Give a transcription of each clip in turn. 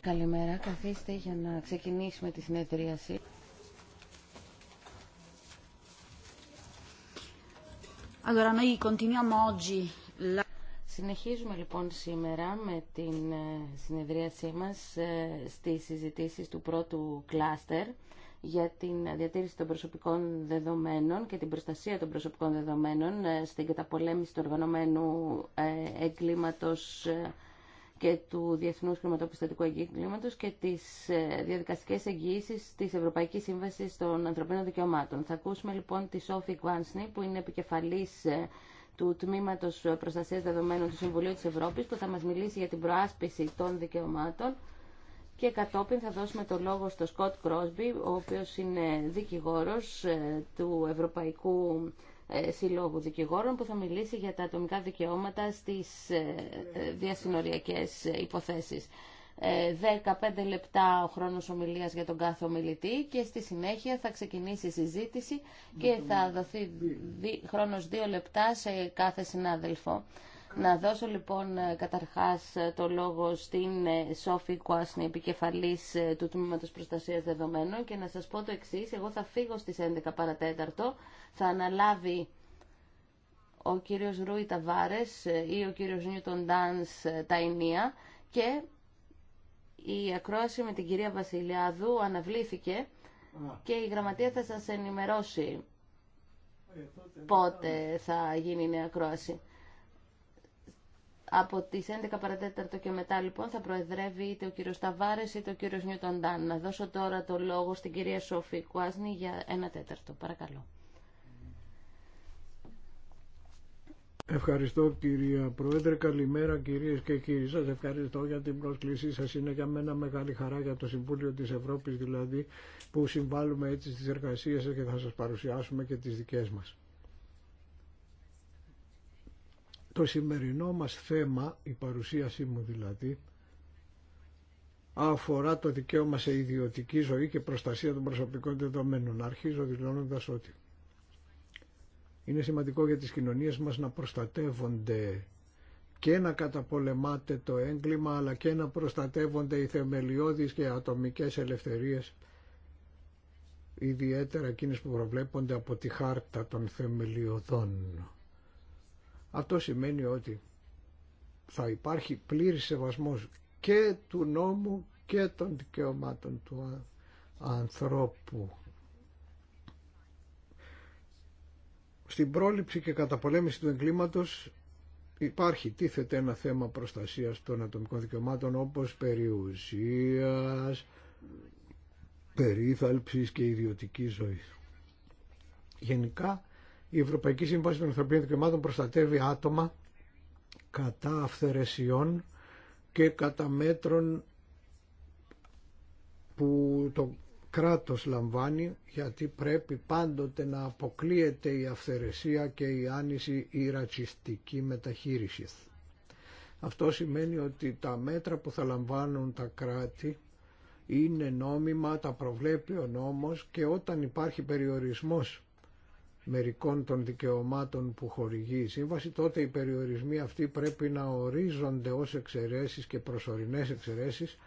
Καλημέρα, καθίστε για να ξεκινήσουμε τη συνεδρίαση. Allora, noi continuiamo oggi la... Συνεχίζουμε λοιπόν σήμερα με την ε, συνεδρίασή μας ε, στις συζητήσεις του πρώτου κλάστερ για την διατήρηση των προσωπικών δεδομένων και την προστασία των προσωπικών δεδομένων ε, στην καταπολέμηση του οργανωμένου ε, εγκλήματος ε, και του Διεθνούς Χρηματοπιστωτικού Εγκλήματος και τις διαδικαστικές εγγυήσεις της Ευρωπαϊκής Σύμβασης των Ανθρωπίνων Δικαιωμάτων. Θα ακούσουμε λοιπόν τη Σόφη Γκουάνσνη που είναι επικεφαλής του Τμήματος Προστασίας Δεδομένων του Συμβουλίου της Ευρώπης που θα μας μιλήσει για την προάσπιση των δικαιωμάτων και κατόπιν θα δώσουμε το λόγο στο Σκοτ Κρόσμπι, ο οποίος είναι δικηγόρος ε, του Ευρωπαϊκού ε, Συλλόγου Δικηγόρων, που θα μιλήσει για τα ατομικά δικαιώματα στις ε, διασυνοριακές υποθέσεις. 15 λεπτά ο χρόνος ομιλίας για τον κάθε ομιλητή και στη συνέχεια θα ξεκινήσει η συζήτηση και θα δοθεί χρόνος 2 λεπτά σε κάθε συνάδελφο να δώσω λοιπόν ε, καταρχάς ε, το λόγο στην ε, Σόφη Κουάσνη, επικεφαλής του Τμήματος Προστασίας Δεδομένων και να σας πω το εξής, εγώ θα φύγω στις 11 παρατέταρτο, θα αναλάβει ο κύριος Ρούι Ταβάρες ή ο κύριος Νιούτον Ντάνς Ταϊνία και η ακρόαση με την κυρία Βασιλιάδου αναβλήθηκε και η γραμματεία θα σας ενημερώσει πότε θα γίνει η νέα ακρόαση. Από τι 11 παρατέταρτο και μετά λοιπόν θα προεδρεύει είτε ο κύριο Ταβάρε είτε ο κύριο Νιούτον Ντάν. Να δώσω τώρα το λόγο στην κυρία Σόφη Κουάσνη για ένα τέταρτο. Παρακαλώ. Ευχαριστώ κυρία Πρόεδρε, καλημέρα κυρίες και κύριοι σας, ευχαριστώ για την πρόσκλησή σας. Είναι για μένα μεγάλη χαρά για το Συμβούλιο της Ευρώπης δηλαδή που συμβάλλουμε έτσι στις εργασίες σας και θα σας παρουσιάσουμε και τις δικές μας. Το σημερινό μας θέμα, η παρουσίασή μου δηλαδή, αφορά το δικαίωμα σε ιδιωτική ζωή και προστασία των προσωπικών δεδομένων. Αρχίζω δηλώνοντα ότι είναι σημαντικό για τις κοινωνίες μας να προστατεύονται και να καταπολεμάται το έγκλημα αλλά και να προστατεύονται οι θεμελιώδεις και ατομικές ελευθερίες ιδιαίτερα εκείνες που προβλέπονται από τη χάρτα των θεμελιωδών. Αυτό σημαίνει ότι θα υπάρχει πλήρης σεβασμός και του νόμου και των δικαιωμάτων του ανθρώπου. Στην πρόληψη και καταπολέμηση του εγκλήματος υπάρχει τίθεται ένα θέμα προστασίας των ατομικών δικαιωμάτων όπως περιουσίας, περίθαλψης και ιδιωτικής ζωής. Γενικά η Ευρωπαϊκή Σύμβαση των Ανθρωπίνων Δικαιωμάτων προστατεύει άτομα κατά αυθαιρεσιών και κατά μέτρων που το κράτος λαμβάνει γιατί πρέπει πάντοτε να αποκλείεται η αυθαιρεσία και η άνηση η ρατσιστική μεταχείριση. Αυτό σημαίνει ότι τα μέτρα που θα λαμβάνουν τα κράτη είναι νόμιμα, τα προβλέπει ο νόμος και όταν υπάρχει περιορισμός μερικών των δικαιωμάτων που χορηγεί η σύμβαση, τότε οι περιορισμοί αυτοί πρέπει να ορίζονται ως εξαιρέσεις και προσωρινές εξαιρέσεις.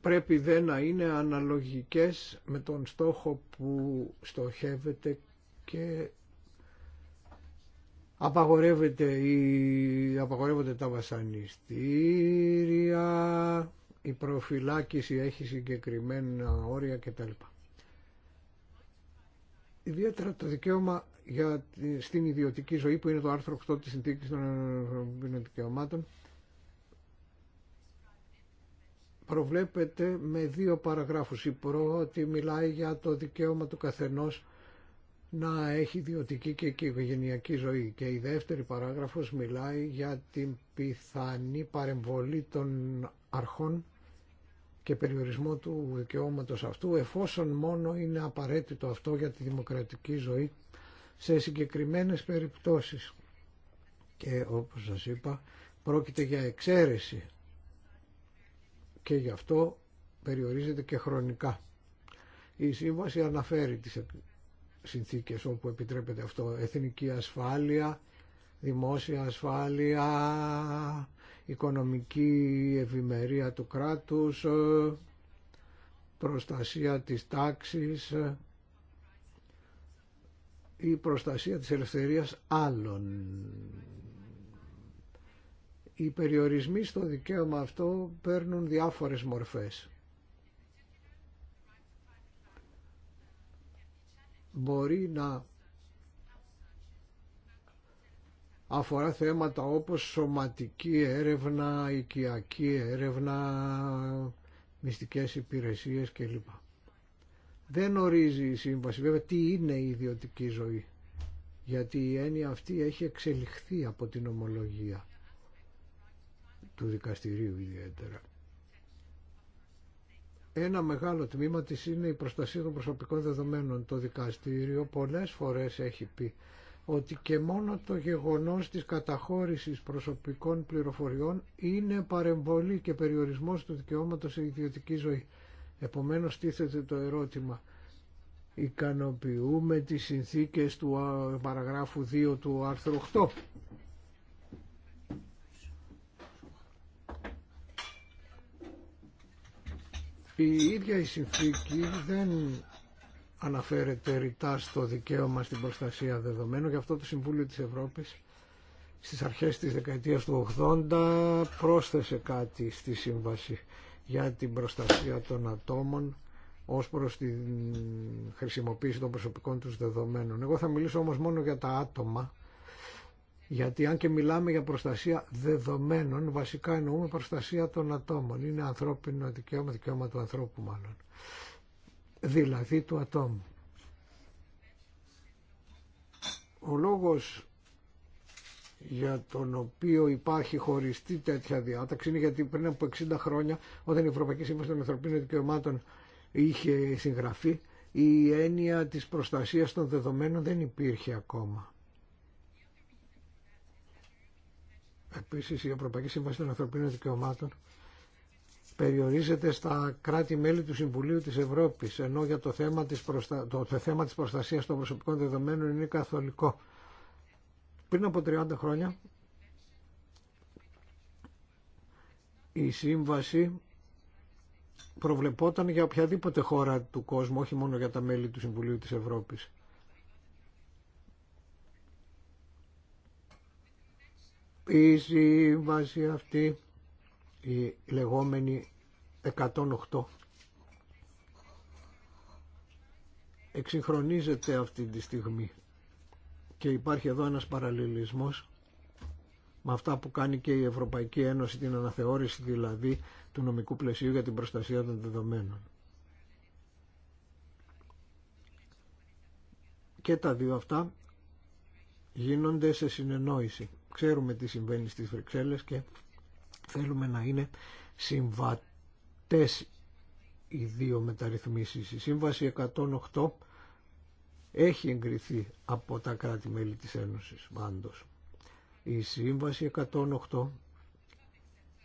Πρέπει δε να είναι αναλογικές με τον στόχο που στοχεύεται και απαγορεύεται η... απαγορεύονται τα βασανιστήρια, η προφυλάκηση έχει συγκεκριμένα όρια κτλ. Ιδιαίτερα το δικαίωμα για, στην ιδιωτική ζωή που είναι το άρθρο 8 της Συνθήκης των Δικαιωμάτων προβλέπεται με δύο παραγράφους. Η πρώτη μιλάει για το δικαίωμα του καθενός να έχει ιδιωτική και οικογενειακή ζωή και η δεύτερη παράγραφος μιλάει για την πιθανή παρεμβολή των αρχών και περιορισμό του δικαιώματο αυτού εφόσον μόνο είναι απαραίτητο αυτό για τη δημοκρατική ζωή σε συγκεκριμένες περιπτώσεις. Και όπως σας είπα πρόκειται για εξαίρεση και γι' αυτό περιορίζεται και χρονικά. Η σύμβαση αναφέρει τις συνθήκες όπου επιτρέπεται αυτό. Εθνική ασφάλεια, δημόσια ασφάλεια, οικονομική ευημερία του κράτους, ε, προστασία της τάξης ή ε, προστασία της ελευθερίας άλλων. Οι περιορισμοί στο δικαίωμα αυτό παίρνουν διάφορες μορφές. Μπορεί να αφορά θέματα όπως σωματική έρευνα, οικιακή έρευνα, μυστικές υπηρεσίες κλπ. Δεν ορίζει η σύμβαση βέβαια τι είναι η ιδιωτική ζωή, γιατί η έννοια αυτή έχει εξελιχθεί από την ομολογία του δικαστηρίου ιδιαίτερα. Ένα μεγάλο τμήμα της είναι η προστασία των προσωπικών δεδομένων. Το δικαστήριο πολλές φορές έχει πει ότι και μόνο το γεγονός της καταχώρησης προσωπικών πληροφοριών είναι παρεμβολή και περιορισμός του δικαιώματος σε ιδιωτική ζωή. Επομένως τίθεται το ερώτημα ικανοποιούμε τις συνθήκες του παραγράφου 2 του άρθρου 8. Η ίδια η συνθήκη δεν αναφέρεται ρητά στο δικαίωμα στην προστασία δεδομένων. Γι' αυτό το Συμβούλιο της Ευρώπης στις αρχές της δεκαετίας του 80 πρόσθεσε κάτι στη Σύμβαση για την προστασία των ατόμων ως προς τη χρησιμοποίηση των προσωπικών τους δεδομένων. Εγώ θα μιλήσω όμως μόνο για τα άτομα, γιατί αν και μιλάμε για προστασία δεδομένων, βασικά εννοούμε προστασία των ατόμων. Είναι ανθρώπινο δικαίωμα, δικαίωμα του ανθρώπου μάλλον δηλαδή του ατόμου. Ο λόγος για τον οποίο υπάρχει χωριστή τέτοια διάταξη είναι γιατί πριν από 60 χρόνια όταν η Ευρωπαϊκή Σύμβαση των Ανθρωπίνων Δικαιωμάτων είχε συγγραφεί η έννοια της προστασίας των δεδομένων δεν υπήρχε ακόμα. Επίσης η Ευρωπαϊκή Σύμβαση των Ανθρωπίνων Δικαιωμάτων περιορίζεται στα κράτη-μέλη του Συμβουλίου της Ευρώπης, ενώ για το θέμα της, προστα... το... θέμα της προστασίας των προσωπικών δεδομένων είναι καθολικό. Πριν από 30 χρόνια η σύμβαση προβλεπόταν για οποιαδήποτε χώρα του κόσμου, όχι μόνο για τα μέλη του Συμβουλίου της Ευρώπης. Η σύμβαση αυτή η λεγόμενη 108 εξυγχρονίζεται αυτή τη στιγμή και υπάρχει εδώ ένας παραλληλισμός με αυτά που κάνει και η Ευρωπαϊκή Ένωση την αναθεώρηση δηλαδή του νομικού πλαισίου για την προστασία των δεδομένων. Και τα δύο αυτά γίνονται σε συνεννόηση. Ξέρουμε τι συμβαίνει στις Βρυξέλλες και Θέλουμε να είναι συμβατές οι δύο μεταρρυθμίσεις. Η Σύμβαση 108 έχει εγκριθεί από τα κράτη-μέλη της Ένωσης πάντως. Η Σύμβαση 108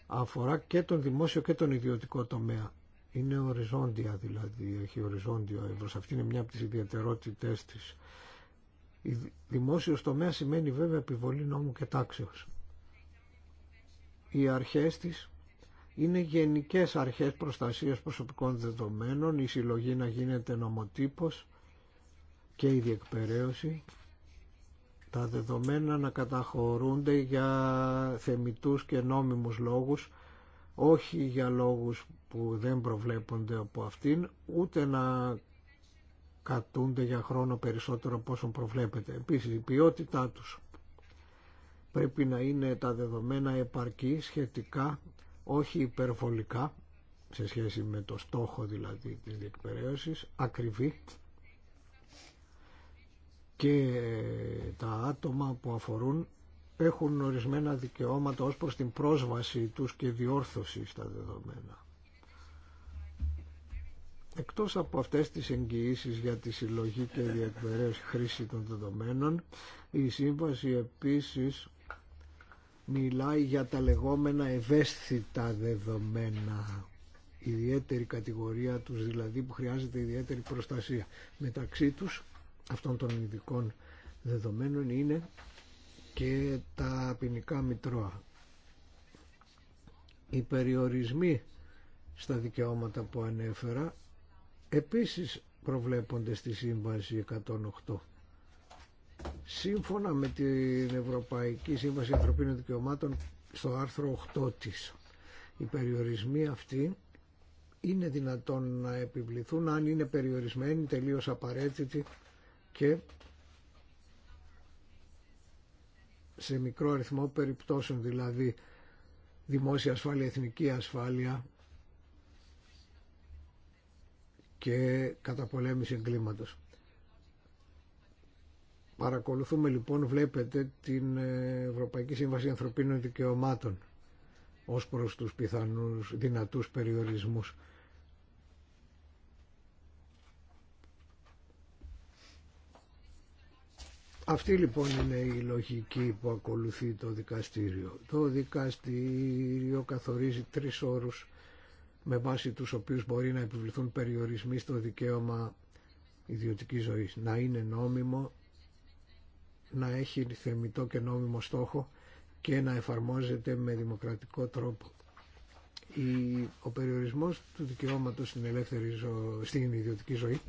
αφορά και τον δημόσιο και τον ιδιωτικό τομέα. Είναι οριζόντια δηλαδή, έχει οριζόντιο εύρος. Αυτή είναι μια από τις ιδιαιτερότητές της. Η δημόσιος τομέα σημαίνει βέβαια επιβολή νόμου και τάξεως οι αρχές της είναι γενικές αρχές προστασίας προσωπικών δεδομένων, η συλλογή να γίνεται νομοτύπος και η διεκπαιρέωση, τα δεδομένα να καταχωρούνται για θεμιτούς και νόμιμους λόγους, όχι για λόγους που δεν προβλέπονται από αυτήν, ούτε να κατούνται για χρόνο περισσότερο από όσον προβλέπεται. Επίσης, η ποιότητά τους πρέπει να είναι τα δεδομένα επαρκή σχετικά, όχι υπερβολικά, σε σχέση με το στόχο δηλαδή της διεκπαιρέωσης, ακριβή και τα άτομα που αφορούν έχουν ορισμένα δικαιώματα ως προς την πρόσβαση τους και διόρθωση στα δεδομένα. Εκτός από αυτές τις εγγυήσει για τη συλλογή και διεκπαιρέωση χρήση των δεδομένων, η Σύμβαση επίσης μιλάει για τα λεγόμενα ευαίσθητα δεδομένα ιδιαίτερη κατηγορία τους δηλαδή που χρειάζεται ιδιαίτερη προστασία μεταξύ τους αυτών των ειδικών δεδομένων είναι και τα ποινικά μητρώα οι περιορισμοί στα δικαιώματα που ανέφερα επίσης προβλέπονται στη Σύμβαση 108 σύμφωνα με την Ευρωπαϊκή Σύμβαση Ανθρωπίνων Δικαιωμάτων στο άρθρο 8 της. Οι περιορισμοί αυτοί είναι δυνατόν να επιβληθούν αν είναι περιορισμένοι, τελείως απαραίτητοι και σε μικρό αριθμό περιπτώσεων, δηλαδή δημόσια ασφάλεια, εθνική ασφάλεια και καταπολέμηση εγκλήματος. Παρακολουθούμε λοιπόν, βλέπετε, την ε, Ευρωπαϊκή Σύμβαση Ανθρωπίνων Δικαιωμάτων ως προς τους πιθανούς δυνατούς περιορισμούς. Αυτή λοιπόν είναι η λογική που ακολουθεί το δικαστήριο. Το δικαστήριο καθορίζει τρεις όρους με βάση τους οποίους μπορεί να επιβληθούν περιορισμοί στο δικαίωμα ιδιωτικής ζωής. Να είναι νόμιμο, να έχει θεμητό και νόμιμο στόχο και να εφαρμόζεται με δημοκρατικό τρόπο. Ο περιορισμός του δικαιώματος στην, ελεύθερη στην ιδιωτική ζωή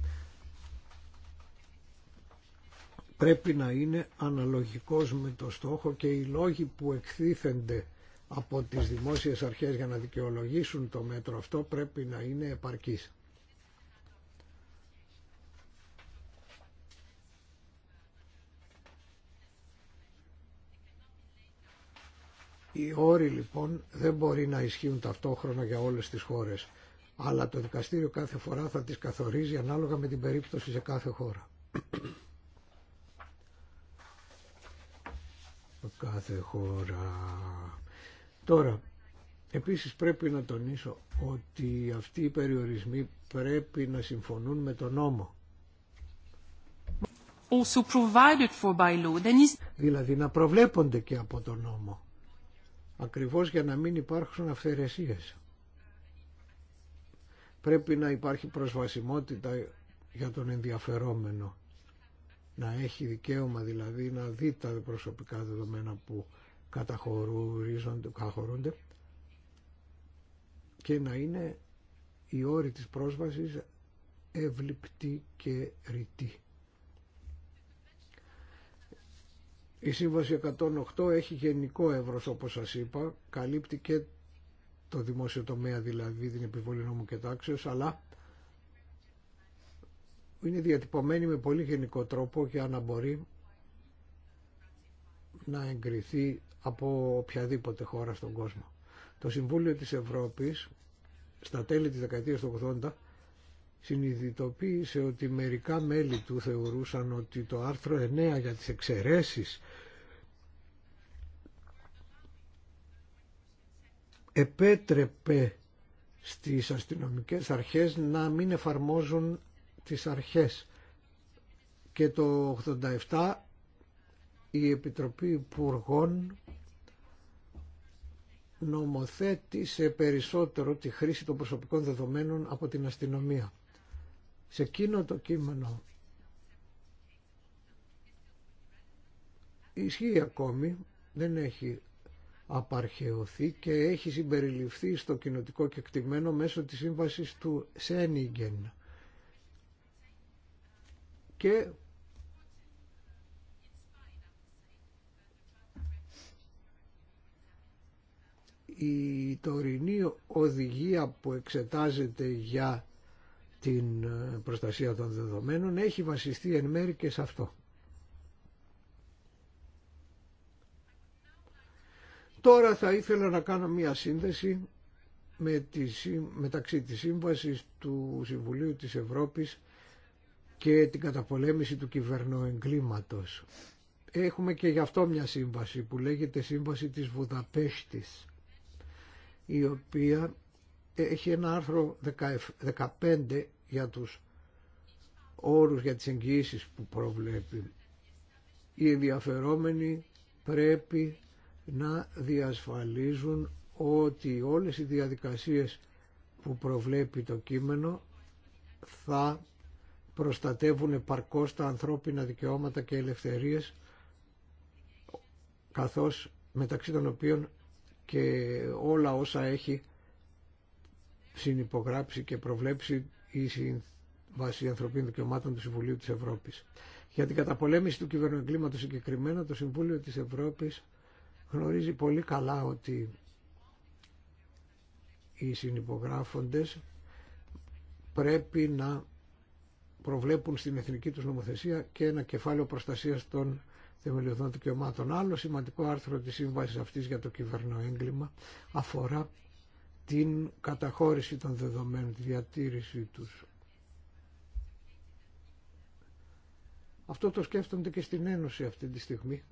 πρέπει να είναι αναλογικός με το στόχο και οι λόγοι που εκθήθενται από τις δημόσιες αρχές για να δικαιολογήσουν το μέτρο αυτό πρέπει να είναι επαρκής. Οι όροι λοιπόν δεν μπορεί να ισχύουν ταυτόχρονα για όλες τις χώρες, αλλά το δικαστήριο κάθε φορά θα τις καθορίζει ανάλογα με την περίπτωση σε κάθε χώρα. κάθε χώρα. Τώρα, επίσης πρέπει να τονίσω ότι αυτοί οι περιορισμοί πρέπει να συμφωνούν με τον νόμο. for by law. Δηλαδή να προβλέπονται και από τον νόμο. Ακριβώς για να μην υπάρχουν αυθαιρεσίες. Πρέπει να υπάρχει προσβασιμότητα για τον ενδιαφερόμενο. Να έχει δικαίωμα δηλαδή να δει τα προσωπικά δεδομένα που καταχωρούνται και να είναι η όρη της πρόσβασης εύληπτη και ρητή. Η Σύμβαση 108 έχει γενικό εύρος όπως σας είπα, καλύπτει και το δημόσιο τομέα δηλαδή την επιβολή νόμου και τάξεως, αλλά είναι διατυπωμένη με πολύ γενικό τρόπο για να μπορεί να εγκριθεί από οποιαδήποτε χώρα στον κόσμο. Το Συμβούλιο της Ευρώπης στα τέλη της δεκαετίας του 80 συνειδητοποίησε ότι μερικά μέλη του θεωρούσαν ότι το άρθρο 9 για τις εξαιρέσεις επέτρεπε στις αστυνομικές αρχές να μην εφαρμόζουν τις αρχές. Και το 87 η Επιτροπή Υπουργών νομοθέτησε περισσότερο τη χρήση των προσωπικών δεδομένων από την αστυνομία σε εκείνο το κείμενο ισχύει ακόμη, δεν έχει απαρχαιωθεί και έχει συμπεριληφθεί στο κοινοτικό κεκτημένο μέσω της σύμβασης του Σένιγκεν. Και η τωρινή οδηγία που εξετάζεται για την ε, προστασία των δεδομένων έχει βασιστεί εν μέρη και σε αυτό. Τώρα θα ήθελα να κάνω μία σύνδεση με τη, μεταξύ της σύμβασης του Συμβουλίου της Ευρώπης και την καταπολέμηση του κυβερνοεγκλήματος. Έχουμε και γι' αυτό μια σύμβαση που λέγεται Σύμβαση της Βουδαπέστης η οποία έχει ένα άρθρο 15 για τους όρους για τις εγγυήσεις που προβλέπει. Οι ενδιαφερόμενοι πρέπει να διασφαλίζουν ότι όλες οι διαδικασίες που προβλέπει το κείμενο θα προστατεύουν επαρκώς τα ανθρώπινα δικαιώματα και ελευθερίες καθώς μεταξύ των οποίων και όλα όσα έχει συνυπογράψει και προβλέψει η Σύμβαση Ανθρωπίνων Δικαιωμάτων του Συμβουλίου της Ευρώπης. Για την καταπολέμηση του κυβερνοεγκλήματος συγκεκριμένα το Συμβούλιο της Ευρώπης γνωρίζει πολύ καλά ότι οι συνυπογράφοντες πρέπει να προβλέπουν στην εθνική τους νομοθεσία και ένα κεφάλαιο προστασίας των θεμελιωδών δικαιωμάτων. Άλλο σημαντικό άρθρο της σύμβασης αυτής για το κυβερνοέγκλημα αφορά την καταχώρηση των δεδομένων, τη διατήρησή τους. Αυτό το σκέφτονται και στην Ένωση αυτή τη στιγμή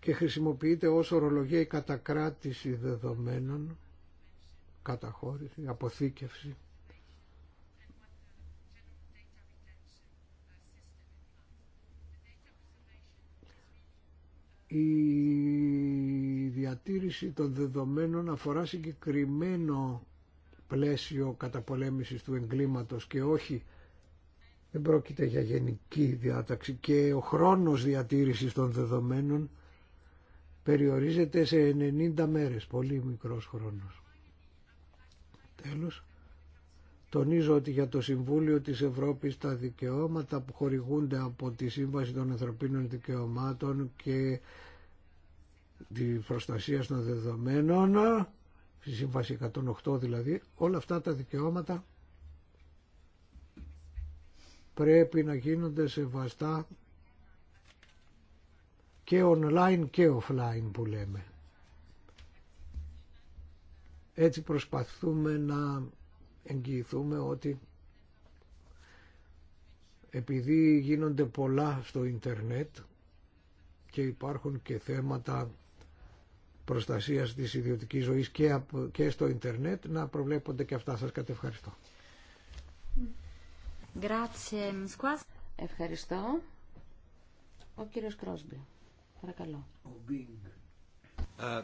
και χρησιμοποιείται ως ορολογία η κατακράτηση δεδομένων, καταχώρηση, αποθήκευση. Η διατήρηση των δεδομένων αφορά συγκεκριμένο πλαίσιο καταπολέμησης του εγκλήματος και όχι δεν πρόκειται για γενική διάταξη και ο χρόνος διατήρησης των δεδομένων περιορίζεται σε 90 μέρες, πολύ μικρός χρόνος. Τέλος, τονίζω ότι για το Συμβούλιο της Ευρώπης τα δικαιώματα που χορηγούνται από τη Σύμβαση των Ανθρωπίνων Δικαιωμάτων και τη προστασία των δεδομένων, στη Σύμβαση 108 δηλαδή, όλα αυτά τα δικαιώματα πρέπει να γίνονται σεβαστά και online και offline που λέμε. Έτσι προσπαθούμε να εγγυηθούμε ότι επειδή γίνονται πολλά στο ίντερνετ και υπάρχουν και θέματα προστασίας της ιδιωτικής ζωής και, και στο ίντερνετ να προβλέπονται και αυτά. Σας κατευχαριστώ. Ευχαριστώ. Ο κύριος Κρόσμπι. Παρακαλώ. Uh,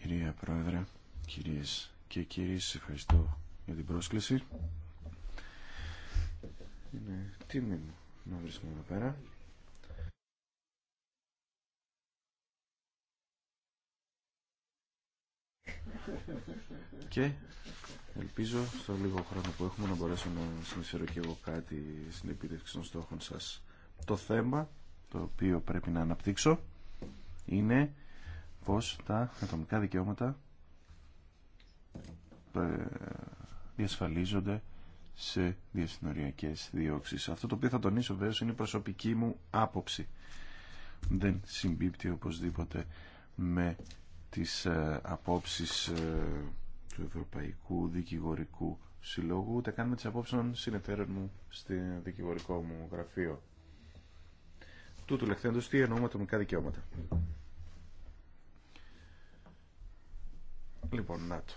Κυρία Πρόεδρε, κυρίες και κύριοι, ευχαριστώ για την πρόσκληση. Είναι τιμή μου να βρίσκομαι εδώ πέρα. Και ελπίζω στο λίγο χρόνο που έχουμε να μπορέσω να συνεισφέρω και εγώ κάτι στην επίτευξη των στόχων σας. Το θέμα το οποίο πρέπει να αναπτύξω είναι πως τα ατομικά δικαιώματα ε, διασφαλίζονται σε διασυνοριακές διώξεις. Αυτό το οποίο θα τονίσω βέβαια είναι η προσωπική μου άποψη. Δεν συμπίπτει οπωσδήποτε με τις ε, απόψεις ε, του Ευρωπαϊκού Δικηγορικού Συλλόγου, ούτε κάνουμε τις απόψεις των συνεταίρων μου στο δικηγορικό μου γραφείο. Τούτου λεχθέντος τι εννοούμε ατομικά δικαιώματα. Λοιπόν, να το.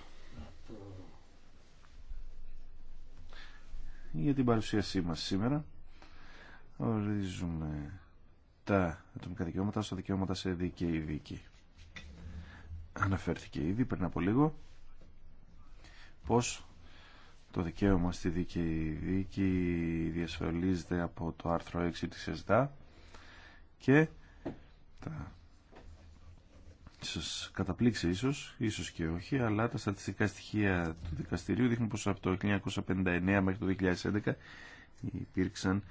για την παρουσίασή μας σήμερα. Ορίζουμε τα ατομικά δικαιώματα στα δικαιώματα σε δίκαιη δίκη. Αναφέρθηκε ήδη πριν από λίγο πως το δικαίωμα στη δίκαιη δίκη διασφαλίζεται από το άρθρο 6 της ΕΣΔΑ και τα Σα καταπλήξει ίσως, ίσως και όχι, αλλά τα στατιστικά στοιχεία του δικαστηρίου δείχνουν πως από το 1959 μέχρι το 2011 υπήρξαν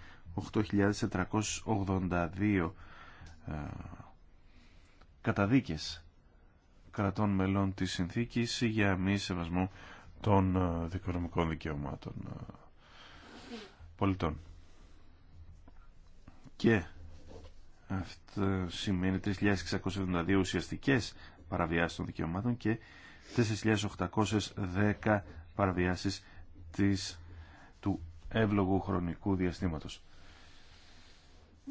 8.482 ε, καταδίκες κρατών μελών της συνθήκης για μη σεβασμό των ε, δικονομικών δικαιωμάτων ε, πολιτών. Και αυτό σημαίνει 3.672 ουσιαστικέ παραβιάσεις των δικαιωμάτων και 4.810 παραβιάσεις της, του εύλογου χρονικού διαστήματος.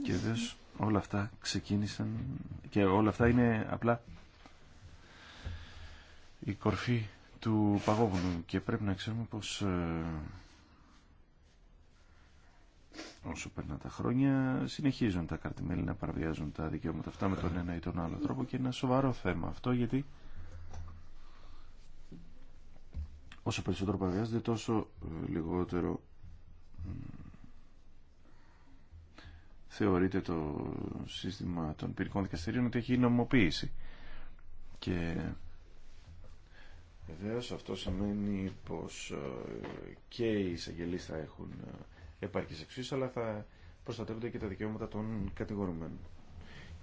Και βέβαια όλα αυτά ξεκίνησαν και όλα αυτά είναι απλά η κορφή του παγόβουνου και πρέπει να ξέρουμε πως ε, όσο περνά τα χρόνια συνεχίζουν τα καρτιμέλη να παραβιάζουν τα δικαιώματα αυτά με τον ένα ή τον άλλο τρόπο και είναι ένα σοβαρό θέμα αυτό γιατί όσο περισσότερο παραβιάζεται τόσο ε, λιγότερο θεωρείται το σύστημα των πυρικών δικαστηρίων ότι έχει νομοποίηση και βεβαίω αυτό σημαίνει πως ε, και οι εισαγγελίες θα έχουν ε, επαρκής εξή, αλλά θα προστατεύονται και τα δικαιώματα των κατηγορουμένων.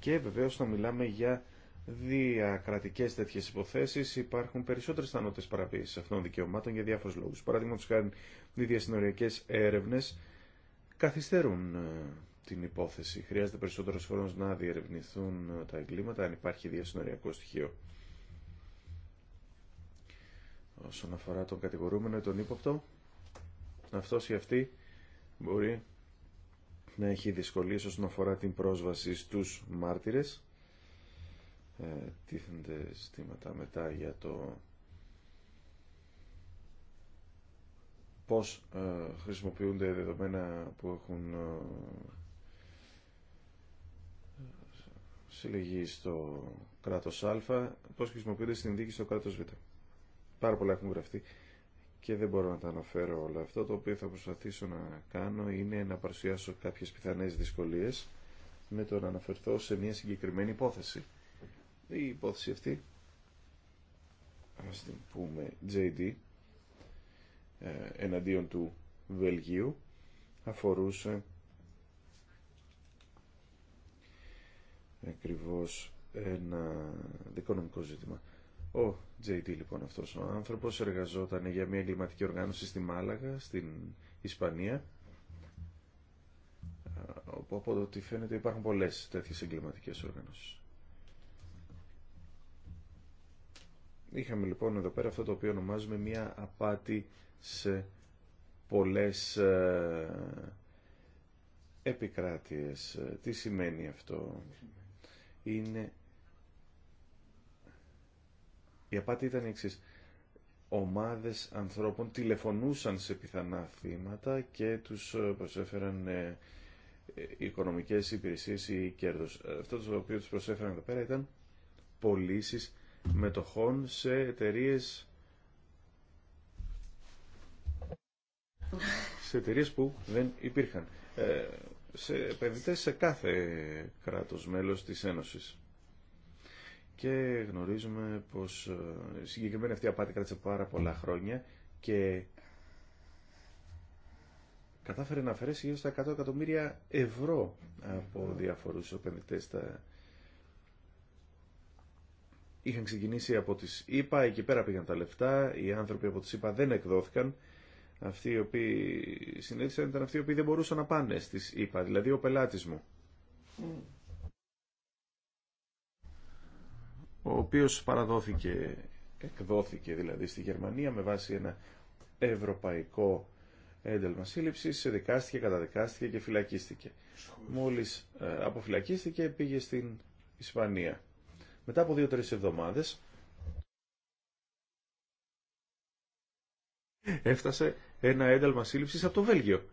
Και βεβαίω θα μιλάμε για διακρατικέ τέτοιε υποθέσει. υπάρχουν περισσότερε πιθανότητε παραποίηση αυτών των δικαιωμάτων για διάφορους λόγους. Παραδείγματο χάρη οι διασυνοριακέ έρευνε καθυστερούν ε, την υπόθεση. Χρειάζεται περισσότερο χρόνο να διερευνηθούν ε, τα εγκλήματα αν υπάρχει διασυνοριακό στοιχείο. Όσον αφορά τον κατηγορούμενο ή τον ύποπτο, αυτός ή αυτή μπορεί να έχει δυσκολίες όσον αφορά την πρόσβαση στους μάρτυρες. Ε, τίθενται στήματα μετά για το πώς ε, χρησιμοποιούνται δεδομένα που έχουν ε, συλλεγεί στο κράτος Α, πώς χρησιμοποιούνται στην δίκη στο κράτος Β. Πάρα πολλά έχουν γραφτεί και δεν μπορώ να τα αναφέρω όλα. Αυτό το οποίο θα προσπαθήσω να κάνω είναι να παρουσιάσω κάποιες πιθανές δυσκολίες με το να αναφερθώ σε μια συγκεκριμένη υπόθεση. Η υπόθεση αυτή, ας την πούμε JD, ε, εναντίον του Βελγίου, αφορούσε ακριβώς ένα δικονομικό ζήτημα ο JD λοιπόν αυτός ο άνθρωπος εργαζόταν για μια εγκληματική οργάνωση στη Μάλαγα, στην Ισπανία όπου από το ότι φαίνεται υπάρχουν πολλές τέτοιες εγκληματικές οργανώσεις. Είχαμε λοιπόν εδώ πέρα αυτό το οποίο ονομάζουμε μια απάτη σε πολλές ε, επικράτειες. Τι σημαίνει αυτό. Είναι η απάτη ήταν η εξής. Ομάδες ανθρώπων τηλεφωνούσαν σε πιθανά θύματα και τους ε, προσέφεραν ε, ε, οικονομικές υπηρεσίες ή κέρδος. Αυτό το οποίο τους προσέφεραν εδώ πέρα ήταν πωλήσει μετοχών σε εταιρείε σε που δεν υπήρχαν. σε επενδυτέ σε κάθε κράτος μέλος της Ένωσης και γνωρίζουμε πως η ε, συγκεκριμένη αυτή απάτη κράτησε πάρα πολλά χρόνια και κατάφερε να αφαιρέσει γύρω στα 100 εκατομμύρια ευρώ από διαφορούς επενδυτές τα... Είχαν ξεκινήσει από τις ΗΠΑ, εκεί πέρα πήγαν τα λεφτά, οι άνθρωποι από τις ΕΠΑ δεν εκδόθηκαν. Αυτοί οι οποίοι συνέχιζαν ήταν αυτοί οι οποίοι δεν μπορούσαν να πάνε στις ΗΠΑ, δηλαδή ο πελάτης μου. ο οποίος παραδόθηκε, εκδόθηκε δηλαδή στη Γερμανία με βάση ένα ευρωπαϊκό ένταλμα σύλληψης, δικάστηκε, καταδικάστηκε και φυλακίστηκε. Μόλις ε, αποφυλακίστηκε πήγε στην Ισπανία. Μετά από δύο-τρεις εβδομάδες έφτασε ένα ένταλμα σύλληψης από το Βέλγιο.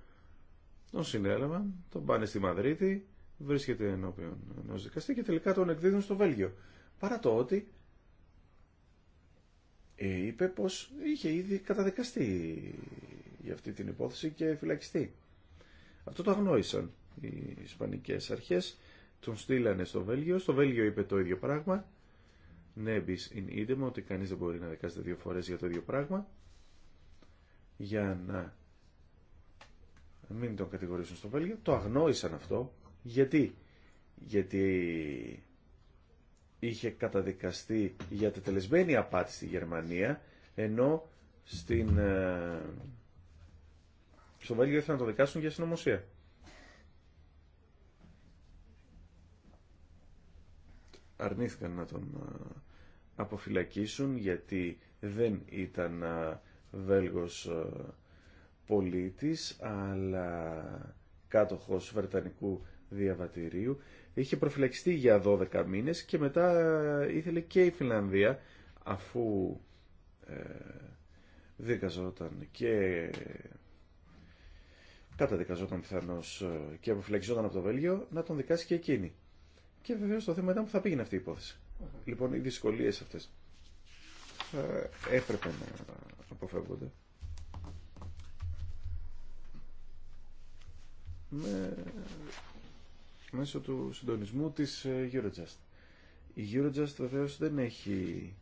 Τον συνέλαβαν, τον πάνε στη Μαδρίτη, βρίσκεται ενώπιον ενός δικαστή και τελικά τον εκδίδουν στο Βέλγιο παρά το ότι ε, είπε πως είχε ήδη καταδικαστεί για αυτή την υπόθεση και φυλακιστεί. Αυτό το αγνόησαν οι Ισπανικές αρχές, τον στείλανε στο Βέλγιο, στο Βέλγιο είπε το ίδιο πράγμα, ναι είναι in idem, ότι κανείς δεν μπορεί να δικάζεται δύο φορές για το ίδιο πράγμα, για να μην τον κατηγορήσουν στο Βέλγιο, το αγνόησαν αυτό, γιατί, γιατί είχε καταδικαστεί για τελεσμένη απάτη στη Γερμανία, ενώ στην, ε, στο Βέλγιο ήθελαν να το δικάσουν για συνωμοσία. Αρνήθηκαν να τον ε, αποφυλακίσουν γιατί δεν ήταν ε, Βέλγος πολίτης αλλά κάτοχος Βρετανικού διαβατηρίου είχε προφυλακιστεί για 12 μήνες και μετά ε, ήθελε και η Φιλανδία αφού ε, δίκαζόταν και καταδικαζόταν πιθανώ ε, και αποφυλακιζόταν από το Βέλγιο, να τον δικάσει και εκείνη. Και βεβαίω το θέμα ήταν που θα πήγαινε αυτή η υπόθεση. Λοιπόν, οι δυσκολίε αυτέ ε, έπρεπε να αποφεύγονται μέσω του συντονισμού της ε, Eurojust. Η Eurojust βεβαίως δεν έχει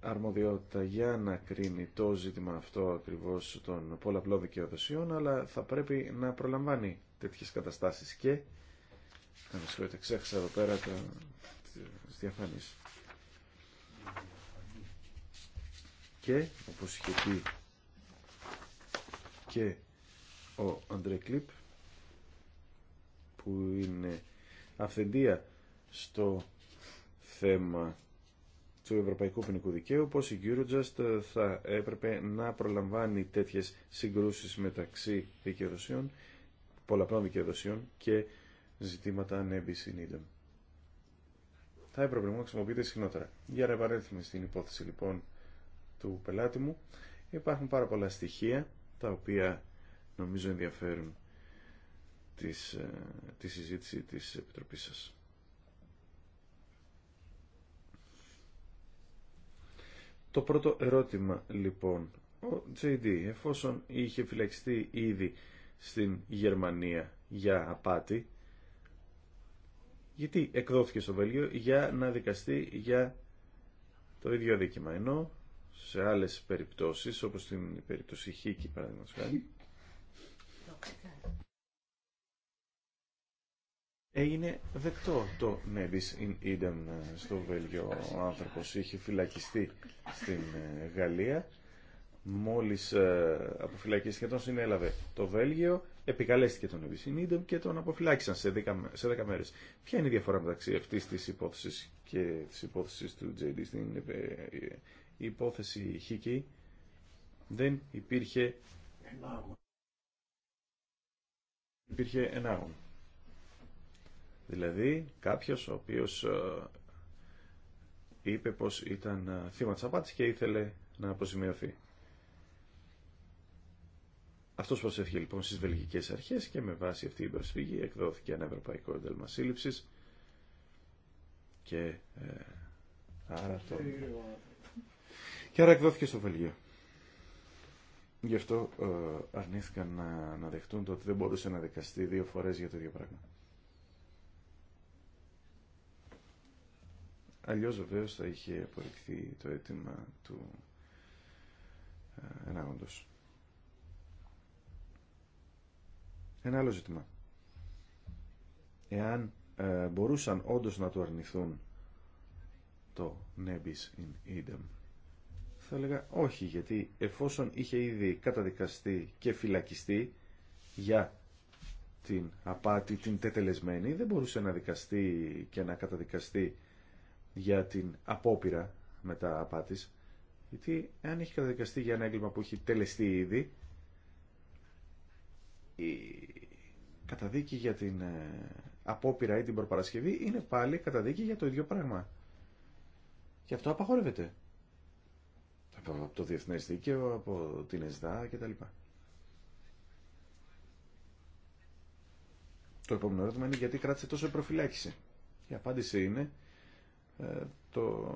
αρμοδιότητα για να κρίνει το ζήτημα αυτό ακριβώς των πολλαπλών δικαιοδοσιών, αλλά θα πρέπει να προλαμβάνει τέτοιες καταστάσεις και να με συγχωρείτε, ξέχασα εδώ πέρα τα τις Και, όπως είχε πει και ο Αντρέ Κλίπ, που είναι αυθεντία στο θέμα του Ευρωπαϊκού Ποινικού Δικαίου πως η Eurojust θα έπρεπε να προλαμβάνει τέτοιες συγκρούσεις μεταξύ δικαιοδοσιών, πολλαπλών δικαιοδοσιών και ζητήματα νίδων. Θα έπρεπε να χρησιμοποιείται συχνότερα. Για να επανέλθουμε στην υπόθεση λοιπόν του πελάτη μου, υπάρχουν πάρα πολλά στοιχεία τα οποία νομίζω ενδιαφέρουν της, ε, τη συζήτηση της Επιτροπής σας. Το πρώτο ερώτημα λοιπόν, ο JD εφόσον είχε φυλακιστεί ήδη στην Γερμανία για απάτη, γιατί εκδόθηκε στο Βέλγιο για να δικαστεί για το ίδιο δίκημα, ενώ σε άλλες περιπτώσεις, όπως την περίπτωση Χίκη παραδείγματος χάρη, έγινε δεκτό το Nebis in Eden ε, στο Βέλγιο. Ο άνθρωπος είχε φυλακιστεί στην ε, Γαλλία. Μόλις ε, αποφυλακίστηκε τον συνέλαβε το Βέλγιο, επικαλέστηκε τον Nebis in Eden και τον αποφυλάκησαν σε 10, σε μέρες. Ποια είναι η διαφορά μεταξύ αυτής της υπόθεσης και της υπόθεσης του JD στην υπόθεση Χίκη. Δεν υπήρχε... Υπήρχε ενάγων Δηλαδή κάποιος ο οποίος ε, είπε πως ήταν ε, θύμα της απάτης και ήθελε να αποζημιωθεί. Αυτός προσεύχε λοιπόν στις βελγικές αρχές και με βάση αυτή η προσφυγή εκδόθηκε ένα ευρωπαϊκό εντέλμα σύλληψης και ε, άρα Και άρα εκδόθηκε στο Βελγίο. Γι' αυτό ε, αρνήθηκαν να, να δεχτούν το ότι δεν μπορούσε να δικαστεί δύο φορές για το ίδιο πράγμα. Αλλιώς βεβαίω θα είχε απορριφθεί το αίτημα του ε, ενάγοντος. Ένα άλλο ζήτημα. Εάν ε, μπορούσαν όντως να του αρνηθούν το Nebis in idem, θα έλεγα όχι, γιατί εφόσον είχε ήδη καταδικαστεί και φυλακιστεί για την απάτη, την τετελεσμένη, δεν μπορούσε να δικαστεί και να καταδικαστεί για την απόπειρα μετά απάτης, γιατί αν έχει καταδικαστεί για ένα έγκλημα που έχει τελεστεί ήδη, η καταδίκη για την ε, απόπειρα ή την προπαρασκευή είναι πάλι καταδίκη για το ίδιο πράγμα. Και αυτό απαγορεύεται. Από το διεθνές δίκαιο, από την ΕΣΔΑ κτλ. Το επόμενο ερώτημα είναι γιατί κράτησε τόσο προφυλάκηση Η απάντηση είναι ε, το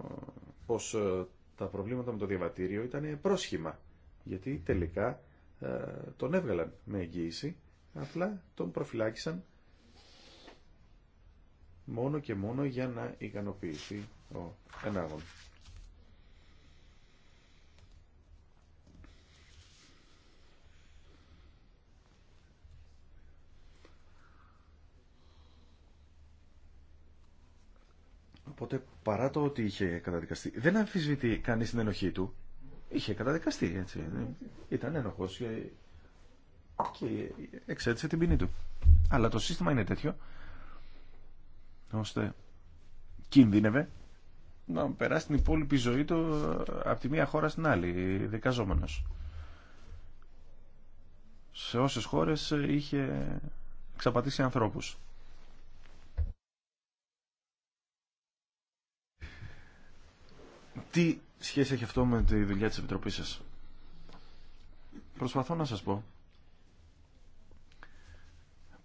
πως ε, τα προβλήματα με το διαβατήριο ήταν πρόσχημα γιατί τελικά ε, τον έβγαλαν με εγγύηση απλά τον προφυλάκησαν μόνο και μόνο για να ικανοποιηθεί ο ενάγων. Οπότε παρά το ότι είχε καταδικαστεί, δεν αμφισβητεί κανεί την ενοχή του. Είχε καταδικαστεί, έτσι. Ήταν ένοχο και, και την ποινή του. Αλλά το σύστημα είναι τέτοιο, ώστε κινδύνευε να περάσει την υπόλοιπη ζωή του ε, από τη μία χώρα στην άλλη, δικαζόμενος. Σε όσες χώρες είχε ξαπατήσει ανθρώπους. Τι σχέση έχει αυτό με τη δουλειά της Επιτροπής σας. Προσπαθώ να σας πω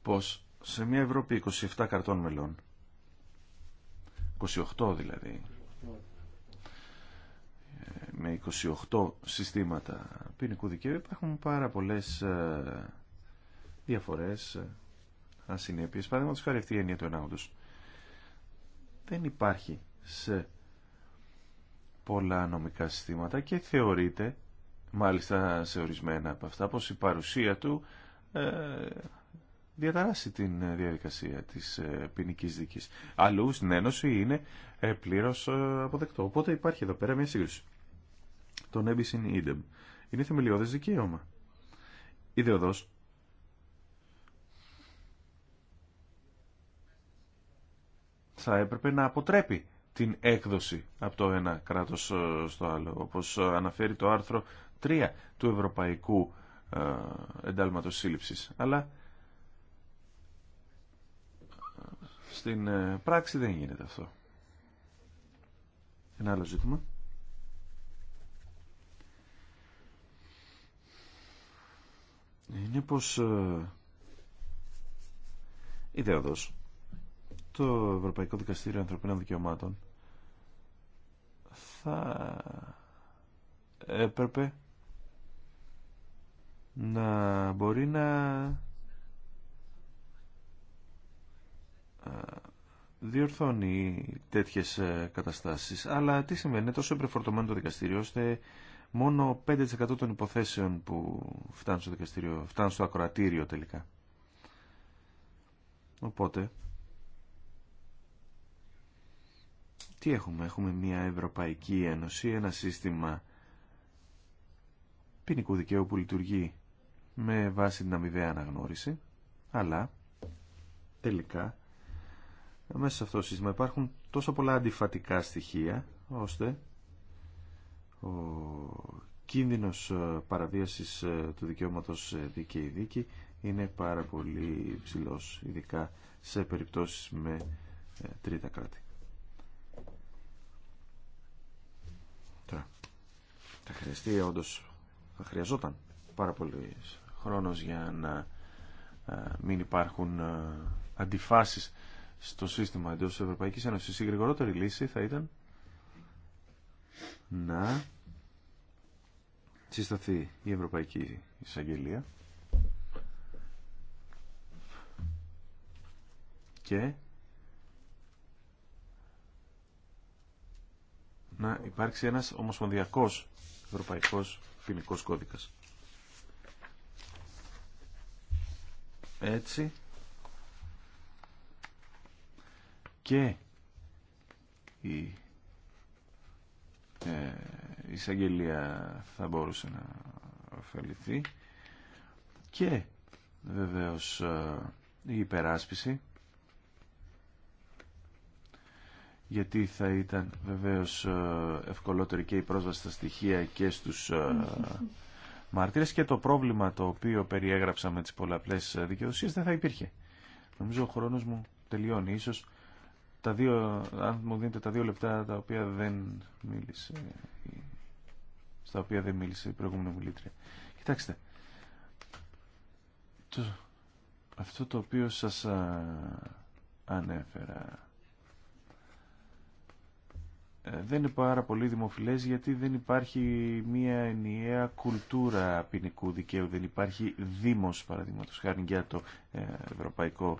πως σε μια Ευρώπη 27 καρτών μελών 28 δηλαδή με 28 συστήματα ποινικού δικαίου υπάρχουν πάρα πολλές ε, διαφορές ε, ασυνέπειες παραδείγματος χάρη η έννοια του ενάγοντος δεν υπάρχει σε πολλά νομικά συστήματα και θεωρείται, μάλιστα σε ορισμένα από αυτά, πως η παρουσία του ε, διαταράσει την διαδικασία της ε, ποινική δίκης. Αλλού στην Ένωση είναι ε, πλήρως αποδεκτό. Οπότε υπάρχει εδώ πέρα μια σύγκριση. Το Nebis in Idem είναι θεμελιώδες δικαίωμα. Ιδεωδός θα έπρεπε να αποτρέπει την έκδοση από το ένα κράτος ε, στο άλλο, όπως ε, αναφέρει το άρθρο 3 του Ευρωπαϊκού ε, Εντάλματος Σύλληψης. Αλλά στην πράξη δεν γίνεται αυτό. Ένα άλλο ζήτημα. Είναι πως ιδεοδός το Ευρωπαϊκό Δικαστήριο Ανθρωπίνων Δικαιωμάτων θα έπρεπε να μπορεί να διορθώνει τέτοιες ε, καταστάσεις. Αλλά τι συμβαίνει, είναι τόσο υπερφορτωμένο το δικαστήριο, ώστε μόνο 5% των υποθέσεων που φτάνουν στο δικαστήριο, φτάνουν στο ακροατήριο τελικά. Οπότε, Τι έχουμε, έχουμε μια Ευρωπαϊκή Ένωση, ένα σύστημα ποινικού δικαίου που λειτουργεί με βάση την αμοιβαία αναγνώριση, αλλά τελικά μέσα σε αυτό το σύστημα υπάρχουν τόσο πολλά αντιφατικά στοιχεία, ώστε ο κίνδυνος ε, παραβίασης ε, του δικαιώματος ε, δίκαιη δίκη είναι πάρα πολύ υψηλός, ειδικά σε περιπτώσεις με τρίτα κράτη. Θα χρειαστεί όντω, θα χρειαζόταν πάρα πολύ χρόνος για να ε, μην υπάρχουν ε, αντιφάσεις στο σύστημα εντό τη Ευρωπαϊκής Ένωση. Η γρηγορότερη λύση θα ήταν να συσταθεί η Ευρωπαϊκή Εισαγγελία και να υπάρξει ένας ομοσπονδιακός Ευρωπαϊκός Ποινικός Κώδικας. Έτσι και η ε, η εισαγγελία θα μπορούσε να ωφεληθεί και βεβαίως ε, η υπεράσπιση γιατί θα ήταν βεβαίως ε, ευκολότερη και η πρόσβαση στα στοιχεία και στους ε, μάρτυρες και το πρόβλημα το οποίο περιέγραψα με τις πολλαπλές ε, δικαιοδοσίες δεν θα υπήρχε. Νομίζω ο χρόνος μου τελειώνει. Ίσως τα δύο, αν μου δίνετε τα δύο λεπτά τα οποία δεν μίλησε, στα οποία δεν μίλησε η προηγούμενη μιλήτρια. Κοιτάξτε, το, αυτό το οποίο σας ανέφερα ε, δεν είναι πάρα πολύ δημοφιλές γιατί δεν υπάρχει μια ενιαία κουλτούρα ποινικού δικαίου. Δεν υπάρχει δήμος, παραδείγματος χάρη, για το ε, ευρωπαϊκό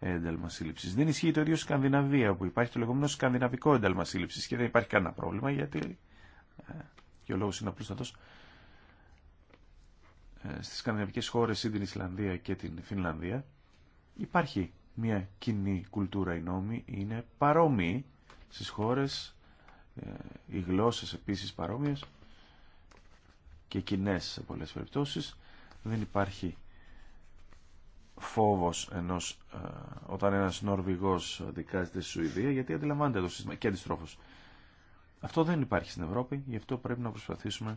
ένταλμα σύλληψη. Δεν ισχύει το ίδιο Σκανδιναβία, όπου υπάρχει το λεγόμενο σκανδιναβικό ένταλμα σύλληψη και δεν υπάρχει κανένα πρόβλημα γιατί ε, και ο λόγος είναι απλούστατος. Στις σκανδιναβικές χώρες ή την Ισλανδία και την Φινλανδία υπάρχει μια κοινή κουλτούρα. Οι νόμοι είναι παρόμοιοι στις χώρες ε, οι γλώσσες επίσης παρόμοιες και κοινέ σε πολλές περιπτώσεις δεν υπάρχει φόβος ενός, ε, όταν ένας Νορβηγός δικάζεται στη Σουηδία γιατί αντιλαμβάνεται το σύστημα και αντιστρόφως. Αυτό δεν υπάρχει στην Ευρώπη, γι' αυτό πρέπει να προσπαθήσουμε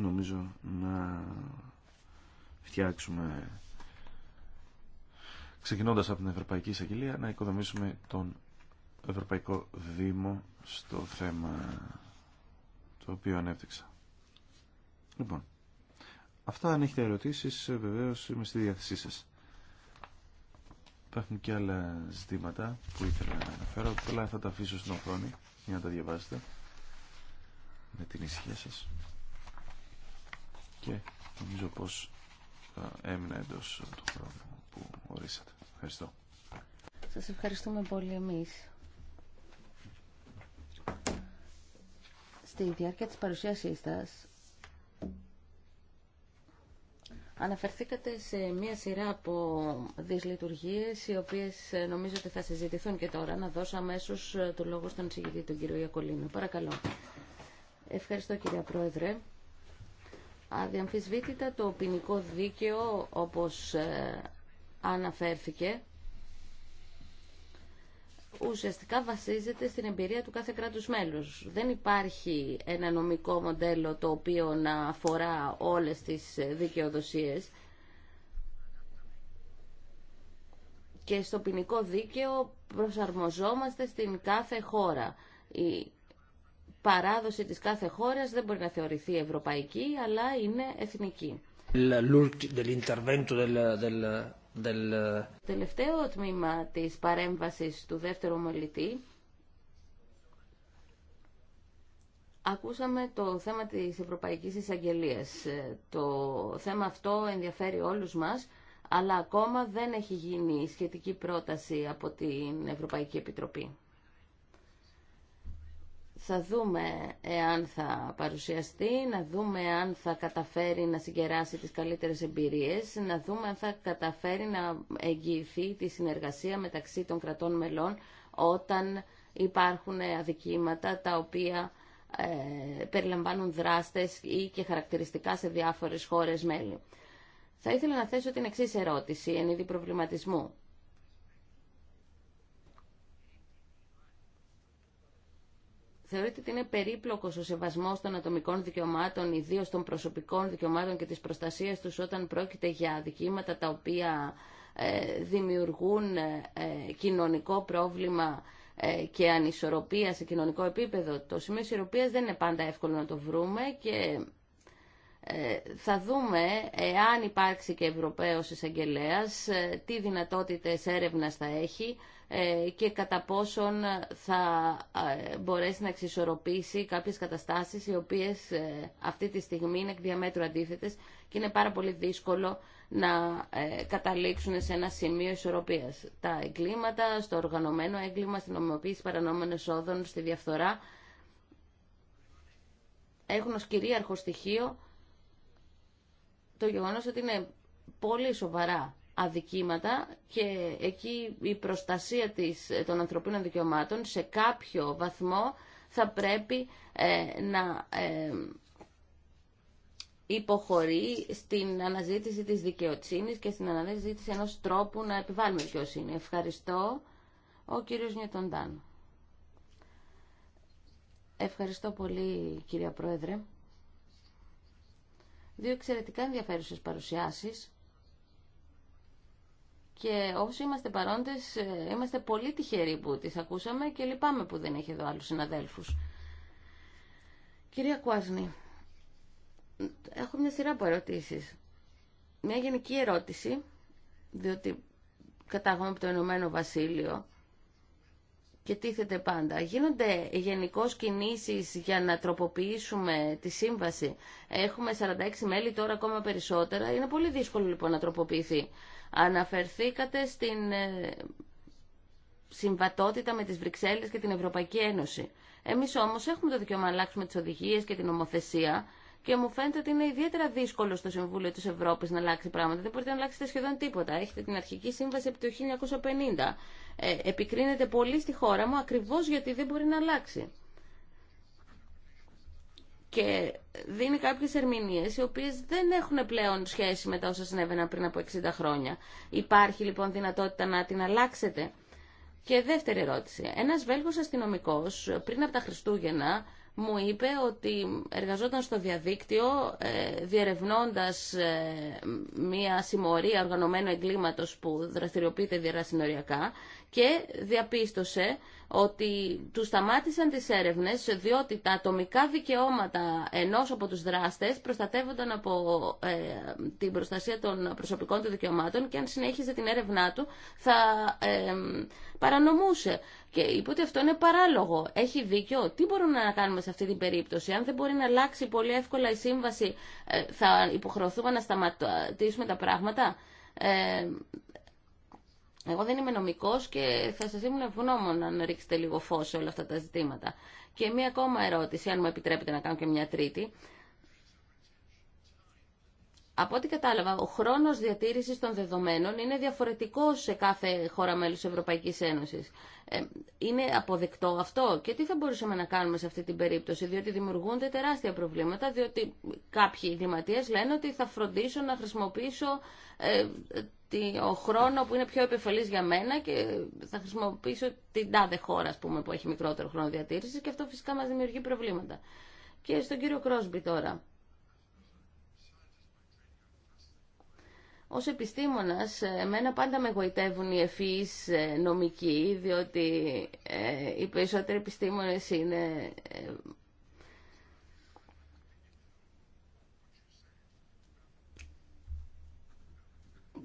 νομίζω να φτιάξουμε ξεκινώντας από την Ευρωπαϊκή Εισαγγελία να οικοδομήσουμε τον Ευρωπαϊκό Δήμο στο θέμα το οποίο ανέπτυξα. Λοιπόν, αυτά αν έχετε ερωτήσεις βεβαίως είμαι στη διάθεσή σας. Υπάρχουν και άλλα ζητήματα που ήθελα να αναφέρω, αλλά θα τα αφήσω στην οθόνη για να τα διαβάσετε με την ησυχία σας και νομίζω πως ε, έμεινα εντός του χρόνου που ορίσατε. Ευχαριστώ. Σας ευχαριστούμε πολύ εμείς. Στη διάρκεια της παρουσίασής σας αναφερθήκατε σε μία σειρά από δυσλειτουργίες οι οποίες ε, νομίζω ότι θα συζητηθούν και τώρα. Να δώσω αμέσω ε, το λόγο στον συγκεκριτή τον κύριο Ιακολίνο. Παρακαλώ. Ευχαριστώ κυρία Πρόεδρε. Αδιαμφισβήτητα το ποινικό δίκαιο, όπως ε, αναφέρθηκε, ουσιαστικά βασίζεται στην εμπειρία του κάθε κράτους μέλους. Δεν υπάρχει ένα νομικό μοντέλο το οποίο να αφορά όλες τις ε, δικαιοδοσίες. Και στο ποινικό δίκαιο προσαρμοζόμαστε στην κάθε χώρα. Η παράδοση της κάθε χώρας δεν μπορεί να θεωρηθεί ευρωπαϊκή, αλλά είναι εθνική. Το τελευταίο τμήμα της παρέμβασης του δεύτερου μολυτή Ακούσαμε το θέμα της Ευρωπαϊκής Εισαγγελίας. Ε, το θέμα αυτό ενδιαφέρει όλους μας, αλλά ακόμα δεν έχει γίνει σχετική πρόταση από την Ευρωπαϊκή Επιτροπή. Θα δούμε εάν θα παρουσιαστεί, να δούμε αν θα καταφέρει να συγκεράσει τις καλύτερες εμπειρίες, να δούμε αν θα καταφέρει να εγγυηθεί τη συνεργασία μεταξύ των κρατών μελών όταν υπάρχουν αδικήματα τα οποία ε, περιλαμβάνουν δράστες ή και χαρακτηριστικά σε διάφορες χώρες μέλη. Θα ήθελα να θέσω την εξής ερώτηση εν είδη προβληματισμού. θεωρείτε ότι είναι περίπλοκο ο σεβασμός των ατομικών δικαιωμάτων, ιδίω των προσωπικών δικαιωμάτων και της προστασία του όταν πρόκειται για αδικήματα τα οποία ε, δημιουργούν ε, ε, κοινωνικό πρόβλημα και ανισορροπία σε κοινωνικό επίπεδο. Το σημείο ισορροπία δεν είναι πάντα εύκολο να το βρούμε και θα δούμε, εάν υπάρξει και Ευρωπαίος εισαγγελέα, τι δυνατότητες έρευνας θα έχει, ε, και κατά πόσον θα ε, μπορέσει να εξισορροπήσει κάποιες καταστάσεις οι οποίες ε, αυτή τη στιγμή είναι εκ διαμέτρου αντίθετες και είναι πάρα πολύ δύσκολο να καταλήξουν σε ένα σημείο ισορροπίας. Τα εγκλήματα, στο οργανωμένο έγκλημα, στην ομοιοποίηση παρανόμενων εσόδων, στη διαφθορά έχουν ως κυρίαρχο στοιχείο το γεγονός ότι είναι πολύ σοβαρά αδικήματα και εκεί η προστασία της, των ανθρωπίνων δικαιωμάτων σε κάποιο βαθμό θα πρέπει ε, να ε, υποχωρεί στην αναζήτηση της δικαιοσύνη και στην αναζήτηση ενός τρόπου να επιβάλλουμε δικαιοσύνη. Ευχαριστώ ο κύριος Νιωτοντάν. Ευχαριστώ πολύ κυρία Πρόεδρε. Δύο εξαιρετικά ενδιαφέρουσες παρουσιάσεις και όσοι είμαστε παρόντες ε, είμαστε πολύ τυχεροί που τι ακούσαμε και λυπάμαι που δεν έχει εδώ άλλου συναδέλφου. Κυρία Κουάσνη, έχω μια σειρά από ερωτήσει. Μια γενική ερώτηση, διότι κατάγομαι από το Ηνωμένο Βασίλειο και τίθεται πάντα. Γίνονται γενικώ κινήσεις για να τροποποιήσουμε τη σύμβαση. Έχουμε 46 μέλη, τώρα ακόμα περισσότερα. Είναι πολύ δύσκολο λοιπόν να τροποποιηθεί. Αναφερθήκατε στην ε, συμβατότητα με τις Βρυξέλλες και την Ευρωπαϊκή Ένωση. Εμείς όμως έχουμε το δικαίωμα να αλλάξουμε τις οδηγίες και την ομοθεσία και μου φαίνεται ότι είναι ιδιαίτερα δύσκολο στο Συμβούλιο της Ευρώπης να αλλάξει πράγματα. Δεν μπορείτε να αλλάξετε σχεδόν τίποτα. Έχετε την αρχική σύμβαση από το 1950. Ε, επικρίνεται πολύ στη χώρα μου ακριβώς γιατί δεν μπορεί να αλλάξει και δίνει κάποιες ερμηνείες οι οποίες δεν έχουν πλέον σχέση με τα όσα συνέβαιναν πριν από 60 χρόνια. Υπάρχει λοιπόν δυνατότητα να την αλλάξετε. Και δεύτερη ερώτηση. Ένας Βέλγος αστυνομικός πριν από τα Χριστούγεννα μου είπε ότι εργαζόταν στο διαδίκτυο ε, διερευνώντας ε, μία συμμορία οργανωμένου εγκλήματος που δραστηριοποιείται διαρασυνοριακά και διαπίστωσε ότι του σταμάτησαν τις έρευνες διότι τα ατομικά δικαιώματα ενός από τους δράστες προστατεύονταν από ε, την προστασία των προσωπικών του δικαιωμάτων και αν συνέχιζε την έρευνά του θα παρανομούσε. Και είπε ότι αυτό είναι παράλογο. Έχει δίκιο. Τι μπορούμε να κάνουμε σε αυτή την περίπτωση. Αν δεν μπορεί να αλλάξει πολύ εύκολα η σύμβαση, ε, θα υποχρεωθούμε να σταματήσουμε τα πράγματα. Ε, εγώ δεν είμαι νομικός και θα σας ήμουν ευγνώμων αν ρίξετε λίγο φως σε όλα αυτά τα ζητήματα. Και μία ακόμα ερώτηση, αν μου επιτρέπετε να κάνω και μια τρίτη. Από ό,τι κατάλαβα, ο χρόνος διατήρησης των δεδομένων είναι διαφορετικός σε κάθε χώρα μέλος Ευρωπαϊκής Ένωσης. Ε, είναι αποδεκτό αυτό και τι θα μπορούσαμε να κάνουμε σε αυτή την περίπτωση, διότι δημιουργούνται τεράστια προβλήματα, διότι κάποιοι εγκληματίες λένε ότι θα φροντίσω να χρησιμοποιήσω ε, ο χρόνο που είναι πιο επιφελής για μένα και θα χρησιμοποιήσω την τάδε χώρα πούμε, που έχει μικρότερο χρόνο διατήρησης και αυτό φυσικά μας δημιουργεί προβλήματα. Και στον κύριο Κρόσμπι τώρα. Ως επιστήμονας, εμένα πάντα με γοητεύουν οι ευφυείς ε, νομικοί, διότι ε, οι περισσότεροι επιστήμονες είναι... Ε,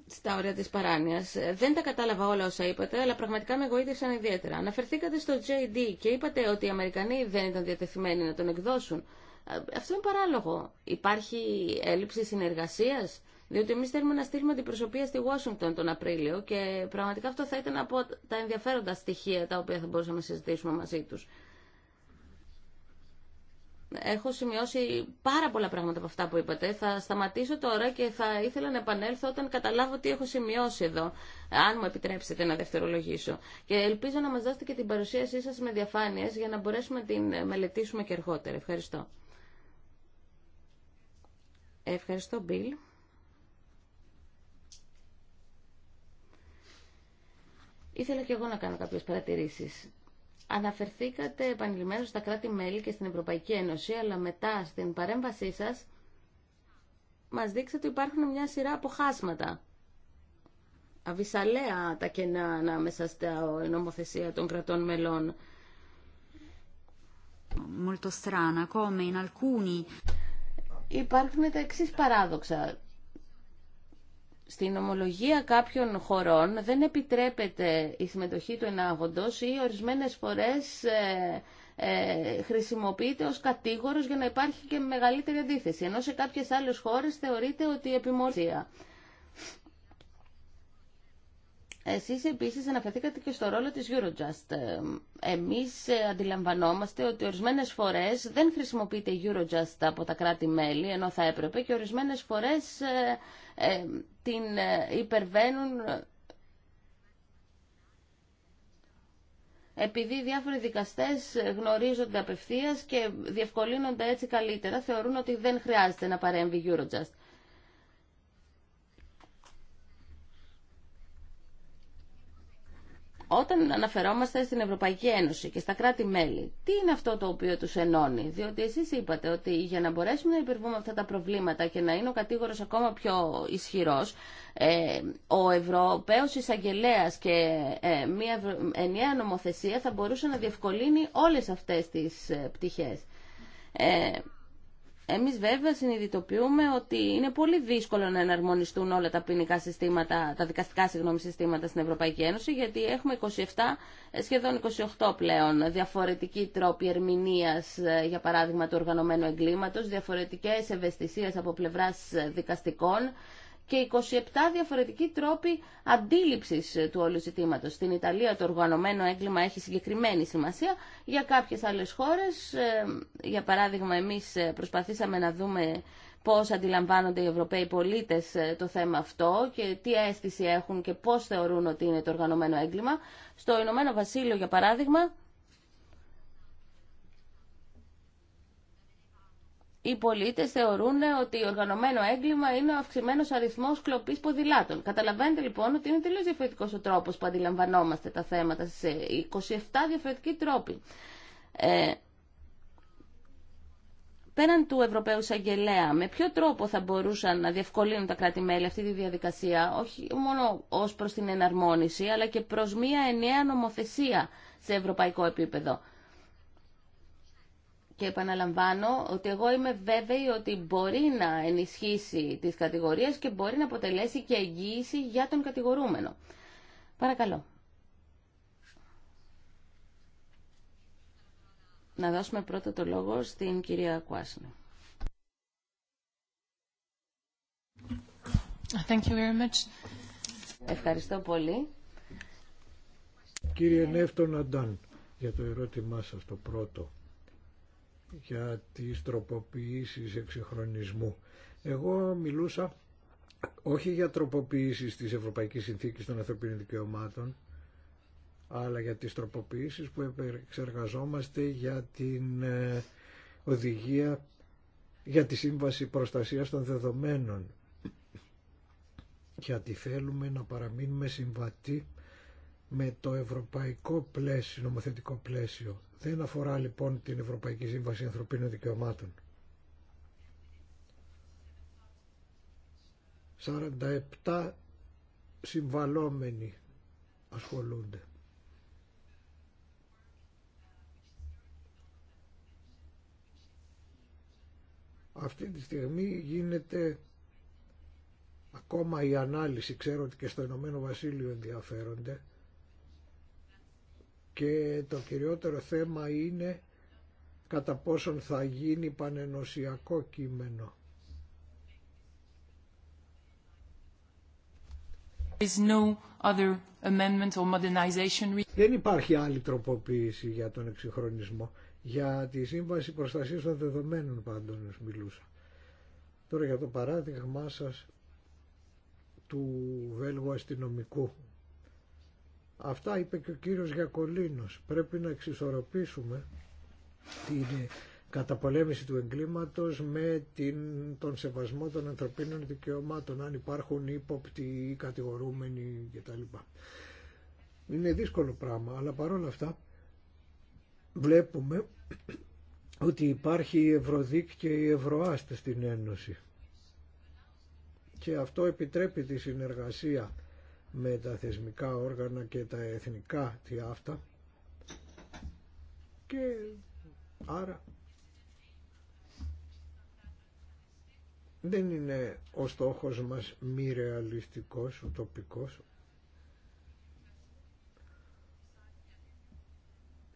στα όρια της παράνοιας. Δεν τα κατάλαβα όλα όσα είπατε, αλλά πραγματικά με εγωίτευσαν ιδιαίτερα. Αναφερθήκατε στο JD και είπατε ότι οι Αμερικανοί δεν ήταν διατεθειμένοι να τον εκδώσουν. Αυτό είναι παράλογο. Υπάρχει έλλειψη συνεργασίας διότι εμεί θέλουμε να στείλουμε την προσωπία στη Washington τον Απρίλιο και πραγματικά αυτό θα ήταν από τα ενδιαφέροντα στοιχεία τα οποία θα μπορούσαμε να συζητήσουμε μαζί του. Έχω σημειώσει πάρα πολλά πράγματα από αυτά που είπατε. Θα σταματήσω τώρα και θα ήθελα να επανέλθω όταν καταλάβω τι έχω σημειώσει εδώ, αν μου επιτρέψετε να δευτερολογήσω. Και ελπίζω να μας δώσετε και την παρουσίασή σας με διαφάνειες για να μπορέσουμε να την μελετήσουμε και αργότερα. Ευχαριστώ. Ευχαριστώ, Μπιλ. Ήθελα και εγώ να κάνω κάποιες παρατηρήσεις. Αναφερθήκατε επανειλημμένως στα κράτη-μέλη και στην Ευρωπαϊκή Ένωση, αλλά μετά στην παρέμβασή σας μας δείξατε ότι υπάρχουν μια σειρά αποχάσματα. Αβυσαλέα τα κενά ανάμεσα στην νομοθεσία των κρατών μελών. Molto strana, come in Υπάρχουν τα εξή παράδοξα στην ομολογία κάποιων χωρών δεν επιτρέπεται η συμμετοχή του ενάγοντος ή ορισμένες φορές ε, ε, χρησιμοποιείται ως κατήγορος για να υπάρχει και μεγαλύτερη αντίθεση, ενώ σε κάποιες άλλες χώρες θεωρείται ότι η εσείς επίσης αναφερθήκατε και στο ρόλο της Eurojust. Ε, εμείς ε, αντιλαμβανόμαστε ότι ορισμένες φορές δεν χρησιμοποιείται η Eurojust από τα κράτη-μέλη, ενώ θα έπρεπε, και ορισμένες φορές ε, την υπερβαίνουν επειδή διάφοροι δικαστές γνωρίζονται απευθείας και διευκολύνονται έτσι καλύτερα, θεωρούν ότι δεν χρειάζεται να παρέμβει Eurojust. Όταν αναφερόμαστε στην Ευρωπαϊκή Ένωση και στα κράτη-μέλη, τι είναι αυτό το οποίο τους ενώνει. Διότι εσείς είπατε ότι για να μπορέσουμε να υπερβούμε αυτά τα προβλήματα και να είναι ο κατήγορος ακόμα πιο ισχυρός, ε, ο Ευρωπαίος εισαγγελέα και ε, μια ενιαία ε, νομοθεσία θα μπορούσε να διευκολύνει όλες αυτές τις πτυχές. Εμείς βέβαια συνειδητοποιούμε ότι είναι πολύ δύσκολο να εναρμονιστούν όλα τα ποινικά συστήματα, τα δικαστικά συγγνώμη συστήματα στην Ευρωπαϊκή Ένωση, γιατί έχουμε 27, ε, σχεδόν 28 πλέον διαφορετικοί τρόποι ερμηνεία, ε, για παράδειγμα του οργανωμένου εγκλήματος, διαφορετικές ευαισθησίες από πλευράς ε, δικαστικών, και 27 διαφορετικοί τρόποι αντίληψη του όλου ζητήματος. Στην Ιταλία το οργανωμένο έγκλημα έχει συγκεκριμένη σημασία. Για κάποιες άλλες χώρες, ε, για παράδειγμα εμείς ε, προσπαθήσαμε να δούμε πώς αντιλαμβάνονται οι Ευρωπαίοι πολίτες ε, το θέμα αυτό και τι αίσθηση έχουν και πώς θεωρούν ότι είναι το οργανωμένο έγκλημα. Στο Ηνωμένο Βασίλειο, για παράδειγμα, οι πολίτες θεωρούν ότι οργανωμένο έγκλημα είναι ο αυξημένο αριθμός κλοπή ποδηλάτων. Καταλαβαίνετε λοιπόν ότι είναι τελείω διαφορετικό ο τρόπος που αντιλαμβανόμαστε τα θέματα σε 27 διαφορετικοί τρόποι. Ε, πέραν του Ευρωπαίου Εισαγγελέα, με ποιο τρόπο θα μπορούσαν να διευκολύνουν τα κράτη-μέλη αυτή τη διαδικασία, όχι μόνο ω προ την εναρμόνιση, αλλά και προ μια ενιαία νομοθεσία σε ευρωπαϊκό επίπεδο και επαναλαμβάνω ότι εγώ είμαι βέβαιη ότι μπορεί να ενισχύσει τις κατηγορίες και μπορεί να αποτελέσει και εγγύηση για τον κατηγορούμενο. Παρακαλώ. Να δώσουμε πρώτα το λόγο στην κυρία Κουάσνη. Thank you very much. Ευχαριστώ πολύ. Κύριε Νεύτον Αντάν, για το ερώτημά σας το πρώτο για τις τροποποιήσεις εξυγχρονισμού. Εγώ μιλούσα όχι για τροποποιήσεις της Ευρωπαϊκής Συνθήκης των Ανθρωπίνων Δικαιωμάτων, αλλά για τις τροποποιήσεις που εξεργαζόμαστε για την ε, οδηγία για τη Σύμβαση Προστασίας των Δεδομένων. Γιατί θέλουμε να παραμείνουμε συμβατοί με το ευρωπαϊκό πλαίσιο, νομοθετικό πλαίσιο. Δεν αφορά λοιπόν την Ευρωπαϊκή Σύμβαση Ανθρωπίνων Δικαιωμάτων. 47 συμβαλόμενοι ασχολούνται. Αυτή τη στιγμή γίνεται ακόμα η ανάλυση, ξέρω ότι και στο Ηνωμένο Βασίλειο ενδιαφέρονται, και το κυριότερο θέμα είναι κατά πόσον θα γίνει πανενοσιακό κείμενο. Δεν υπάρχει άλλη τροποποίηση για τον εξυγχρονισμό. Για τη Σύμβαση Προστασίας των Δεδομένων πάντων μιλούσα. Τώρα για το παράδειγμά σας του Βέλγου αστυνομικού Αυτά είπε και ο κύριος Γιακολίνος. Πρέπει να εξισορροπήσουμε την καταπολέμηση του εγκλήματος με την, τον σεβασμό των ανθρωπίνων δικαιωμάτων, αν υπάρχουν ύποπτοι ή κατηγορούμενοι κτλ. Είναι δύσκολο πράγμα, αλλά παρόλα αυτά βλέπουμε ότι υπάρχει η Ευρωδίκ και η Ευρωάστε στην Ένωση. Και αυτό επιτρέπει τη συνεργασία με τα θεσμικά όργανα και τα εθνικά τι αυτά και άρα δεν είναι ο στόχος μας μη ρεαλιστικός, ουτοπικός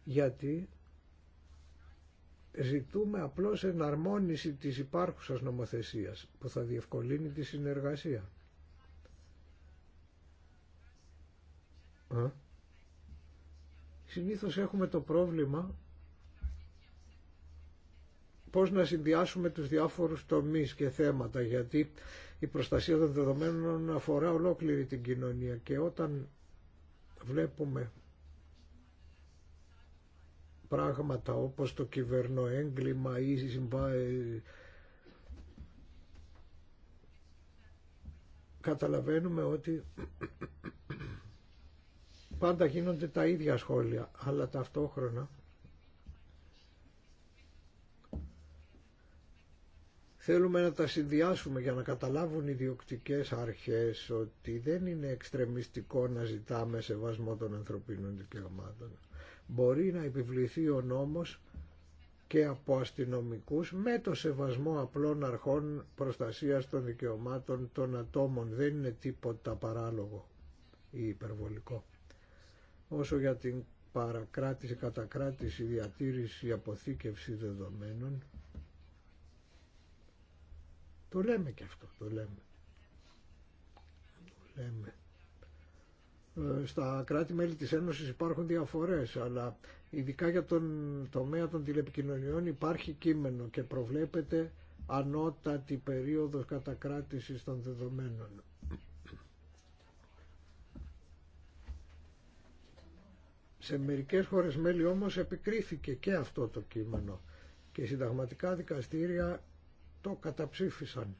γιατί ζητούμε απλώς εναρμόνιση της υπάρχουσας νομοθεσίας που θα διευκολύνει τη συνεργασία. Ε? Συνήθως έχουμε το πρόβλημα πώς να συνδυάσουμε τους διάφορους τομείς και θέματα γιατί η προστασία των δεδομένων αφορά ολόκληρη την κοινωνία και όταν βλέπουμε πράγματα όπως το κυβερνοέγκλημα ή ε, καταλαβαίνουμε ότι πάντα γίνονται τα ίδια σχόλια, αλλά ταυτόχρονα θέλουμε να τα συνδυάσουμε για να καταλάβουν οι διοκτικές αρχές ότι δεν είναι εξτρεμιστικό να ζητάμε σεβασμό των ανθρωπίνων δικαιωμάτων. Μπορεί να επιβληθεί ο νόμος και από αστυνομικούς με το σεβασμό απλών αρχών προστασίας των δικαιωμάτων των ατόμων. Δεν είναι τίποτα παράλογο ή υπερβολικό. Όσο για την παρακράτηση, κατακράτηση, διατήρηση, αποθήκευση δεδομένων, το λέμε και αυτό, το λέμε. Το λέμε. Ε, στα κράτη-μέλη της Ένωσης υπάρχουν διαφορές, αλλά ειδικά για τον τομέα των τηλεπικοινωνιών υπάρχει κείμενο και προβλέπεται ανώτατη περίοδος κατακράτησης των δεδομένων. Σε μερικές χώρες μέλη όμως επικρίθηκε και αυτό το κείμενο και οι συνταγματικά δικαστήρια το καταψήφισαν,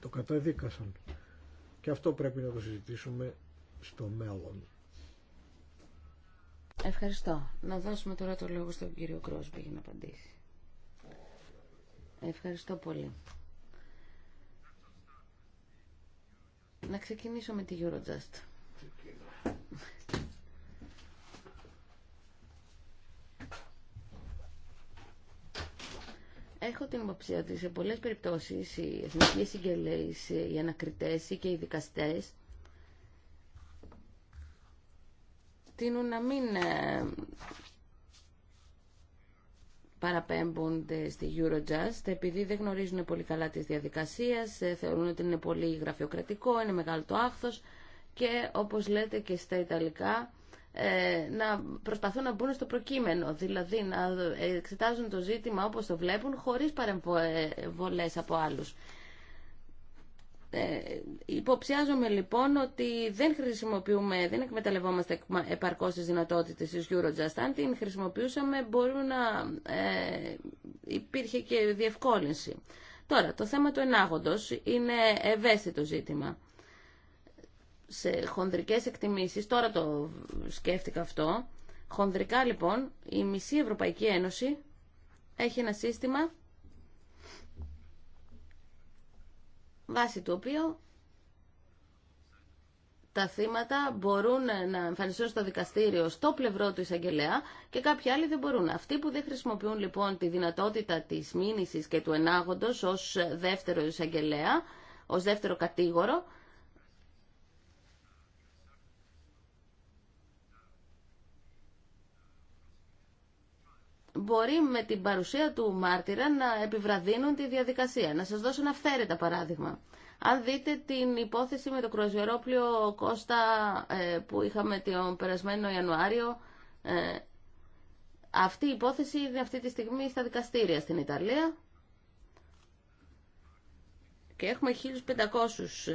το καταδίκασαν και αυτό πρέπει να το συζητήσουμε στο μέλλον. Ευχαριστώ. Να δώσουμε τώρα το λόγο στον κύριο Κρόσμπη για να απαντήσει. Ευχαριστώ πολύ. Να ξεκινήσω με τη Eurojust. Έχω την υποψία ότι σε πολλές περιπτώσεις οι εθνικοί συγγελείς, οι ανακριτές και οι δικαστές τείνουν να μην ε, παραπέμπονται στη Eurojust επειδή δεν γνωρίζουν πολύ καλά τις διαδικασίες, ε, θεωρούν ότι είναι πολύ γραφειοκρατικό, είναι μεγάλο το άχθος και όπως λέτε και στα Ιταλικά ε, να προσπαθούν να μπουν στο προκείμενο, δηλαδή να εξετάζουν το ζήτημα όπως το βλέπουν χωρίς παρεμβολές από άλλους. Ε, υποψιάζομαι λοιπόν ότι δεν χρησιμοποιούμε, δεν εκμεταλλευόμαστε επαρκώς τις δυνατότητες της Eurojust. Αν την χρησιμοποιούσαμε μπορούν να ε, υπήρχε και διευκόλυνση. Τώρα, το θέμα του ενάγοντος είναι ευαίσθητο ζήτημα σε χονδρικές εκτιμήσεις, τώρα το σκέφτηκα αυτό, χονδρικά λοιπόν η μισή Ευρωπαϊκή Ένωση έχει ένα σύστημα βάσει του οποίου τα θύματα μπορούν να εμφανιστούν στο δικαστήριο στο πλευρό του εισαγγελέα και κάποιοι άλλοι δεν μπορούν. Αυτοί που δεν χρησιμοποιούν λοιπόν τη δυνατότητα της μήνυσης και του ενάγοντος ως δεύτερο εισαγγελέα, ως δεύτερο κατήγορο, μπορεί με την παρουσία του μάρτυρα να επιβραδύνουν τη διαδικασία. Να σας δώσω ένα φθαίρετα παράδειγμα. Αν δείτε την υπόθεση με το κρουαζιερόπλιο Κώστα ε, που είχαμε τον περασμένο Ιανουάριο, ε, αυτή η υπόθεση είναι αυτή τη στιγμή στα δικαστήρια στην Ιταλία και έχουμε 1.500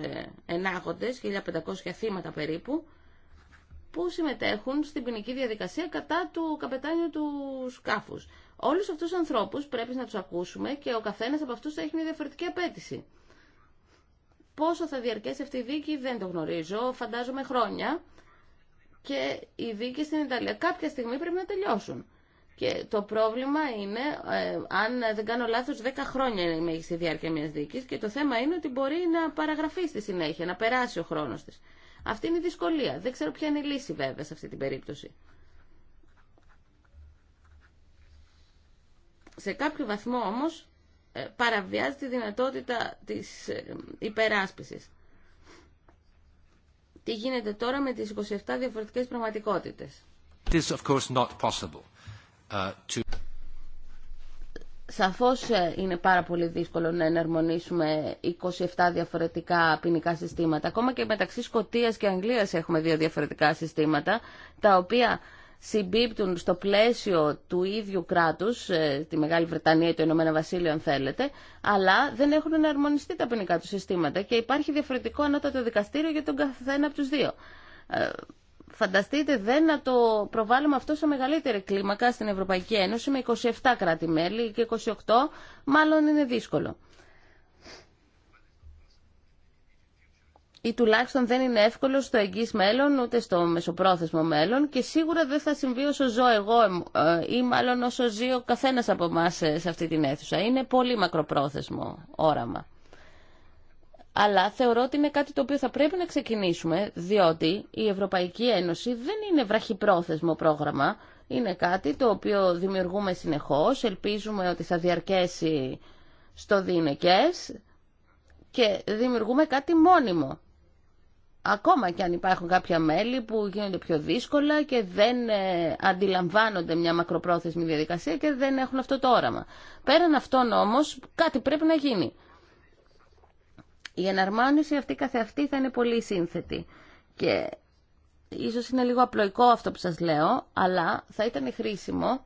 ε, ενάγοντες, 1.500 θύματα περίπου που συμμετέχουν στην ποινική διαδικασία κατά του καπετάνιου του σκάφου. Όλου αυτού του ανθρώπου πρέπει να του ακούσουμε και ο καθένα από αυτού θα έχει μια διαφορετική απέτηση. Πόσο θα διαρκέσει αυτή η δίκη δεν το γνωρίζω, φαντάζομαι χρόνια και οι δίκες στην Ιταλία κάποια στιγμή πρέπει να τελειώσουν. Και το πρόβλημα είναι, ε, αν δεν κάνω λάθος, 10 χρόνια είναι η μέγιστη διάρκεια μιας δίκης και το θέμα είναι ότι μπορεί να παραγραφεί στη συνέχεια, να περάσει ο χρόνος της. Αυτή είναι η δυσκολία. Δεν ξέρω ποια είναι η λύση βέβαια σε αυτή την περίπτωση. Σε κάποιο βαθμό όμως ε, παραβιάζει τη δυνατότητα της ε, υπεράσπισης. Τι γίνεται τώρα με τις 27 διαφορετικές πραγματικότητες. of course not possible, uh, to... Σαφώς ε, είναι πάρα πολύ δύσκολο να εναρμονίσουμε 27 διαφορετικά ποινικά συστήματα. Ακόμα και μεταξύ Σκοτίας και Αγγλίας έχουμε δύο διαφορετικά συστήματα, τα οποία συμπίπτουν στο πλαίσιο του ίδιου κράτους, ε, τη Μεγάλη Βρετανία ή το Ηνωμένο Βασίλειο αν θέλετε, αλλά δεν έχουν εναρμονιστεί τα ποινικά του συστήματα και υπάρχει διαφορετικό ανώτατο δικαστήριο για τον καθένα από τους δύο. Ε, Φανταστείτε δεν να το προβάλλουμε αυτό σε μεγαλύτερη κλίμακα στην Ευρωπαϊκή Ένωση με 27 κράτη-μέλη και 28, μάλλον είναι δύσκολο. Ή τουλάχιστον δεν είναι εύκολο στο εγγύς μέλλον, ούτε στο μεσοπρόθεσμο μέλλον και σίγουρα δεν θα συμβεί όσο ζω εγώ ε, ή μάλλον όσο ζει ο καθένας από εμά ε, σε αυτή την αίθουσα. Είναι πολύ μακροπρόθεσμο όραμα αλλά θεωρώ ότι είναι κάτι το οποίο θα πρέπει να ξεκινήσουμε, διότι η Ευρωπαϊκή Ένωση δεν είναι βραχυπρόθεσμο πρόγραμμα. Είναι κάτι το οποίο δημιουργούμε συνεχώς, ελπίζουμε ότι θα διαρκέσει στο Δινεκές και δημιουργούμε κάτι μόνιμο. Ακόμα και αν υπάρχουν κάποια μέλη που γίνονται πιο δύσκολα και δεν ε, αντιλαμβάνονται μια μακροπρόθεσμη διαδικασία και δεν έχουν αυτό το όραμα. Πέραν αυτόν όμως κάτι πρέπει να γίνει. Η εναρμάνωση αυτή καθεαυτή θα είναι πολύ σύνθετη. Και ίσως είναι λίγο απλοϊκό αυτό που σας λέω, αλλά θα ήταν χρήσιμο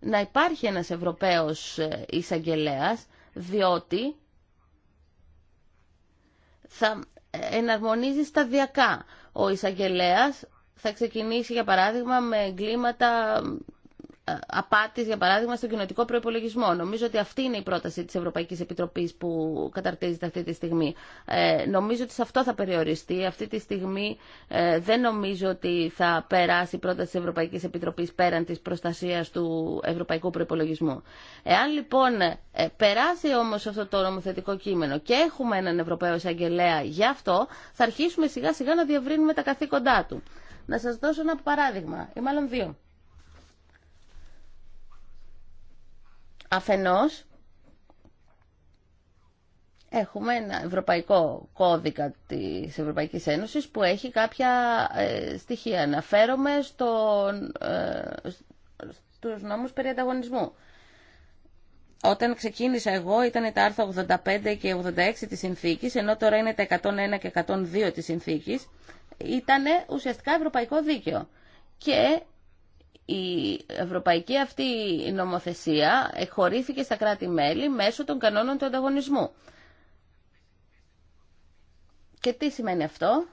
να υπάρχει ένας Ευρωπαίος ε, εισαγγελέα, διότι θα ε, εναρμονίζει σταδιακά. Ο εισαγγελέα θα ξεκινήσει, για παράδειγμα, με εγκλήματα ε, Απάτη, για παράδειγμα, στο κοινοτικό προπολογισμό. Νομίζω ότι αυτή είναι η πρόταση τη Ευρωπαϊκή Επιτροπή που καταρτίζεται αυτή τη στιγμή. Ε, νομίζω ότι σε αυτό θα περιοριστεί. Αυτή τη στιγμή ε, δεν νομίζω ότι θα περάσει η πρόταση της Ευρωπαϊκής Επιτροπής πέραν τη προστασία του ευρωπαϊκού Προπολογισμού. Εάν λοιπόν ε, περάσει όμω αυτό το νομοθετικό κείμενο και έχουμε έναν Ευρωπαίο εισαγγελέα γι' αυτό, θα αρχίσουμε σιγά σιγά να διαβρύνουμε τα καθήκοντά του. Να σας δώσω ένα παράδειγμα, ή μάλλον δύο. Αφενός, έχουμε ένα ευρωπαϊκό κώδικα της Ευρωπαϊκής Ένωσης που έχει κάποια ε, στοιχεία. Αναφέρομαι στον, ε, στους νόμους περί ανταγωνισμού. Όταν ξεκίνησα εγώ ήταν τα άρθρα 85 και 86 της συνθήκης, ενώ τώρα είναι τα 101 και 102 της συνθήκης. Ήταν ουσιαστικά ευρωπαϊκό δίκαιο. Και η ευρωπαϊκή αυτή νομοθεσία εχωρήθηκε στα κράτη-μέλη μέσω των κανόνων του ανταγωνισμού. Και τι σημαίνει αυτό?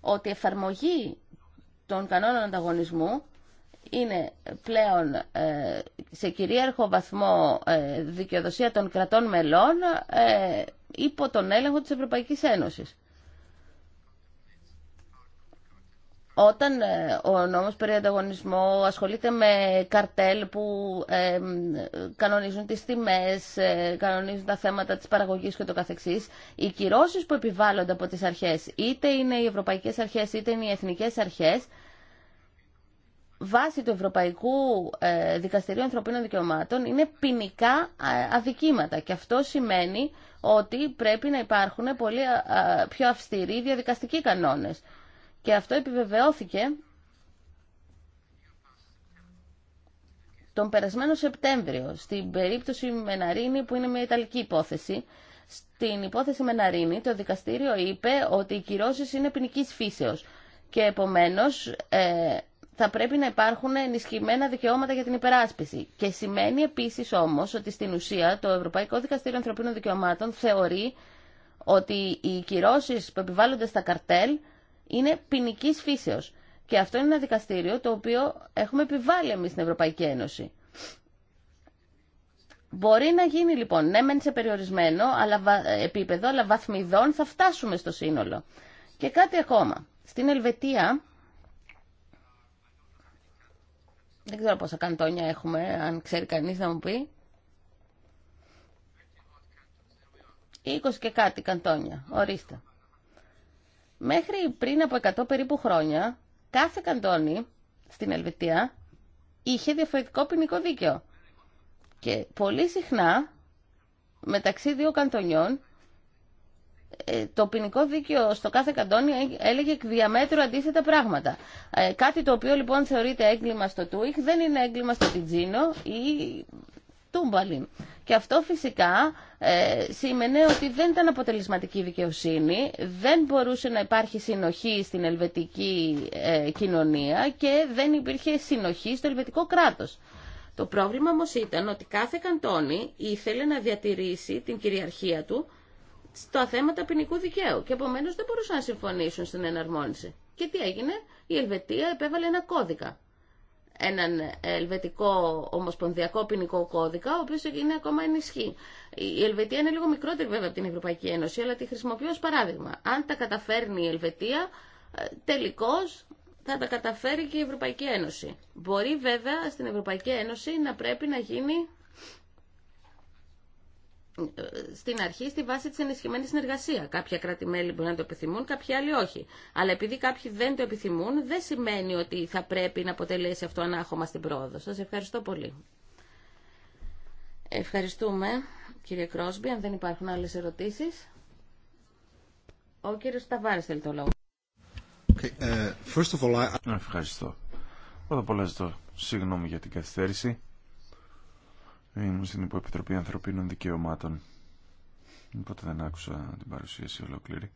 Ότι η εφαρμογή των κανόνων ανταγωνισμού είναι πλέον ε, σε κυρίαρχο βαθμό ε, δικαιοδοσία των κρατών μελών ε, υπό τον έλεγχο της Ευρωπαϊκής Ένωσης. Όταν ε, ο νόμος περί ανταγωνισμού ασχολείται με καρτέλ που κανονίζουν τις τιμές, ε, κανονίζουν τα θέματα της παραγωγής και το καθεξής, οι κυρώσεις που επιβάλλονται από τις αρχές, είτε είναι οι ευρωπαϊκές αρχές είτε είναι οι εθνικές αρχές, βάσει του Ευρωπαϊκού ε, Δικαστηρίου Ανθρωπίνων Δικαιωμάτων είναι ποινικά αδικήματα και αυτό σημαίνει ότι πρέπει να υπάρχουν πολύ πιο αυστηροί διαδικαστικοί κανόνες. Και αυτό επιβεβαιώθηκε τον περασμένο Σεπτέμβριο, στην περίπτωση Μεναρίνη που είναι μια Ιταλική υπόθεση. Στην υπόθεση Μεναρίνη το δικαστήριο είπε ότι οι κυρώσει είναι ποινική φύσεως και επομένως ε, θα πρέπει να υπάρχουν ενισχυμένα δικαιώματα για την υπεράσπιση. Και σημαίνει επίσης όμως ότι στην ουσία το Ευρωπαϊκό Δικαστήριο Ανθρωπίνων Δικαιωμάτων θεωρεί ότι οι κυρώσει που επιβάλλονται στα καρτέλ είναι ποινική φύσεως. Και αυτό είναι ένα δικαστήριο το οποίο έχουμε επιβάλει εμεί στην Ευρωπαϊκή Ένωση. Μπορεί να γίνει λοιπόν, ναι μεν σε περιορισμένο αλλά, επίπεδο, αλλά βαθμιδών θα φτάσουμε στο σύνολο. Και κάτι ακόμα. Στην Ελβετία, δεν ξέρω πόσα καντόνια έχουμε, αν ξέρει κανείς να μου πει, 20 και κάτι καντόνια, ορίστε. Μέχρι πριν από 100 περίπου χρόνια, κάθε καντόνι στην Ελβετία είχε διαφορετικό ποινικό δίκαιο. Και πολύ συχνά, μεταξύ δύο καντονιών, ε, το ποινικό δίκαιο στο κάθε καντόνι ε, έλεγε εκ διαμέτρου αντίθετα πράγματα. Ε, κάτι το οποίο λοιπόν θεωρείται έγκλημα στο Τούιχ δεν είναι έγκλημα στο Τιτζίνο ή Τούμπαλιν. Και αυτό φυσικά ε, σήμαινε ότι δεν ήταν αποτελεσματική δικαιοσύνη, δεν μπορούσε να υπάρχει συνοχή στην ελβετική ε, κοινωνία και δεν υπήρχε συνοχή στο ελβετικό κράτος. Το πρόβλημα όμως ήταν ότι κάθε καντόνι ήθελε να διατηρήσει την κυριαρχία του στα θέματα ποινικού δικαίου και επομένως δεν μπορούσαν να συμφωνήσουν στην εναρμόνιση. Και τι έγινε, η Ελβετία επέβαλε ένα κώδικα έναν ελβετικό ομοσπονδιακό ποινικό κώδικα, ο οποίος είναι ακόμα ενισχύ. Η Ελβετία είναι λίγο μικρότερη βέβαια από την Ευρωπαϊκή Ένωση, αλλά τη χρησιμοποιώ ω παράδειγμα. Αν τα καταφέρνει η Ελβετία, ε, τελικώ θα τα καταφέρει και η Ευρωπαϊκή Ένωση. Μπορεί βέβαια στην Ευρωπαϊκή Ένωση να πρέπει να γίνει στην αρχή στη βάση της ενισχυμένης συνεργασία. Κάποια κράτη-μέλη μπορεί να το επιθυμούν, κάποιοι άλλοι όχι. Αλλά επειδή κάποιοι δεν το επιθυμούν, δεν σημαίνει ότι θα πρέπει να αποτελέσει αυτό ανάχωμα στην πρόοδο. Σας ευχαριστώ πολύ. Ευχαριστούμε, κύριε Κρόσμπι. Αν δεν υπάρχουν άλλες ερωτήσεις, ο κύριος Σταβάρης θέλει το λόγο. Okay, uh, all, I... Ευχαριστώ. Πρώτα απ' όλα ζητώ συγγνώμη για την καθυστέρηση. Ήμουν στην Υποεπιτροπή Ανθρωπίνων Δικαιωμάτων. Οπότε δεν άκουσα την παρουσίαση ολόκληρη.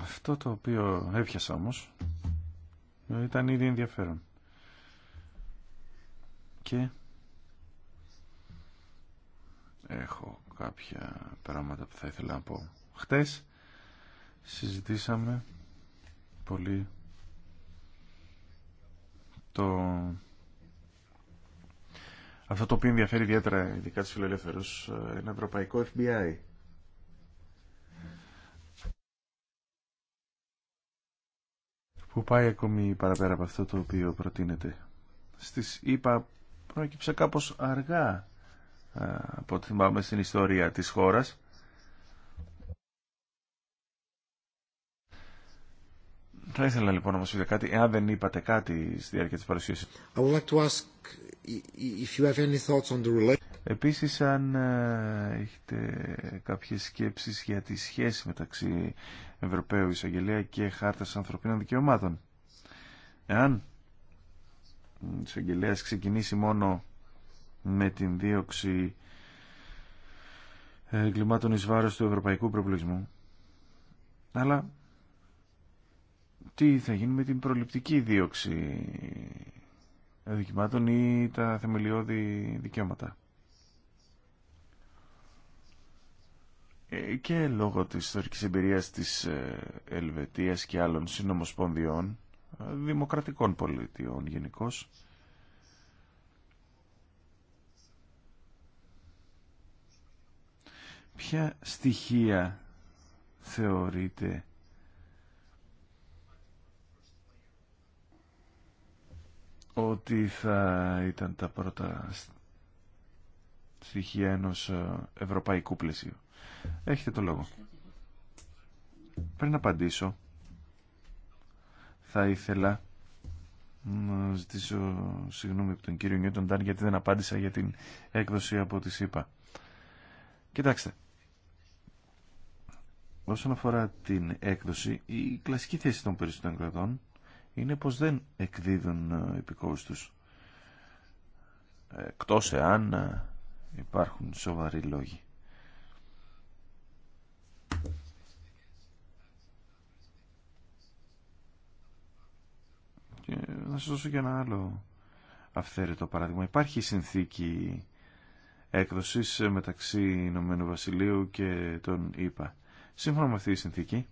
Αυτό το οποίο έπιασα όμως ήταν ήδη ενδιαφέρον. Και έχω κάποια πράγματα που θα ήθελα να πω. Χτες συζητήσαμε πολύ το... Αυτό το οποίο ενδιαφέρει ιδιαίτερα ειδικά τους φιλελεύθερους, ένα ε, ευρωπαϊκό FBI. Που πάει ακόμη παραπέρα από αυτό το οποίο προτείνεται. Στις είπα πρόκειψε κάπως αργά, ε, από ό,τι θυμάμαι στην ιστορία της χώρας. Θα ήθελα λοιπόν να μας πείτε κάτι, εάν δεν είπατε κάτι στη διάρκεια της παρουσίασης. Επίσης, αν ε, έχετε κάποιες σκέψεις για τη σχέση μεταξύ Ευρωπαίου Εισαγγελέα και Χάρτας Ανθρωπίνων Δικαιωμάτων. Εάν η εισαγγελέα ξεκινήσει μόνο με την δίωξη εγκλημάτων εις βάρος του ευρωπαϊκού προπολογισμού, αλλά τι θα γίνει με την προληπτική δίωξη δικημάτων ή τα θεμελιώδη δικαιώματα. Ε, και λόγω της ιστορικής εμπειρίας της ε, Ελβετίας και άλλων συνομοσπονδιών, ε, δημοκρατικών πολιτιών γενικώ. Ποια στοιχεία θεωρείται ότι θα ήταν τα πρώτα στοιχεία ενός ε, ευρωπαϊκού πλαισίου. Έχετε το λόγο. Πριν απαντήσω, θα ήθελα να ζητήσω συγγνώμη από τον κύριο Νιούτον Τάν γιατί δεν απάντησα για την έκδοση από τη ΣΥΠΑ. Κοιτάξτε, όσον αφορά την έκδοση, η κλασική θέση των περισσότερων κρατών είναι πως δεν εκδίδουν ε, υπηκόους τους. Εκτός εάν ε, υπάρχουν σοβαροί λόγοι. να σας δώσω και ένα άλλο αυθαίρετο παράδειγμα. Υπάρχει συνθήκη έκδοσης ε, μεταξύ Ηνωμένου Βασιλείου και των ΗΠΑ. Σύμφωνα με αυτή τη συνθήκη,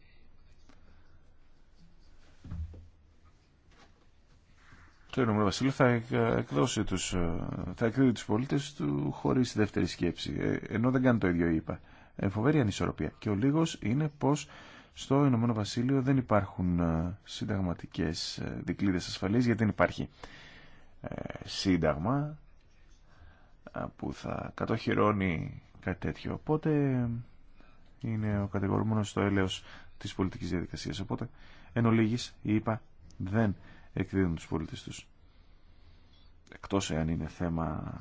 το Ηνωμένο Βασίλειο θα ε, εκδώσει τους, ε, θα εκδίδει τους πολίτες του χωρίς δεύτερη σκέψη, ε, ενώ δεν κάνει το ίδιο είπα. Ε, φοβερή ανισορροπία. Και ο λίγος είναι πως στο Ηνωμένο Βασίλειο δεν υπάρχουν συνταγματικές δικλείδες ασφαλής γιατί δεν υπάρχει σύνταγμα που θα κατοχυρώνει κάτι τέτοιο. Οπότε είναι ο κατηγορούμενος στο έλεος της πολιτικής διαδικασίας. Οπότε, εν ολίγης, είπα, δεν εκδίδουν τους πολίτες τους. Εκτός εάν είναι θέμα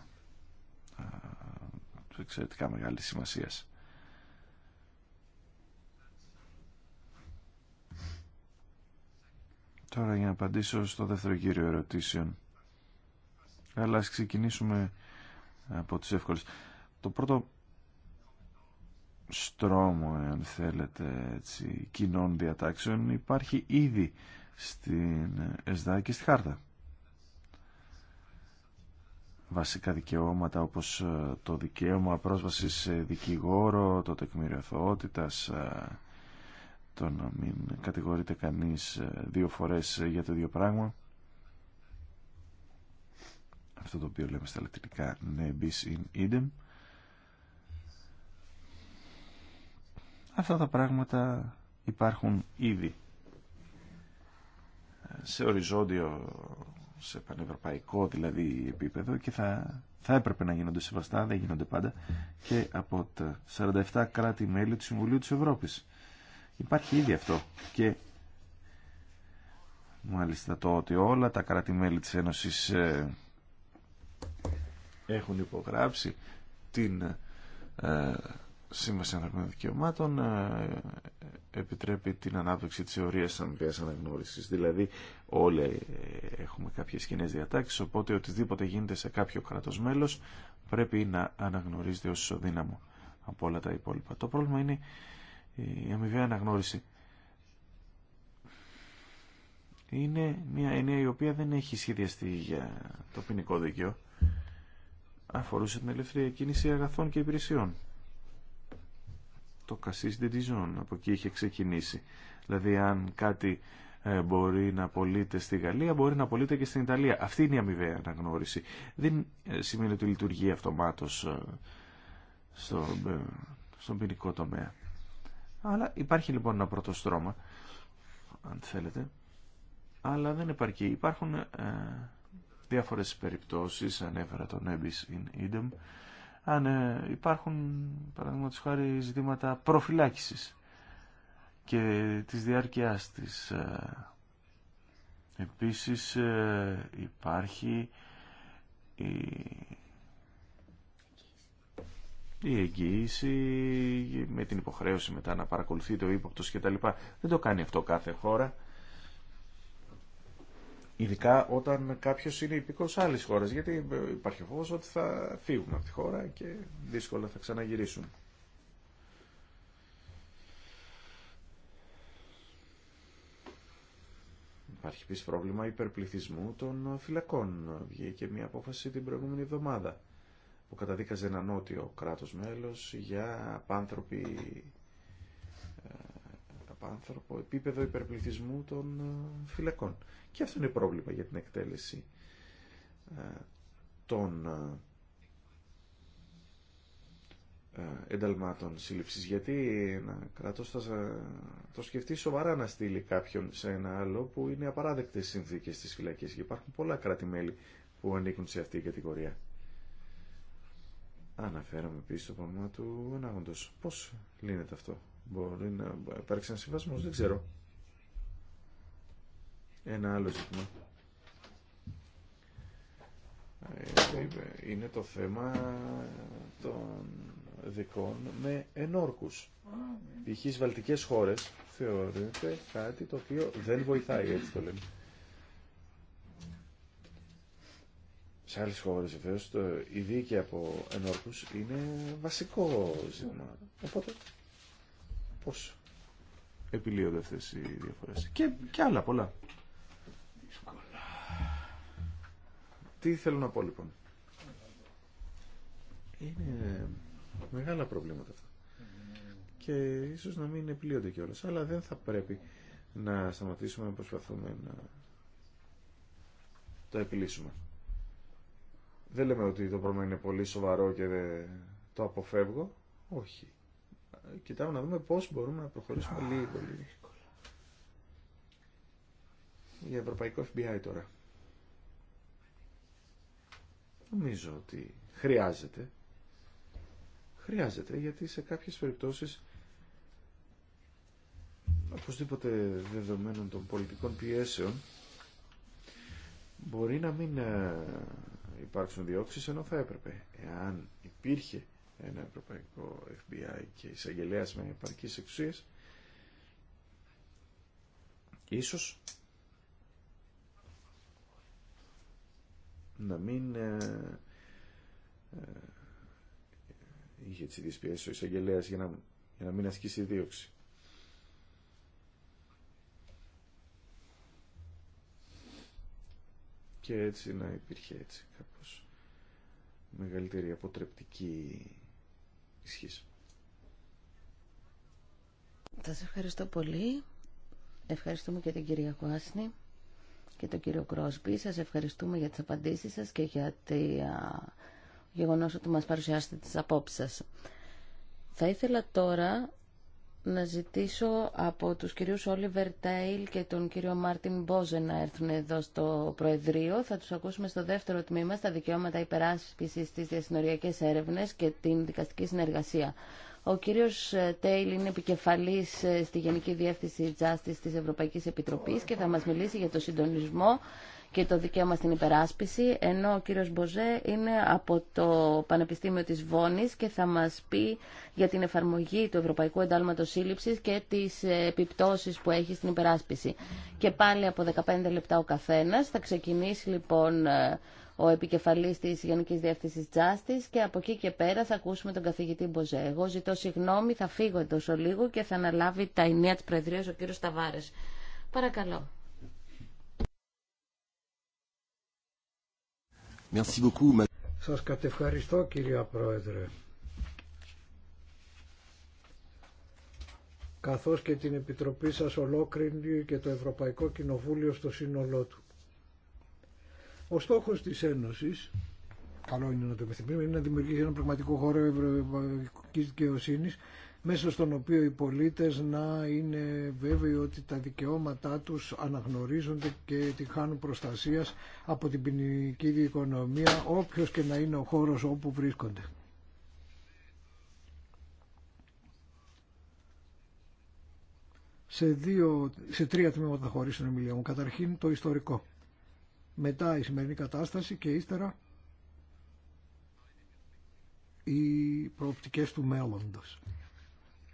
εξαιρετικά μεγάλη σημασία. Τώρα για να απαντήσω στο δεύτερο κύριο ερωτήσεων. Αλλά ας ξεκινήσουμε από τις εύκολες. Το πρώτο στρώμο, αν θέλετε, έτσι, κοινών διατάξεων υπάρχει ήδη στην ΕΣΔΑ και στη Χάρτα. Βασικά δικαιώματα όπως ε, το δικαίωμα πρόσβασης σε δικηγόρο, το τεκμήριο αθωότητας, ε, το να μην κατηγορείται κανείς ε, δύο φορές για το ίδιο πράγμα. Αυτό το οποίο λέμε στα λατινικά «ne bis in idem». Αυτά τα πράγματα υπάρχουν ήδη σε οριζόντιο, σε πανευρωπαϊκό δηλαδή επίπεδο και θα, θα έπρεπε να γίνονται σεβαστά, δεν γίνονται πάντα και από τα 47 κράτη-μέλη του Συμβουλίου της Ευρώπης. Υπάρχει ήδη αυτό και μάλιστα το ότι όλα τα κράτη-μέλη της Ένωσης ε, έχουν υπογράψει την ε, Σύμβαση Ανθρωπίνων Δικαιωμάτων ε, ε, επιτρέπει την ανάπτυξη της θεωρίας της αναγνώριση. αναγνώρισης. Δηλαδή όλοι ε, έχουμε κάποιες κοινέ διατάξεις, οπότε οτιδήποτε γίνεται σε κάποιο κράτος μέλος πρέπει να αναγνωρίζεται ως ισοδύναμο από όλα τα υπόλοιπα. Το πρόβλημα είναι η αμοιβαία αναγνώριση. Είναι μια έννοια η οποία δεν έχει σχεδιαστεί για το ποινικό δίκαιο. Αφορούσε την ελευθερία κίνηση αγαθών και υπηρεσιών το Κασίς Dijon, Από εκεί είχε ξεκινήσει. Δηλαδή αν κάτι ε, μπορεί να πωλείται στη Γαλλία, μπορεί να πωλείται και στην Ιταλία. Αυτή είναι η αμοιβαία αναγνώριση. Δεν ε, σημαίνει ότι λειτουργεί αυτομάτως ε, στο, στον ποινικό τομέα. Αλλά υπάρχει λοιπόν ένα πρώτο στρώμα, αν θέλετε, αλλά δεν υπάρχει. Υπάρχουν ε, διάφορες περιπτώσεις, ανέφερα τον Ebis in Idem, αν ε, υπάρχουν παραδείγματο χάρη ζητήματα προφυλάκησης και της διάρκειάς της. Ε, επίσης ε, υπάρχει η, η εγγύηση με την υποχρέωση μετά να παρακολουθεί το ύποπτος κτλ. λοιπά. Δεν το κάνει αυτό κάθε χώρα. Ειδικά όταν κάποιο είναι υπηκό άλλη χώρα. Γιατί ε, υπάρχει ο φόβο ότι θα φύγουν από τη χώρα και δύσκολα θα ξαναγυρίσουν. Υπάρχει επίση πρόβλημα υπερπληθισμού των φυλακών. Βγήκε μια απόφαση την προηγούμενη εβδομάδα που καταδίκαζε ένα νότιο κράτος μέλος για απάνθρωποι... Ε, άνθρωπο, επίπεδο υπερπληθυσμού των ε, φυλακών. Και αυτό είναι πρόβλημα για την εκτέλεση ε, των ε, ενταλμάτων σύλληψης. Γιατί ένα κράτος θα το σκεφτεί σοβαρά να στείλει κάποιον σε ένα άλλο που είναι απαράδεκτες συνθήκες στις φυλακές. Και υπάρχουν πολλά κράτη-μέλη που ανήκουν σε αυτή την κατηγορία. Αναφέραμε επίσης το πρόβλημα του ανάγοντος. Πώς λύνεται αυτό. Μπορεί να υπάρξει ένα συμβασμό, δεν ξέρω. Ένα άλλο ζήτημα. Ε, είναι το θέμα των δικών με ενόρκους. Π.χ. στις βαλτικές χώρες θεωρείται κάτι το οποίο δεν βοηθάει, έτσι το λέμε. Σε άλλες χώρες βεβαίως η δίκη από ενόρκους είναι βασικό ζήτημα. Οπότε πώς επιλύονται αυτές οι διαφορές. Και, και άλλα πολλά. Τι θέλω να πω λοιπόν. Είναι μεγάλα προβλήματα αυτά. Και ίσως να μην επιλύονται κιόλα. Αλλά δεν θα πρέπει να σταματήσουμε να προσπαθούμε να τα επιλύσουμε. Δεν λέμε ότι το πρόβλημα είναι πολύ σοβαρό και το αποφεύγω. Όχι κοιτάμε να δούμε πώς μπορούμε να προχωρήσουμε λίγο λίγο. Για ευρωπαϊκό FBI τώρα. Νομίζω ότι χρειάζεται. Χρειάζεται γιατί σε κάποιες περιπτώσεις οπωσδήποτε δεδομένων των πολιτικών πιέσεων μπορεί να μην ε, υπάρξουν διώξεις ενώ θα έπρεπε. Εάν υπήρχε ένα ευρωπαϊκό FBI και εισαγγελέα με επαρκή εξουσίες ίσως να μην ε, ε, είχε τις ίδιες πιέσεις ο εισαγγελέα για να, για να μην ασκήσει δίωξη. Και έτσι να υπήρχε έτσι κάπως μεγαλύτερη αποτρεπτική ισχύς. Θα σας ευχαριστώ πολύ. Ευχαριστούμε και την κυρία Κουάσνη και τον κύριο Κρόσμπι. Σας ευχαριστούμε για τις απαντήσεις σας και για το γεγονό ότι μας παρουσιάσετε τις απόψεις σας. Θα ήθελα τώρα να ζητήσω από τους κυρίους Όλιβερ Τέιλ και τον κύριο Μάρτιν Μπόζε να έρθουν εδώ στο Προεδρείο. Θα τους ακούσουμε στο δεύτερο τμήμα στα δικαιώματα υπεράσπισης στις διασυνοριακές έρευνες και την δικαστική συνεργασία. Ο κύριος Τέιλ είναι επικεφαλής ε, στη Γενική Διεύθυνση Justice της Ευρωπαϊκής Επιτροπής και θα μας μιλήσει για το συντονισμό και το δικαίωμα στην υπεράσπιση, ενώ ο κύριος Μποζέ είναι από το Πανεπιστήμιο της Βόνης και θα μας πει για την εφαρμογή του Ευρωπαϊκού Εντάλματος Σύλληψης και τις επιπτώσεις που έχει στην υπεράσπιση. Και πάλι από 15 λεπτά ο καθένας. Θα ξεκινήσει λοιπόν ε, ο επικεφαλής της Γενικής Διεύθυνσης Justice και από εκεί και πέρα θα ακούσουμε τον καθηγητή Μποζέ. Εγώ ζητώ συγγνώμη, θα φύγω εντός λίγο και θα αναλάβει τα ενία της Προεδρίας ο κύριος Ταβάρες. Παρακαλώ. Merci Σας κατευχαριστώ κυρία Πρόεδρε. καθώς και την Επιτροπή σας ολόκληρη και το Ευρωπαϊκό Κοινοβούλιο στο σύνολό του. Ο στόχος της Ένωσης, καλό είναι να το επιθυμίσουμε, είναι να δημιουργήσει ένα πραγματικό χώρο ευρωπαϊκής δικαιοσύνης μέσα στον οποίο οι πολίτες να είναι βέβαιοι ότι τα δικαιώματά τους αναγνωρίζονται και τη χάνουν προστασίας από την ποινική οικονομία όποιος και να είναι ο χώρος όπου βρίσκονται. Σε, δύο, σε τρία τμήματα θα χωρίσω την ομιλία Καταρχήν το ιστορικό. Μετά η σημερινή κατάσταση και ύστερα οι προοπτικές του μέλλοντος.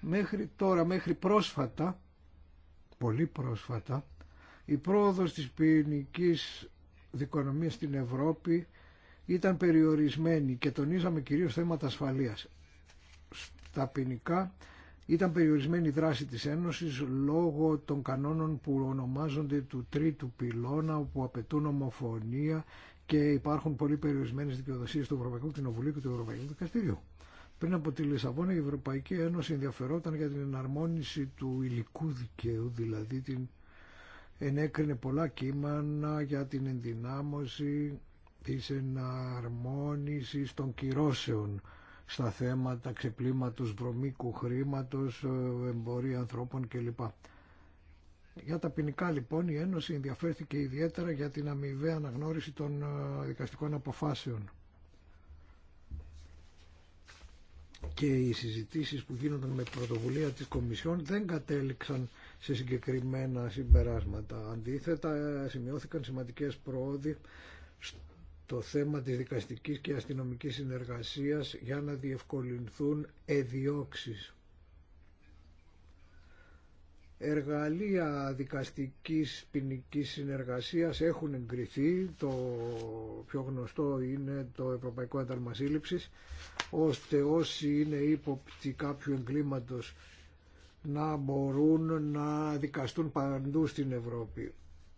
Μέχρι τώρα, μέχρι πρόσφατα, πολύ πρόσφατα, η πρόοδος της ποινική δικονομίας στην Ευρώπη ήταν περιορισμένη και τονίζαμε κυρίως θέματα ασφαλείας. Στα ποινικά ήταν περιορισμένη η δράση της Ένωσης λόγω των κανόνων που ονομάζονται του τρίτου πυλώνα που απαιτούν ομοφωνία και υπάρχουν πολύ περιορισμένες δικαιοδοσίες του Ευρωπαϊκού Κοινοβουλίου και του Ευρωπαϊκού Δικαστηρίου. Πριν από τη Λισαβόνα η Ευρωπαϊκή Ένωση ενδιαφερόταν για την εναρμόνιση του υλικού δικαίου, δηλαδή την ενέκρινε πολλά κείμενα για την ενδυνάμωση της εναρμόνισης των κυρώσεων στα θέματα ξεπλήματος βρωμίκου χρήματος, ε, εμπορία ανθρώπων κλπ. Για τα ποινικά λοιπόν η Ένωση ενδιαφέρθηκε ιδιαίτερα για την αμοιβαία αναγνώριση των ε, δικαστικών αποφάσεων. και οι συζητήσεις που γίνονταν με πρωτοβουλία της Κομισιόν δεν κατέληξαν σε συγκεκριμένα συμπεράσματα. Αντίθετα, σημειώθηκαν σημαντικές προόδοι στο θέμα της δικαστικής και αστυνομικής συνεργασίας για να διευκολυνθούν εδιώξεις. Εργαλεία δικαστικής ποινική συνεργασίας έχουν εγκριθεί, το πιο γνωστό είναι το Ευρωπαϊκό Ένταλμα Σύλληψης, ώστε όσοι είναι ύποπτοι κάποιου εγκλήματος να μπορούν να δικαστούν παντού στην Ευρώπη.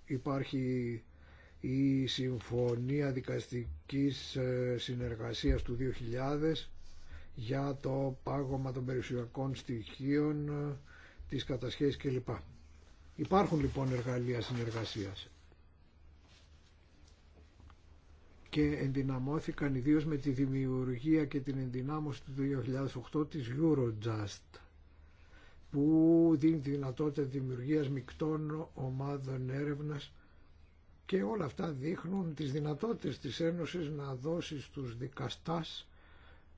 Υπάρχει η Συμφωνία Δικαστικής ε, Συνεργασίας του 2000 για το πάγωμα των περιουσιακών στοιχείων τις κατασχέσεις κλπ. Υπάρχουν λοιπόν εργαλεία συνεργασίας. Και ενδυναμώθηκαν ιδίω με τη δημιουργία και την ενδυνάμωση του 2008 της Eurojust που δίνει τη δυνατότητα δημιουργίας μεικτών ομάδων έρευνας και όλα αυτά δείχνουν τις δυνατότητες της Ένωσης να δώσει στους δικαστάς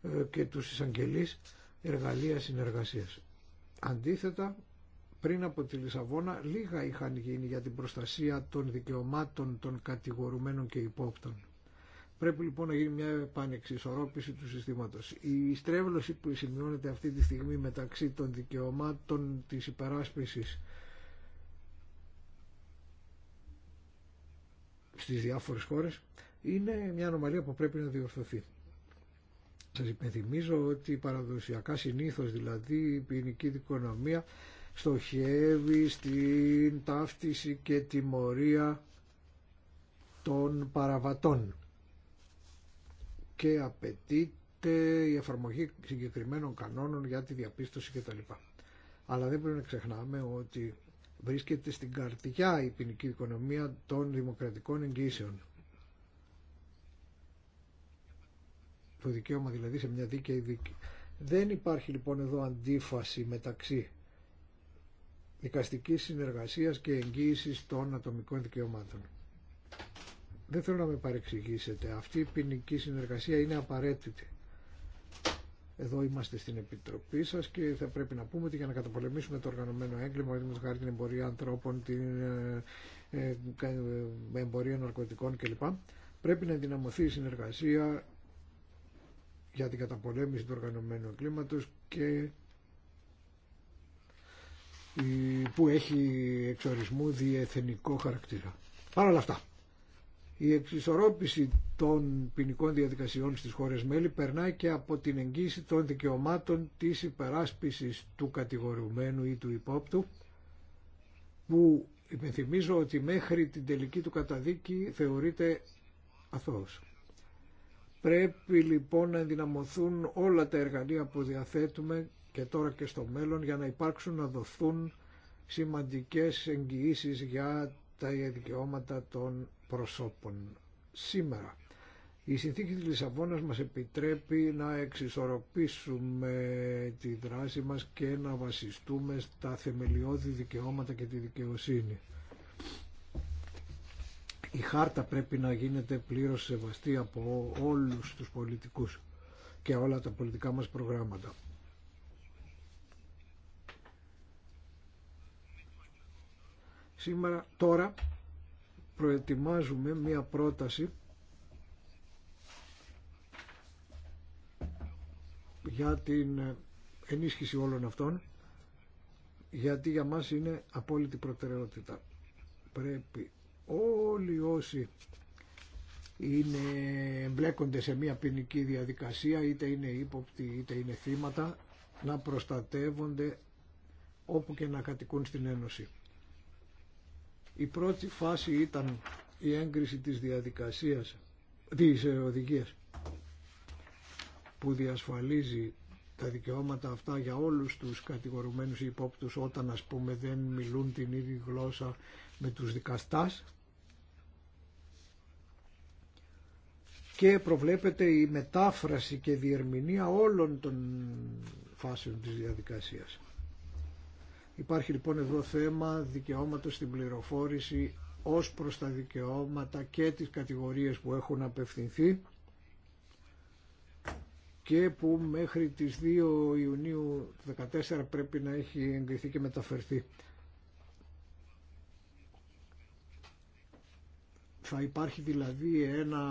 ε, και τους εισαγγελείς εργαλεία συνεργασίας. Αντίθετα, πριν από τη Λισαβόνα λίγα είχαν γίνει για την προστασία των δικαιωμάτων των κατηγορουμένων και υπόπτων. Πρέπει λοιπόν να γίνει μια επανεξισορρόπηση του συστήματος. Η στρέβλωση που σημειώνεται αυτή τη στιγμή μεταξύ των δικαιωμάτων της υπεράσπισης στις διάφορες χώρες είναι μια ανομαλία που πρέπει να διορθωθεί. Σας υπενθυμίζω ότι παραδοσιακά συνήθως δηλαδή η ποινική δικονομία στοχεύει στην ταύτιση και τιμωρία των παραβατών και απαιτείται η εφαρμογή συγκεκριμένων κανόνων για τη διαπίστωση κτλ. Αλλά δεν πρέπει να ξεχνάμε ότι βρίσκεται στην καρδιά η ποινική οικονομία των δημοκρατικών εγγύσεων. το δικαίωμα δηλαδή σε μια δίκαιη δίκη. Δεν υπάρχει λοιπόν εδώ αντίφαση μεταξύ δικαστικής συνεργασίας και εγγύησης των ατομικών δικαιωμάτων. Δεν θέλω να με παρεξηγήσετε. Αυτή η ποινική συνεργασία είναι απαραίτητη. Εδώ είμαστε στην Επιτροπή σα και θα πρέπει να πούμε ότι για να καταπολεμήσουμε το οργανωμένο έγκλημα, χάρη την εμπορία ανθρώπων, την ε, ε, ε, εμπορία ναρκωτικών κλπ., πρέπει να ενδυναμωθεί η συνεργασία για την καταπολέμηση του οργανωμένου κλίματος και που έχει εξορισμού διεθνικό χαρακτήρα. Παρ' όλα αυτά, η εξισορρόπηση των ποινικών διαδικασιών στις χώρες μέλη περνάει και από την εγγύηση των δικαιωμάτων της υπεράσπισης του κατηγορουμένου ή του υπόπτου που υπενθυμίζω ότι μέχρι την τελική του καταδίκη θεωρείται αθώος. Πρέπει λοιπόν να ενδυναμωθούν όλα τα εργαλεία που διαθέτουμε και τώρα και στο μέλλον για να υπάρξουν να δοθούν σημαντικές εγγυήσει για τα δικαιώματα των προσώπων. Σήμερα η συνθήκη της Λισαβόνας μας επιτρέπει να εξισορροπήσουμε τη δράση μας και να βασιστούμε στα θεμελιώδη δικαιώματα και τη δικαιοσύνη η χάρτα πρέπει να γίνεται πλήρως σεβαστή από όλους τους πολιτικούς και όλα τα πολιτικά μας προγράμματα. Σήμερα, τώρα, προετοιμάζουμε μία πρόταση για την ενίσχυση όλων αυτών γιατί για μας είναι απόλυτη προτεραιότητα. Πρέπει όλοι όσοι είναι, εμπλέκονται σε μια ποινική διαδικασία είτε είναι ύποπτοι είτε είναι θύματα να προστατεύονται όπου και να κατοικούν στην Ένωση. Η πρώτη φάση ήταν η έγκριση της διαδικασίας, της ε, οδηγίας που διασφαλίζει τα δικαιώματα αυτά για όλους τους κατηγορουμένους υπόπτους όταν ας πούμε δεν μιλούν την ίδια γλώσσα με τους δικαστάς και προβλέπεται η μετάφραση και διερμηνία όλων των φάσεων της διαδικασίας. Υπάρχει λοιπόν εδώ θέμα δικαιώματος στην πληροφόρηση ως προς τα δικαιώματα και τις κατηγορίες που έχουν απευθυνθεί και που μέχρι τις 2 Ιουνίου 2014 πρέπει να έχει εγκριθεί και μεταφερθεί Θα υπάρχει δηλαδή ένα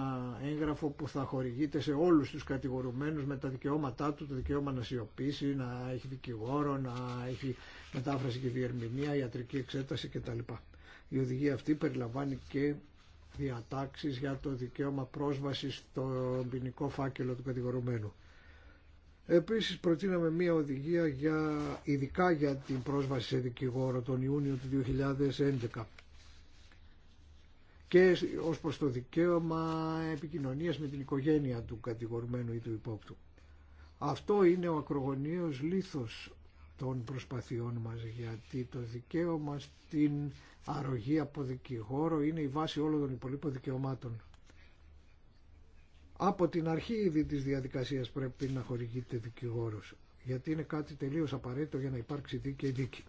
έγγραφο που θα χορηγείται σε όλους τους κατηγορουμένους με τα δικαιώματά του, το δικαίωμα να σιωπήσει, να έχει δικηγόρο, να έχει μετάφραση και διερμηνία, ιατρική εξέταση κτλ. Η οδηγία αυτή περιλαμβάνει και διατάξεις για το δικαίωμα πρόσβασης στο ποινικό φάκελο του κατηγορουμένου. Επίσης προτείναμε μία οδηγία για, ειδικά για την πρόσβαση σε δικηγόρο τον Ιούνιο του 2011 και ως προς το δικαίωμα επικοινωνίας με την οικογένεια του κατηγορουμένου ή του υπόπτου. Αυτό είναι ο ακρογωνίος λίθος των προσπαθειών μας γιατί το δικαίωμα στην αρρωγή από δικηγόρο είναι η βάση όλων των υπολείπων δικαιωμάτων. Από την αρχή ήδη της διαδικασίας πρέπει να χορηγείται δικηγόρος γιατί είναι κάτι τελείως απαραίτητο για να υπάρξει δίκαιη δίκη.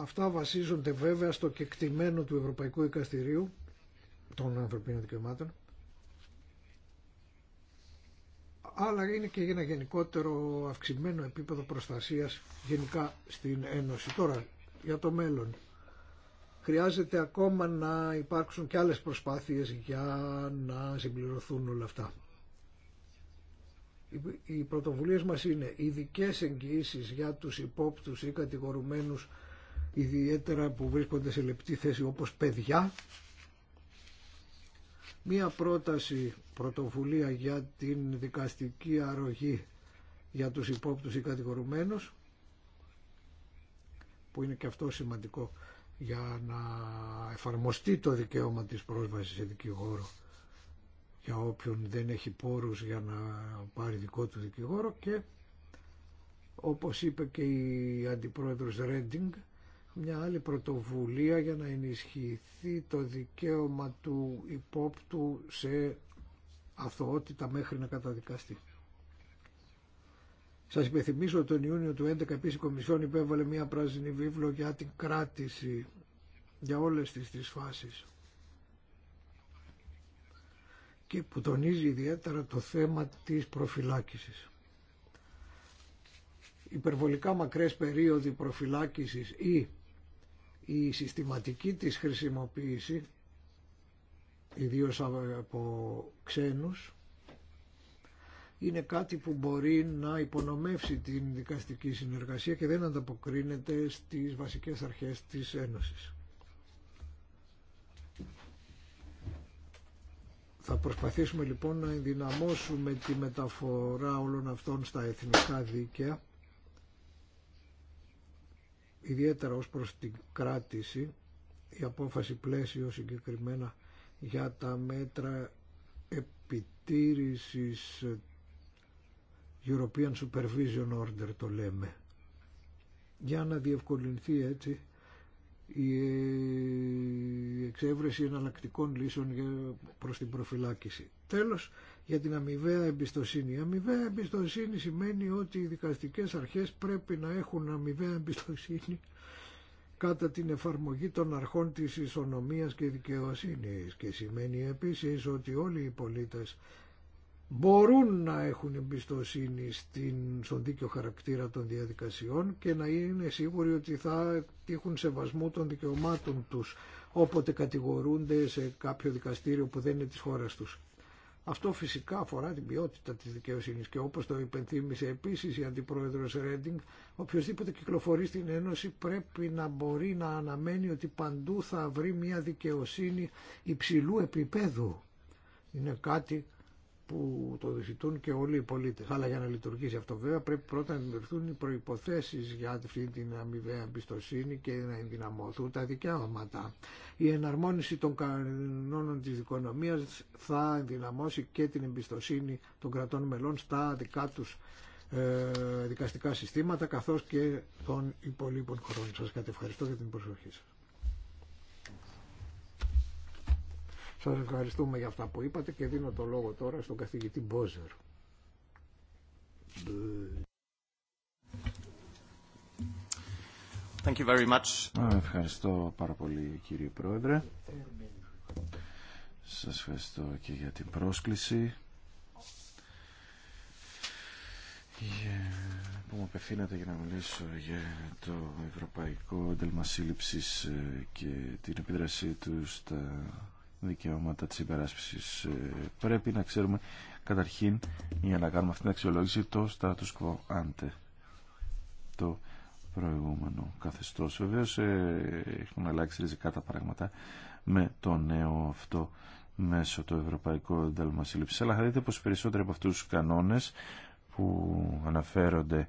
Αυτά βασίζονται βέβαια στο κεκτημένο του Ευρωπαϊκού Δικαστηρίου των ανθρωπίνων δικαιωμάτων αλλά είναι και ένα γενικότερο αυξημένο επίπεδο προστασίας γενικά στην Ένωση. Τώρα για το μέλλον. Χρειάζεται ακόμα να υπάρξουν και άλλες προσπάθειες για να συμπληρωθούν όλα αυτά. Οι πρωτοβουλίες μας είναι ειδικέ εγγυήσεις για τους υπόπτους ή κατηγορουμένους ιδιαίτερα που βρίσκονται σε λεπτή θέση όπως παιδιά. Μία πρόταση πρωτοβουλία για την δικαστική αρρωγή για τους υπόπτους ή κατηγορουμένους που είναι και αυτό σημαντικό για να εφαρμοστεί το δικαίωμα της πρόσβασης σε δικηγόρο για όποιον δεν έχει πόρους για να πάρει δικό του δικηγόρο και όπως είπε και η Αντιπρόεδρος Ρέντινγκ μια άλλη πρωτοβουλία για να ενισχυθεί το δικαίωμα του υπόπτου σε αθωότητα μέχρι να καταδικαστεί. Σας υπενθυμίσω ότι τον Ιούνιο του 2011 επίσης η Κομισιόν υπέβαλε μια πράσινη βίβλο για την κράτηση για όλες τις, τις φάσεις και που τονίζει ιδιαίτερα το θέμα της προφυλάκησης. Υπερβολικά μακρές περίοδοι προφυλάκησης ή η συστηματική της χρησιμοποίηση, ιδίως από ξένους, είναι κάτι που μπορεί να υπονομεύσει την δικαστική συνεργασία και δεν ανταποκρίνεται στις βασικές αρχές της Ένωσης. Θα προσπαθήσουμε λοιπόν να ενδυναμώσουμε τη μεταφορά όλων αυτών στα εθνικά δίκαια ιδιαίτερα ως προς την κράτηση η απόφαση πλαίσιο συγκεκριμένα για τα μέτρα επιτήρησης European Supervision Order το λέμε για να διευκολυνθεί έτσι η εξέβρεση εναλλακτικών λύσεων προς την προφυλάκηση. Τέλος, για την αμοιβαία εμπιστοσύνη. Η αμοιβαία εμπιστοσύνη σημαίνει ότι οι δικαστικές αρχές πρέπει να έχουν αμοιβαία εμπιστοσύνη κατά την εφαρμογή των αρχών της ισονομίας και δικαιοσύνης και σημαίνει επίσης ότι όλοι οι πολίτες μπορούν να έχουν εμπιστοσύνη στην, στον δίκαιο χαρακτήρα των διαδικασιών και να είναι σίγουροι ότι θα τύχουν σεβασμού των δικαιωμάτων τους όποτε κατηγορούνται σε κάποιο δικαστήριο που δεν είναι της χώρας τους. Αυτό φυσικά αφορά την ποιότητα της δικαιοσύνης και όπως το υπενθύμησε επίσης η Αντιπρόεδρος Ρέντινγκ, οποιοδήποτε κυκλοφορεί στην Ένωση πρέπει να μπορεί να αναμένει ότι παντού θα βρει μια δικαιοσύνη υψηλού επίπεδου. Είναι κάτι που το ζητούν και όλοι οι πολίτες. Αλλά για να λειτουργήσει αυτό βέβαια πρέπει πρώτα να δημιουργηθούν οι προϋποθέσεις για αυτή την αμοιβαία εμπιστοσύνη και να ενδυναμωθούν τα δικαιώματα. Η εναρμόνιση των κανόνων της δικονομία θα ενδυναμώσει και την εμπιστοσύνη των κρατών μελών στα δικά τους ε, δικαστικά συστήματα καθώς και των υπολείπων χρόνων. Σας κατευχαριστώ για την προσοχή σας. Σας ευχαριστούμε για αυτά που είπατε και δίνω το λόγο τώρα στον καθηγητή Μπόζερ. Thank you very much. Ευχαριστώ πάρα πολύ κύριε Πρόεδρε. Σας ευχαριστώ και για την πρόσκληση που μου απευθύνατε για να μιλήσω για το Ευρωπαϊκό Ένταλμα ε, και την επίδρασή του στα δικαιώματα της υπεράσπισης. Ε, πρέπει να ξέρουμε καταρχήν για να κάνουμε αυτή την αξιολόγηση το status quo ante το προηγούμενο καθεστώς. Βεβαίως ε, έχουν αλλάξει ριζικά τα πράγματα με το νέο αυτό μέσω το Ευρωπαϊκό Εντάλμα Σύλληψης. Αλλά θα δείτε πως περισσότεροι από αυτούς τους κανόνες που αναφέρονται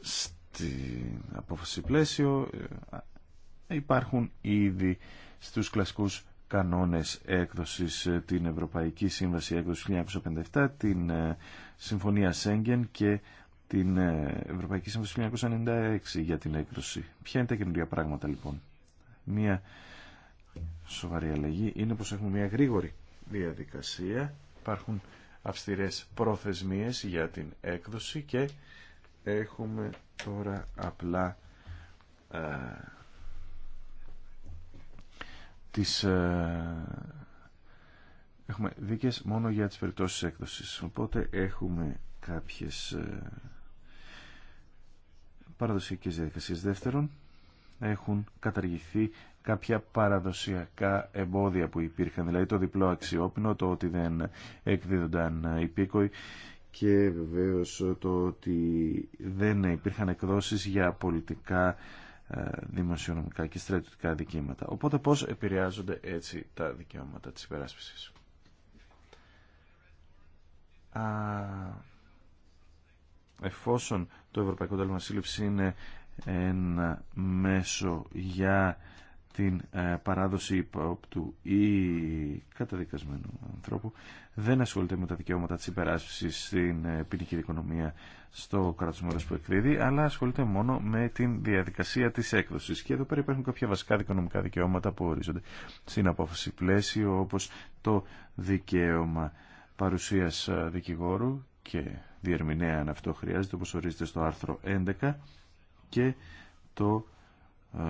στην απόφαση πλαίσιο ε, υπάρχουν ήδη στους κλασικούς κανόνες έκδοσης ε, την Ευρωπαϊκή Σύμβαση Έκδοση 1957, την ε, Συμφωνία Σέγγεν και την ε, Ευρωπαϊκή Σύμβαση 1996 για την έκδοση. Ποια είναι τα καινούργια πράγματα λοιπόν. Μία σοβαρή αλλαγή είναι πως έχουμε μια γρήγορη διαδικασία. Υπάρχουν αυστηρές προθεσμίες για την έκδοση και έχουμε τώρα απλά τις ε, έχουμε δίκες μόνο για τις περιπτώσεις έκδοσης οπότε έχουμε κάποιες ε, παραδοσιακές διαδικασίες δεύτερον έχουν καταργηθεί κάποια παραδοσιακά εμπόδια που υπήρχαν δηλαδή το διπλό αξιόπινο το ότι δεν εκδίδονταν υπήκοοι και βεβαίως το ότι δεν υπήρχαν εκδόσεις για πολιτικά ε, δημοσιονομικά και στρατιωτικά δικήματα. Οπότε πώς επηρεάζονται έτσι τα δικαιώματα της υπεράσπισης. Α, εφόσον το Ευρωπαϊκό Τέλμα Σύλληψη είναι ένα μέσο για την ε, παράδοση υπόπτου ή καταδικασμένου ανθρώπου δεν ασχολείται με τα δικαιώματα της υπεράσπισης στην ε, ποινική δικονομία στο κράτος μέλος που εκδίδει, αλλά ασχολείται μόνο με την διαδικασία της έκδοσης. Και εδώ πέρα υπάρχουν κάποια βασικά δικονομικά δικαιώματα που ορίζονται στην απόφαση πλαίσιο, όπως το δικαίωμα παρουσίας ε, δικηγόρου και διερμηνέα αν αυτό χρειάζεται, όπως ορίζεται στο άρθρο 11 και το ε,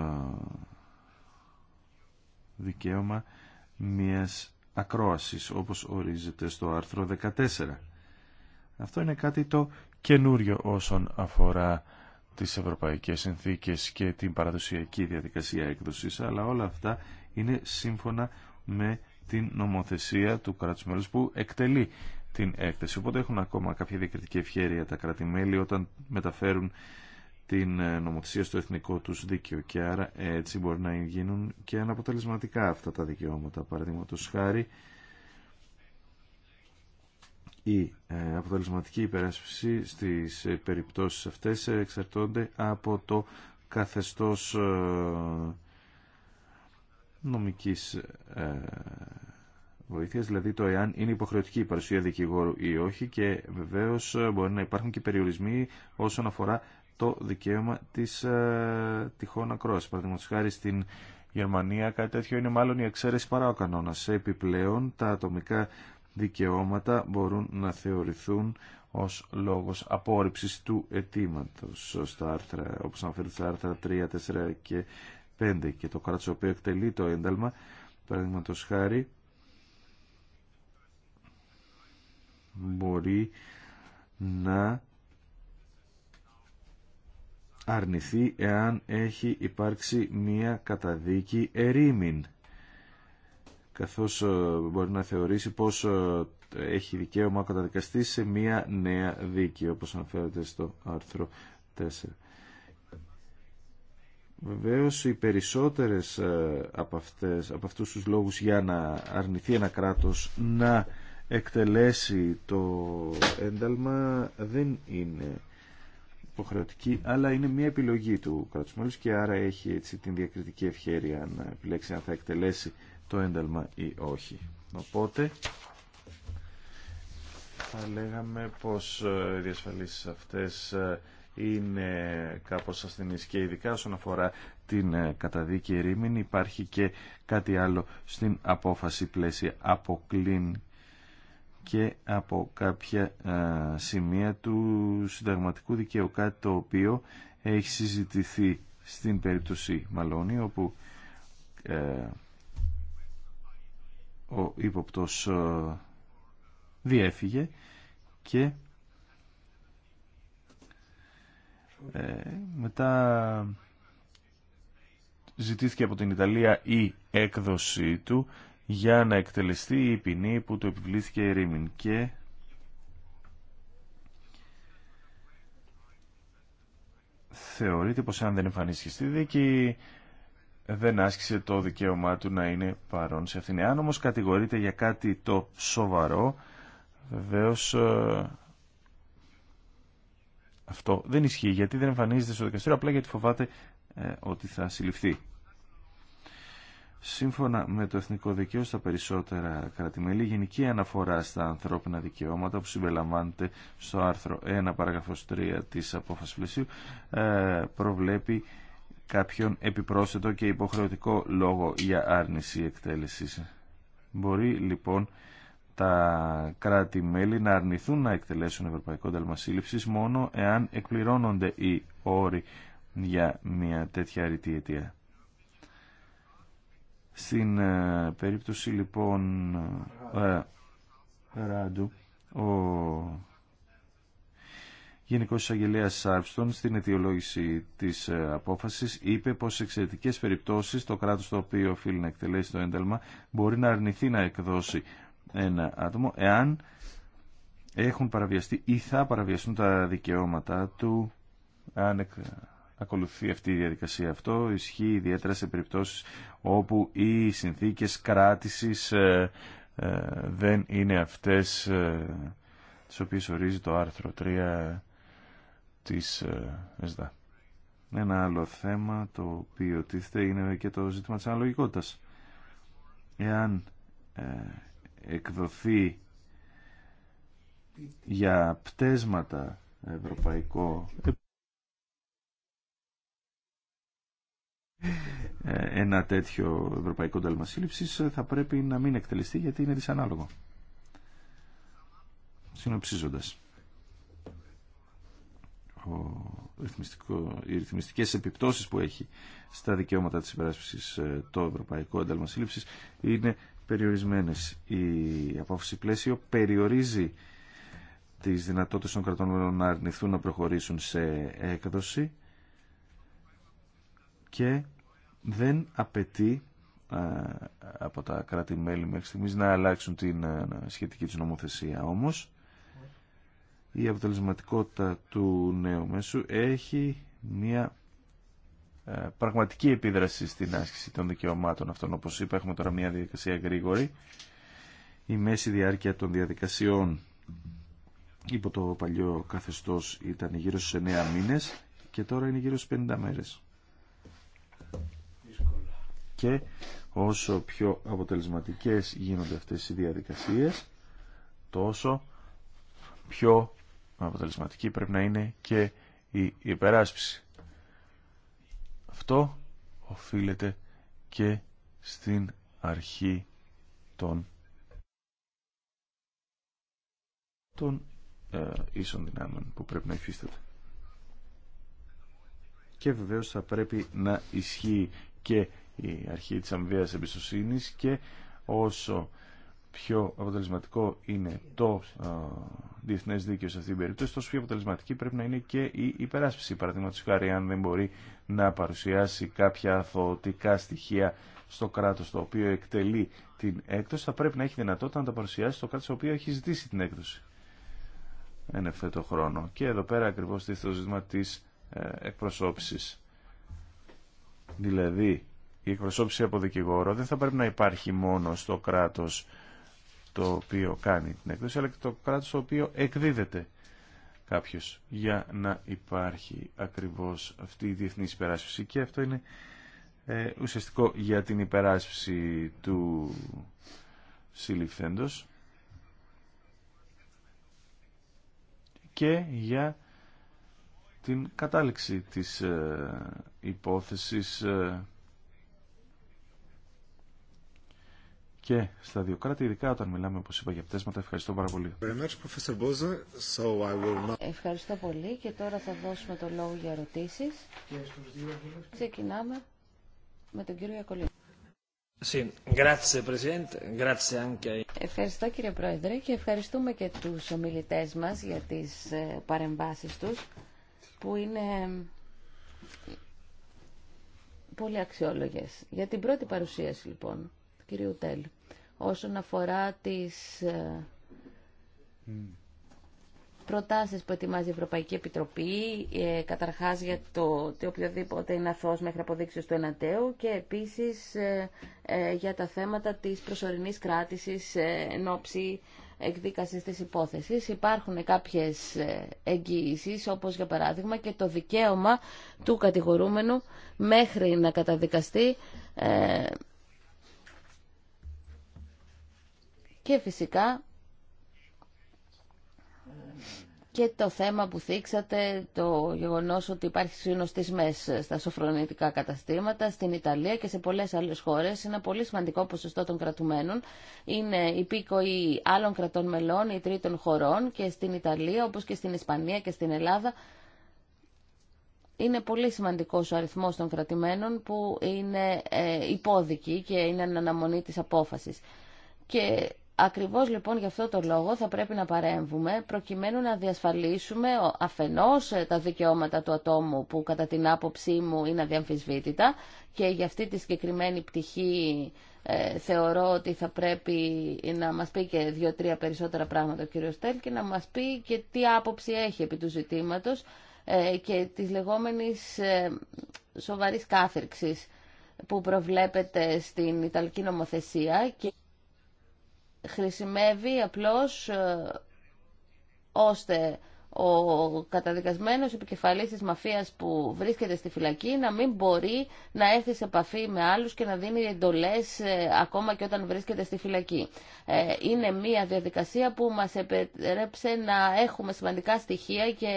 δικαίωμα μιας ακρόασης, όπως ορίζεται στο άρθρο 14. Αυτό είναι κάτι το καινούριο όσον αφορά τις ευρωπαϊκές συνθήκες και την παραδοσιακή διαδικασία έκδοσης, αλλά όλα αυτά είναι σύμφωνα με την νομοθεσία του κράτους μέλους που εκτελεί την έκθεση. Οπότε έχουν ακόμα κάποια διακριτική ευχαίρεια τα κράτη-μέλη όταν μεταφέρουν την ε, νομοθεσία στο εθνικό τους δίκαιο και άρα έτσι μπορεί να γίνουν και αναποτελεσματικά αυτά τα δικαιώματα. Παραδείγματο χάρη η ε, αποτελεσματική υπεράσπιση στις ε, περιπτώσεις αυτές εξαρτώνται από το καθεστώς ε, νομικής βοήθειας, δηλαδή το εάν είναι υποχρεωτική η παρουσία δικηγόρου ή όχι και βεβαίως μπορεί να υπάρχουν και περιορισμοί όσον αφορά το δικαίωμα της τυχόν ακρόαση. Παραδείγματος χάρη στην Γερμανία κάτι τέτοιο είναι μάλλον η εξαίρεση παρά ο κανόνας. Επιπλέον τα ατομικά δικαιώματα μπορούν να θεωρηθούν ως λόγος απόρριψης του αιτήματο στα άρθρα, όπως αναφέρουν στα άρθρα 3, 4 και 5 και το κράτος το οποίο εκτελεί το ένταλμα, παραδείγματο χάρη, μπορεί να αρνηθεί εάν έχει υπάρξει μία καταδίκη ερήμην καθώς ε, μπορεί να θεωρήσει πως ε, έχει δικαίωμα καταδικαστεί σε μία νέα δίκη, όπως αναφέρεται στο άρθρο 4. Βεβαίως οι περισσότερες ε, από, αυτές, από αυτούς τους λόγους για να αρνηθεί ένα κράτος να εκτελέσει το ένταλμα δεν είναι υποχρεωτική, αλλά είναι μια επιλογή του κράτους μόλις και άρα έχει έτσι την διακριτική ευχαίρεια να επιλέξει αν θα εκτελέσει το ένταλμα ή όχι. Οπότε θα λέγαμε πως ε, οι διασφαλίσεις αυτές ε, είναι κάπως ασθενείς και ειδικά όσον αφορά την ε, καταδίκη ερήμην υπάρχει και κάτι άλλο στην απόφαση πλαίσια κλίν και από κάποια σημεία του συνταγματικού δικαίου κάτι το οποίο έχει συζητηθεί στην περίπτωση Μαλώνη όπου ο ύποπτος ε, διέφυγε και ε, μετά ζητήθηκε από την Ιταλία η έκδοσή του για να εκτελεστεί η ποινή που του επιβλήθηκε η Ρήμιν και θεωρείται πως αν δεν εμφανίστηκε στη δίκη δεν άσκησε το δικαίωμά του να είναι παρόν σε αυτήν. Εάν όμως κατηγορείται για κάτι το σοβαρό, βεβαίως ε, αυτό δεν ισχύει γιατί δεν εμφανίζεται στο δικαστήριο απλά γιατί φοβάται ε, ότι θα συλληφθεί. Σύμφωνα με το Εθνικό Δικαίωμα στα περισσότερα η γενική αναφορά στα ανθρώπινα δικαιώματα που συμπεριλαμβάνεται στο άρθρο 1 παραγραφος 3 της απόφασης πλαισίου ε, προβλέπει κάποιον επιπρόσθετο και υποχρεωτικό λόγο για άρνηση εκτέλεσης. Μπορεί λοιπόν τα κράτη-μέλη να αρνηθούν να εκτελέσουν ευρωπαϊκό ένταλμα μόνο εάν εκπληρώνονται οι όροι για μια τέτοια αρνητή αιτία. Στην ε, περίπτωση λοιπόν ε, Ράντου, ο Γενικό Εισαγγελέα Σάρπστον στην αιτιολόγηση τη ε, απόφαση είπε πω σε εξαιρετικέ περιπτώσει το κράτο το οποίο οφείλει να εκτελέσει το ένταλμα μπορεί να αρνηθεί να εκδώσει ένα άτομο εάν έχουν παραβιαστεί ή θα παραβιαστούν τα δικαιώματά του αν ακολουθεί αυτή η διαδικασία. Αυτό ισχύει ιδιαίτερα σε περιπτώσεις όπου οι συνθήκες κράτησης ε, ε, δεν είναι αυτές τις οποίες ορίζει το άρθρο 3 της ε, ΕΣΔΑ. Ένα άλλο θέμα το οποίο τίθεται είναι και το ζήτημα της αναλογικότητας. Εάν ε, εκδοθεί για πτέσματα ευρωπαϊκό ε, ένα τέτοιο ευρωπαϊκό τέλμα σύλληψης θα πρέπει να μην εκτελεστεί γιατί είναι δυσανάλογο. Συνοψίζοντας ο οι ρυθμιστικές επιπτώσεις που έχει στα δικαιώματα της υπεράσπισης ε, το Ευρωπαϊκό Ένταλμα Σύλληψης είναι περιορισμένες. Η απόφαση πλαίσιο περιορίζει τις δυνατότητες των κρατών να αρνηθούν να προχωρήσουν σε έκδοση και δεν απαιτεί ε, από τα κράτη-μέλη μέχρι στιγμής να αλλάξουν την ε, σχετική της νομοθεσία. Όμως, η αποτελεσματικότητα του νέου μέσου έχει μια ε, πραγματική επίδραση στην άσκηση των δικαιωμάτων αυτών. Όπως είπα, έχουμε τώρα μια διαδικασία γρήγορη. Η μέση διάρκεια των διαδικασιών υπό το παλιό καθεστώς ήταν γύρω στους 9 μήνες και τώρα είναι γύρω στους 50 μέρες. Και όσο πιο αποτελεσματικές γίνονται αυτές οι διαδικασίες, τόσο πιο αποτελεσματική πρέπει να είναι και η υπεράσπιση. Αυτό οφείλεται και στην αρχή των, των ε, ίσων δυνάμεων που πρέπει να υφίσταται. Και βεβαίως θα πρέπει να ισχύει και η αρχή της αμοιβαίας εμπιστοσύνης και όσο πιο αποτελεσματικό είναι το διεθνέ δίκαιο σε αυτή την περίπτωση, τόσο πιο αποτελεσματική πρέπει να είναι και η υπεράσπιση. Παραδείγματο χάρη, αν δεν μπορεί να παρουσιάσει κάποια αθωωτικά στοιχεία στο κράτο το οποίο εκτελεί την έκδοση, θα πρέπει να έχει δυνατότητα να τα παρουσιάσει στο κράτο το οποίο έχει ζητήσει την έκδοση. Εν ευθέτω χρόνο. Και εδώ πέρα ακριβώ τίθεται το ζήτημα τη ε, εκπροσώπηση. Δηλαδή, η εκπροσώπηση από δικηγόρο δεν θα πρέπει να υπάρχει μόνο στο κράτος το οποίο κάνει την έκδοση, αλλά και το κράτο το οποίο εκδίδεται κάποιος για να υπάρχει ακριβώς αυτή η διεθνής υπεράσπιση. Και αυτό είναι ε, ουσιαστικό για την υπεράσπιση του συλληφθέντο και για την κατάληξη της ε, υπόθεσης ε, και στα δύο κράτη, ειδικά όταν μιλάμε, όπω είπα, για πτέσματα. Ευχαριστώ πάρα πολύ. Ευχαριστώ πολύ και τώρα θα δώσουμε το λόγο για ερωτήσει. Ξεκινάμε με τον κύριο Ιακολίνο. Ευχαριστώ κύριε Πρόεδρε και ευχαριστούμε και τους ομιλητές μας για τις ε, παρεμβάσεις τους που είναι πολύ αξιόλογες. Για την πρώτη παρουσίαση λοιπόν του κυρίου όσον αφορά τις ε, προτάσεις που ετοιμάζει η Ευρωπαϊκή Επιτροπή, ε, καταρχάς για το ότι οποιοδήποτε είναι αθώος μέχρι αποδείξεις του εναντέου και επίσης ε, για τα θέματα της προσωρινής κράτησης εν ώψη εκδίκασης της υπόθεσης. Υπάρχουν κάποιες εγγυήσεις, όπως για παράδειγμα και το δικαίωμα του κατηγορούμενου μέχρι να καταδικαστεί Και φυσικά και το θέμα που θίξατε, το γεγονός ότι υπάρχει σύνοστης στα σοφρονητικά καταστήματα, στην Ιταλία και σε πολλές άλλες χώρες, είναι πολύ σημαντικό ποσοστό των κρατουμένων είναι υπήκοοι άλλων κρατών μελών ή τρίτων χωρών και στην Ιταλία όπως και στην Ισπανία και στην Ελλάδα είναι πολύ σημαντικός ο αριθμός των κρατημένων που είναι ε, υπόδικοι και είναι αναμονή της απόφασης. Και Ακριβώς λοιπόν για αυτό το λόγο θα πρέπει να παρέμβουμε προκειμένου να διασφαλίσουμε αφενός ε, τα δικαιώματα του ατόμου που κατά την άποψή μου είναι αδιαμφισβήτητα και για αυτή τη συγκεκριμένη πτυχή ε, θεωρώ ότι θα πρέπει να μας πει και δύο-τρία περισσότερα πράγματα ο κ. Στέλ και να μας πει και τι άποψη έχει επί του ζητήματος ε, και της λεγόμενης ε, σοβαρής κάθερξης που προβλέπεται στην Ιταλική νομοθεσία και χρησιμεύει απλώς ε, ώστε ο καταδικασμένος επικεφαλής της μαφίας που βρίσκεται στη φυλακή να μην μπορεί να έρθει σε επαφή με άλλους και να δίνει εντολές ε, ακόμα και όταν βρίσκεται στη φυλακή. Ε, είναι μια διαδικασία που μας επιτρέψε να έχουμε σημαντικά στοιχεία και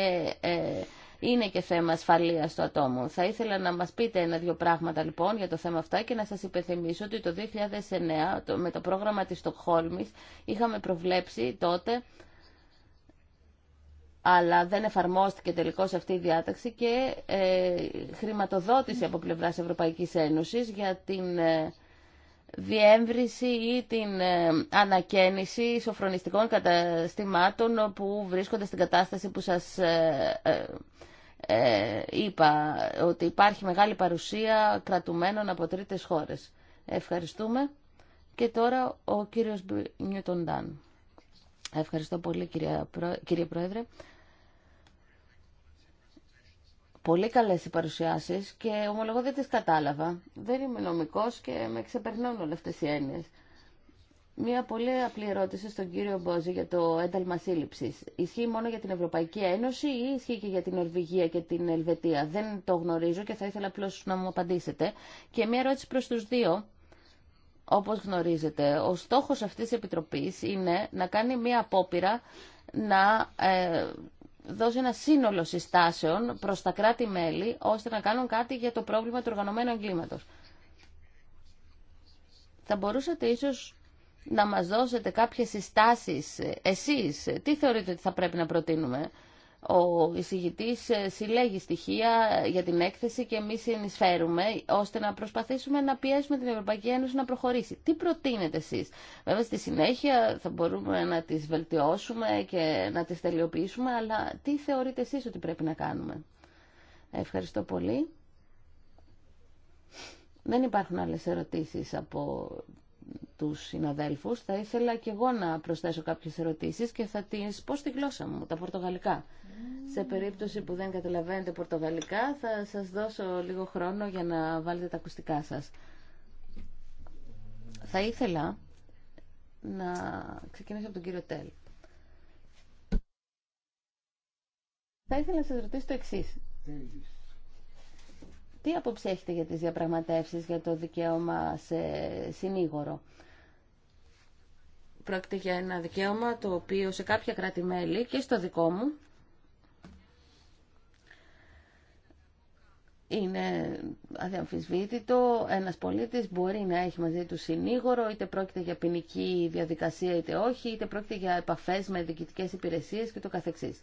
είναι και θέμα ασφαλείας του ατόμου. Θα ήθελα να μας πείτε ένα-δυο πράγματα λοιπόν για το θέμα αυτά και να σας υπενθυμίσω ότι το 2009 με το πρόγραμμα της Στοκχόλμης είχαμε προβλέψει τότε αλλά δεν εφαρμόστηκε τελικώς αυτή η διάταξη και ε, χρηματοδότηση από πλευράς Ευρωπαϊκής Ένωσης για την ε, διέμβρηση ή την ε, ανακαίνιση σοφρονιστικών καταστημάτων που βρίσκονται στην κατάσταση που σας ε, ε, ε, είπα ότι υπάρχει μεγάλη παρουσία κρατουμένων από τρίτες χώρες. Ευχαριστούμε. Και τώρα ο κύριος Νιούτον Ντάν. Ευχαριστώ πολύ κυρία, κύριε Πρόεδρε. Πολύ καλές οι παρουσιάσεις και ομολογώ δεν τις κατάλαβα. Δεν είμαι νομικός και με ξεπερνούν όλες αυτές οι έννοιες. Μία πολύ απλή ερώτηση στον κύριο Μπόζη για το ένταλμα σύλληψη. Ισχύει μόνο για την Ευρωπαϊκή Ένωση ή ισχύει και για την Νορβηγία και την Ελβετία. Δεν το γνωρίζω και θα ήθελα απλώ να μου απαντήσετε. Και μία ερώτηση προ του δύο. όπω γνωρίζετε, ο στόχο αυτή τη επιτροπή είναι να κάνει μία απόπειρα να ε, δώσει ένα σύνολο συστάσεων προ τα κράτη-μέλη ώστε να κάνουν κάτι για το πρόβλημα του οργανωμένου εγκλήματο. Θα μπορούσατε ίσως να μας δώσετε κάποιες συστάσεις εσείς. Τι θεωρείτε ότι θα πρέπει να προτείνουμε. Ο εισηγητής ε, συλλέγει στοιχεία ε, για την έκθεση και εμείς συνεισφέρουμε ώστε να προσπαθήσουμε να πιέσουμε την Ευρωπαϊκή Ένωση να προχωρήσει. Τι προτείνετε εσείς. Βέβαια στη συνέχεια θα μπορούμε να τις βελτιώσουμε και να τις τελειοποιήσουμε, αλλά τι θεωρείτε εσείς ότι πρέπει να κάνουμε. Ευχαριστώ πολύ. Δεν υπάρχουν άλλες ερωτήσεις από τους συναδέλφους. Θα ήθελα και εγώ να προσθέσω κάποιες ερωτήσεις και θα τις πω στη γλώσσα μου, τα πορτογαλικά. Mm. Σε περίπτωση που δεν καταλαβαίνετε πορτογαλικά θα σας δώσω λίγο χρόνο για να βάλετε τα ακουστικά σας. Θα ήθελα να ξεκινήσω από τον κύριο Τέλ. Θα ήθελα να σας ρωτήσω το εξής. Τι άποψη έχετε για τις διαπραγματεύσεις για το δικαίωμα σε συνήγορο. Πρόκειται για ένα δικαίωμα το οποίο σε κάποια κράτη-μέλη και στο δικό μου είναι αδιαμφισβήτητο. Ένας πολίτης μπορεί να έχει μαζί του συνήγορο, είτε πρόκειται για ποινική διαδικασία είτε όχι, είτε πρόκειται για επαφές με διοικητικές υπηρεσίες και το καθεξής.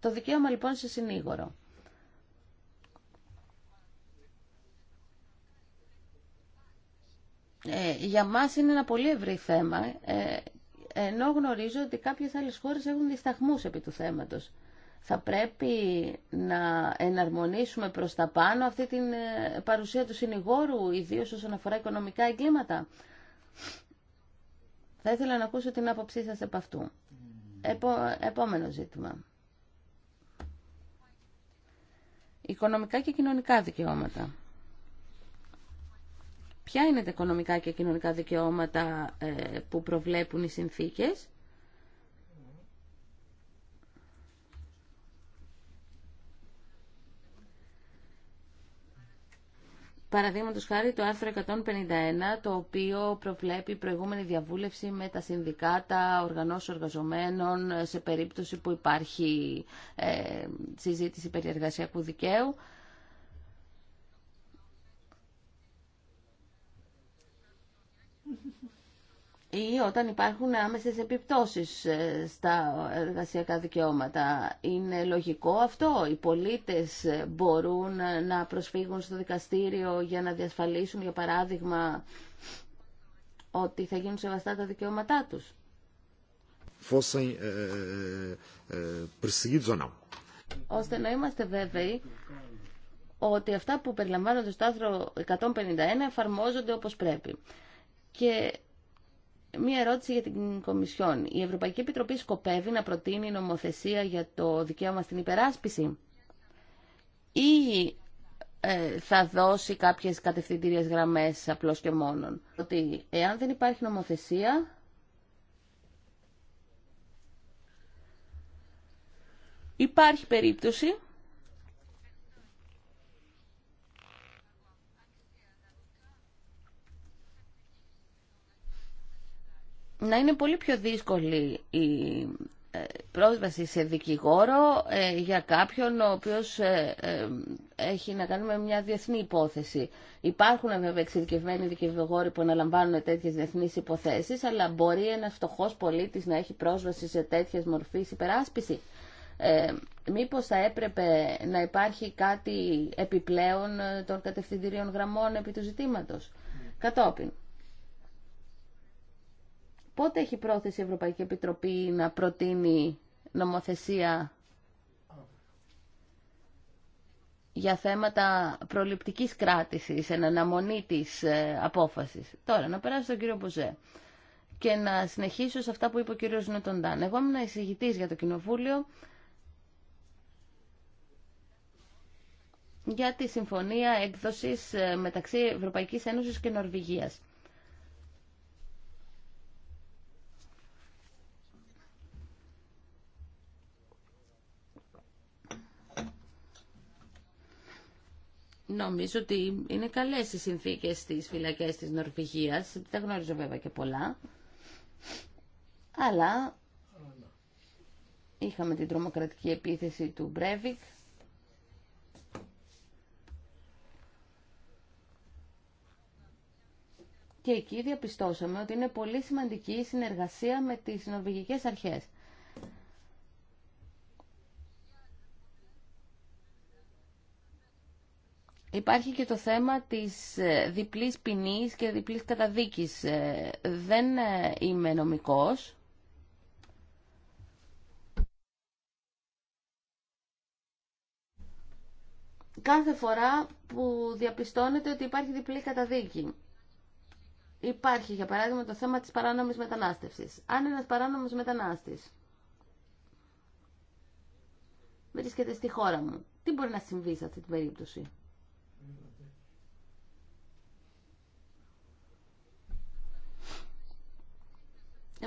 Το δικαίωμα λοιπόν σε συνήγορο. Ε, για μας είναι ένα πολύ ευρύ θέμα ε, ενώ γνωρίζω ότι κάποιες άλλες χώρες έχουν δισταχμούς επί του θέματος. Θα πρέπει να εναρμονίσουμε προς τα πάνω αυτή την ε, παρουσία του συνηγόρου, ιδίως όσον αφορά οικονομικά εγκλήματα. Θα ήθελα να ακούσω την άποψή σας επ' αυτού. Επόμενο ζήτημα. Οικονομικά και κοινωνικά δικαιώματα ποια είναι τα οικονομικά και κοινωνικά δικαιώματα ε, που προβλέπουν οι συνθήκες Παραδείγματος χάρη το άρθρο 151, το οποίο προβλέπει προηγούμενη διαβούλευση με τα συνδικάτα, οργανώσεις εργαζομένων, σε περίπτωση που υπάρχει ε, συζήτηση περί εργασιακού δικαίου. ή όταν υπάρχουν άμεσες επιπτώσεις ε, στα εργασιακά δικαιώματα. Είναι λογικό αυτό. Οι πολίτες ε, μπορούν ε, να προσφύγουν στο δικαστήριο για να διασφαλίσουν, για παράδειγμα, ότι θα γίνουν σεβαστά τα δικαιώματά τους. Ώστε να είμαστε βέβαιοι ότι αυτά που περιλαμβάνονται στο άρθρο 151 εφαρμόζονται όπως πρέπει. Και Μία ερώτηση για την Κομισιόν. Η Ευρωπαϊκή Επιτροπή σκοπεύει να προτείνει νομοθεσία για το δικαίωμα στην υπεράσπιση ή ε, θα δώσει κάποιες κατευθυντήριες γραμμές απλώς και μόνον. Ότι εάν δεν υπάρχει νομοθεσία, υπάρχει περίπτωση να είναι πολύ πιο δύσκολη η ε, πρόσβαση σε δικηγόρο ε, για κάποιον ο οποίος ε, έχει να κάνει με μια διεθνή υπόθεση. Υπάρχουν βέβαια εξειδικευμένοι δικηγόροι που αναλαμβάνουν τέτοιες διεθνείς υποθέσεις, αλλά μπορεί ένας φτωχός πολίτης να έχει πρόσβαση σε τέτοιες μορφής υπεράσπιση. Ε, μήπως θα έπρεπε να υπάρχει κάτι επιπλέον των κατευθυντηρίων γραμμών επί του ζητήματος. Ναι. Κατόπιν. Πότε έχει πρόθεση η Ευρωπαϊκή Επιτροπή να προτείνει νομοθεσία για θέματα προληπτικής κράτησης, εν αναμονή της ε, απόφασης. Τώρα, να περάσω στον κύριο Μποζέ και να συνεχίσω σε αυτά που είπε ο κύριος Νοτοντάν. Εγώ ήμουν εισηγητής για το Κοινοβούλιο για τη συμφωνία έκδοσης ε, μεταξύ Ευρωπαϊκής Ένωσης και Νορβηγίας. Νομίζω ότι είναι καλές οι συνθήκες στι φυλακές της Νορβηγία, Δεν γνωρίζω βέβαια και πολλά. Αλλά είχαμε την τρομοκρατική επίθεση του Μπρέβικ. Και εκεί διαπιστώσαμε ότι είναι πολύ σημαντική η συνεργασία με τις νορβηγικές αρχές. Υπάρχει και το θέμα της ε, διπλής ποινή και διπλής καταδίκης. Ε, δεν ε, είμαι νομικός. Κάθε φορά που διαπιστώνεται ότι υπάρχει διπλή καταδίκη. Υπάρχει, για παράδειγμα, το θέμα της παράνομης μετανάστευσης. Αν ένας παράνομος μετανάστης βρίσκεται στη χώρα μου, τι μπορεί να συμβεί σε αυτή την περίπτωση.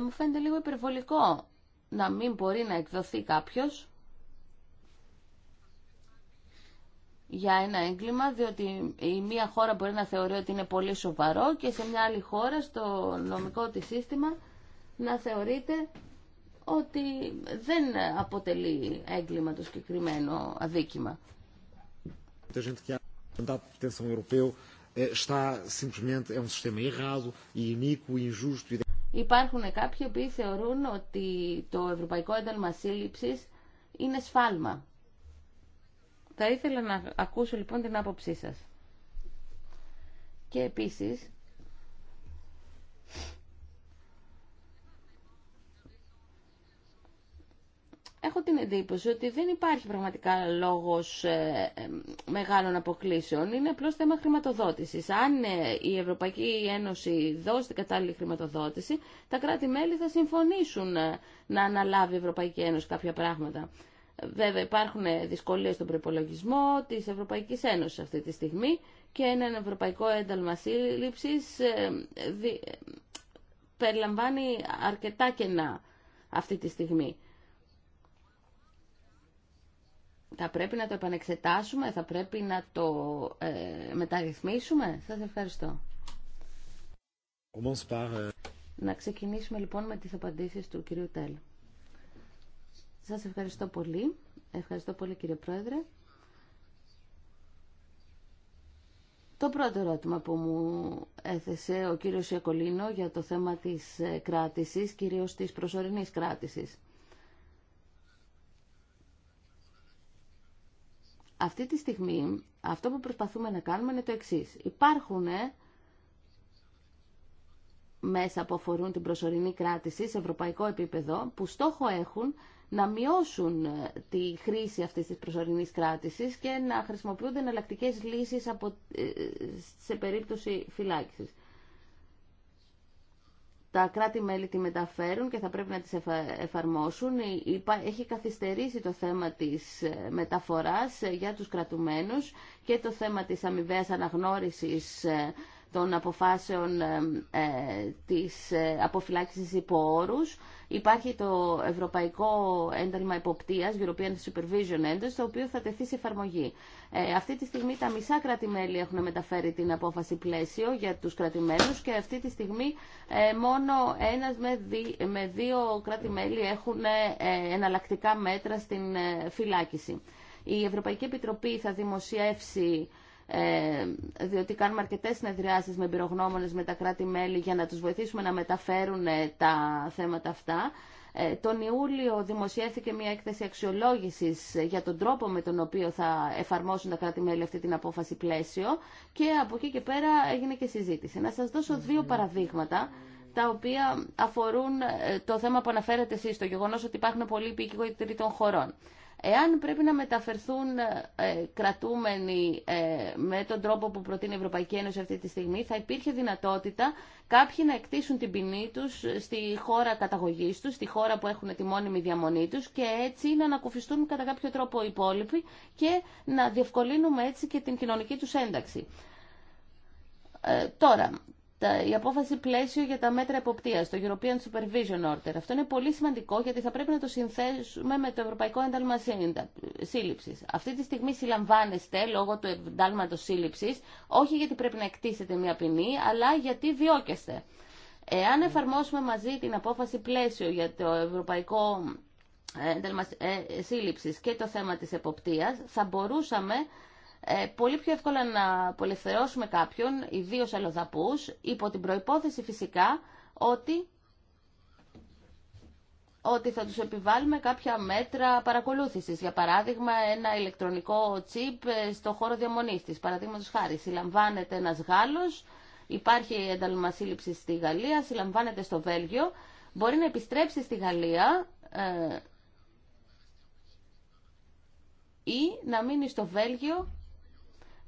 μου φαίνεται λίγο υπερβολικό να μην μπορεί να εκδοθεί κάποιος για ένα έγκλημα, διότι η μία χώρα μπορεί να θεωρεί ότι είναι πολύ σοβαρό και σε μια άλλη χώρα στο νομικό της σύστημα να θεωρείται ότι δεν αποτελεί έγκλημα το συγκεκριμένο αδίκημα. Υπάρχουν κάποιοι που θεωρούν ότι το Ευρωπαϊκό Ένταλμα Σύλληψης είναι σφάλμα. Θα ήθελα να ακούσω λοιπόν την άποψή σας. Και επίσης, έχω την εντύπωση ότι δεν υπάρχει πραγματικά λόγος ε, ε, μεγάλων αποκλήσεων. Είναι απλώς θέμα χρηματοδότησης. Αν ε, η Ευρωπαϊκή Ένωση δώσει την κατάλληλη χρηματοδότηση, τα κράτη-μέλη θα συμφωνήσουν να αναλάβει η Ευρωπαϊκή Ένωση κάποια πράγματα. Βέβαια υπάρχουν δυσκολίες στον προπολογισμό της Ευρωπαϊκής Ένωσης αυτή τη στιγμή και ένα ευρωπαϊκό ένταλμα σύλληψης περιλαμβάνει αρκετά κενά αυτή τη στιγμή. Θα πρέπει να το επανεξετάσουμε, θα πρέπει να το ε, μεταρρυθμίσουμε. Σας ευχαριστώ. Ε, να ξεκινήσουμε λοιπόν με τις απαντήσεις του κυρίου Τέλ. Σας ευχαριστώ πολύ. Ευχαριστώ πολύ κύριε Πρόεδρε. Το πρώτο ερώτημα που μου έθεσε ο κύριος Ιακολίνο για το θέμα της ε, κράτησης, κυρίως της προσωρινής κράτησης. Αυτή τη στιγμή αυτό που προσπαθούμε να κάνουμε είναι το εξής. Υπάρχουν ε, μέσα που αφορούν την προσωρινή κράτηση σε ευρωπαϊκό επίπεδο που στόχο έχουν να μειώσουν ε, τη χρήση αυτής της προσωρινής κράτησης και να χρησιμοποιούνται εναλλακτικέ λύσεις από, ε, σε περίπτωση φυλάκισης τα κράτη-μέλη τη μεταφέρουν και θα πρέπει να τις εφαρμόσουν. Έχει καθυστερήσει το θέμα της ε, μεταφοράς ε, για τους κρατουμένους και το θέμα της αμοιβαίας αναγνώρισης ε, των αποφάσεων της αποφυλάξης υπό όρους. Υπάρχει το Ευρωπαϊκό Ένταλμα Εποπτείας, European Supervision Έντος, το οποίο θα τεθεί σε εφαρμογή. Ε, αυτή τη στιγμή τα μισά έχουν μεταφέρει την απόφαση πλαίσιο για τους κρατημένου και αυτή τη στιγμή ε, μόνο ένας με, με δύο έχουν ε, εναλλακτικά μέτρα στην φυλάκιση. Η Ευρωπαϊκή Επιτροπή θα δημοσιεύσει ε, διότι κάνουμε αρκετέ συνεδριάσεις με εμπειρογνώμονε, με τα κράτη-μέλη για να τους βοηθήσουμε να μεταφέρουν ε, τα θέματα αυτά. Ε, τον Ιούλιο δημοσιεύθηκε μια έκθεση αξιολόγησης για τον τρόπο με τον οποίο θα εφαρμόσουν τα κράτη-μέλη αυτή την απόφαση πλαίσιο και από εκεί και πέρα έγινε και συζήτηση. Να σας δώσω δύο παραδείγματα τα οποία αφορούν το θέμα που αναφέρετε εσείς, το γεγονός ότι υπάρχουν πολλοί υπήκοοι των χωρών. Εάν πρέπει να μεταφερθούν ε, κρατούμενοι ε, με τον τρόπο που προτείνει η Ευρωπαϊκή Ένωση αυτή τη στιγμή, θα υπήρχε δυνατότητα κάποιοι να εκτίσουν την ποινή του στη χώρα καταγωγής τους, στη χώρα που έχουν τη μόνιμη διαμονή τους και έτσι να ανακουφιστούν κατά κάποιο τρόπο οι υπόλοιποι και να διευκολύνουμε έτσι και την κοινωνική του ένταξη. Ε, τώρα, η απόφαση πλαίσιο για τα μέτρα εποπτείας, το European Supervision Order. Αυτό είναι πολύ σημαντικό γιατί θα πρέπει να το συνθέσουμε με το Ευρωπαϊκό Ένταλμα Σύλληψης. Αυτή τη στιγμή συλλαμβάνεστε λόγω του εντάλματος σύλληψης, όχι γιατί πρέπει να εκτίσετε μια ποινή, αλλά γιατί διώκεστε. Εάν εφαρμόσουμε μαζί την απόφαση πλαίσιο για το Ευρωπαϊκό Ένταλμα ε, Σύλληψης και το θέμα της εποπτείας, θα μπορούσαμε ε, πολύ πιο εύκολα να απολευθερώσουμε κάποιον, ιδίω αλλοδαπού, υπό την προϋπόθεση φυσικά ότι, ότι θα τους επιβάλλουμε κάποια μέτρα παρακολούθησης. Για παράδειγμα, ένα ηλεκτρονικό τσίπ ε, στο χώρο διαμονής της. Παραδείγματος χάρη, συλλαμβάνεται ένας Γάλλος, υπάρχει ένταλμα σύλληψη στη Γαλλία, συλλαμβάνεται στο Βέλγιο, μπορεί να επιστρέψει στη Γαλλία ε, ή να μείνει στο Βέλγιο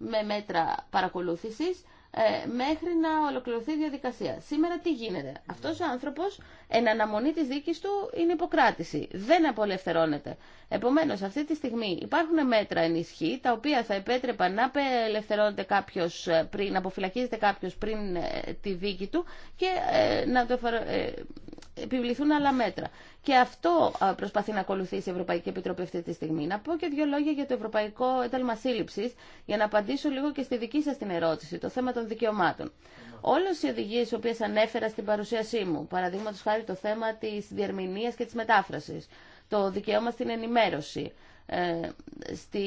με μέτρα παρακολούθησης ε, μέχρι να ολοκληρωθεί η διαδικασία. Σήμερα τι γίνεται. Αυτός ο άνθρωπος εν αναμονή της δίκης του είναι υποκράτηση. Δεν απολευθερώνεται. Επομένως αυτή τη στιγμή υπάρχουν μέτρα ενισχύ τα οποία θα επέτρεπαν να απελευθερώνεται κάποιος ε, πριν, να αποφυλακίζεται κάποιος πριν ε, τη δίκη του και να το επιβληθούν άλλα μέτρα. Και αυτό προσπαθεί να ακολουθήσει η Ευρωπαϊκή Επιτροπή αυτή τη στιγμή. Να πω και δύο λόγια για το Ευρωπαϊκό Ένταλμα Σύλληψη, για να απαντήσω λίγο και στη δική σα την ερώτηση, το θέμα των δικαιωμάτων. Όλε οι οδηγίε, οι οποίε ανέφερα στην παρουσίασή μου, παραδείγματο χάρη το θέμα τη διερμηνία και τη μετάφραση, το δικαίωμα στην ενημέρωση, ε, στη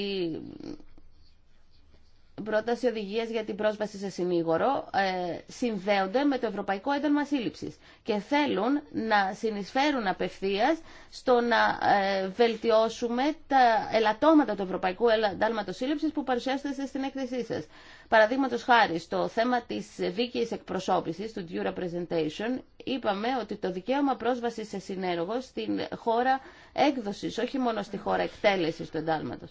πρόταση οδηγία για την πρόσβαση σε συνήγορο ε, συνδέονται με το Ευρωπαϊκό Ένταλμα Σύλληψη και θέλουν να συνεισφέρουν απευθεία στο να ε, βελτιώσουμε τα ελαττώματα του Ευρωπαϊκού Ένταλματο Σύλληψη που παρουσιάσετε στην έκθεσή σα. Παραδείγματο χάρη, στο θέμα τη δίκαιη εκπροσώπηση, του due representation, είπαμε ότι το δικαίωμα πρόσβαση σε συνέργο στην χώρα έκδοση, όχι μόνο στη χώρα εκτέλεση του εντάλματο.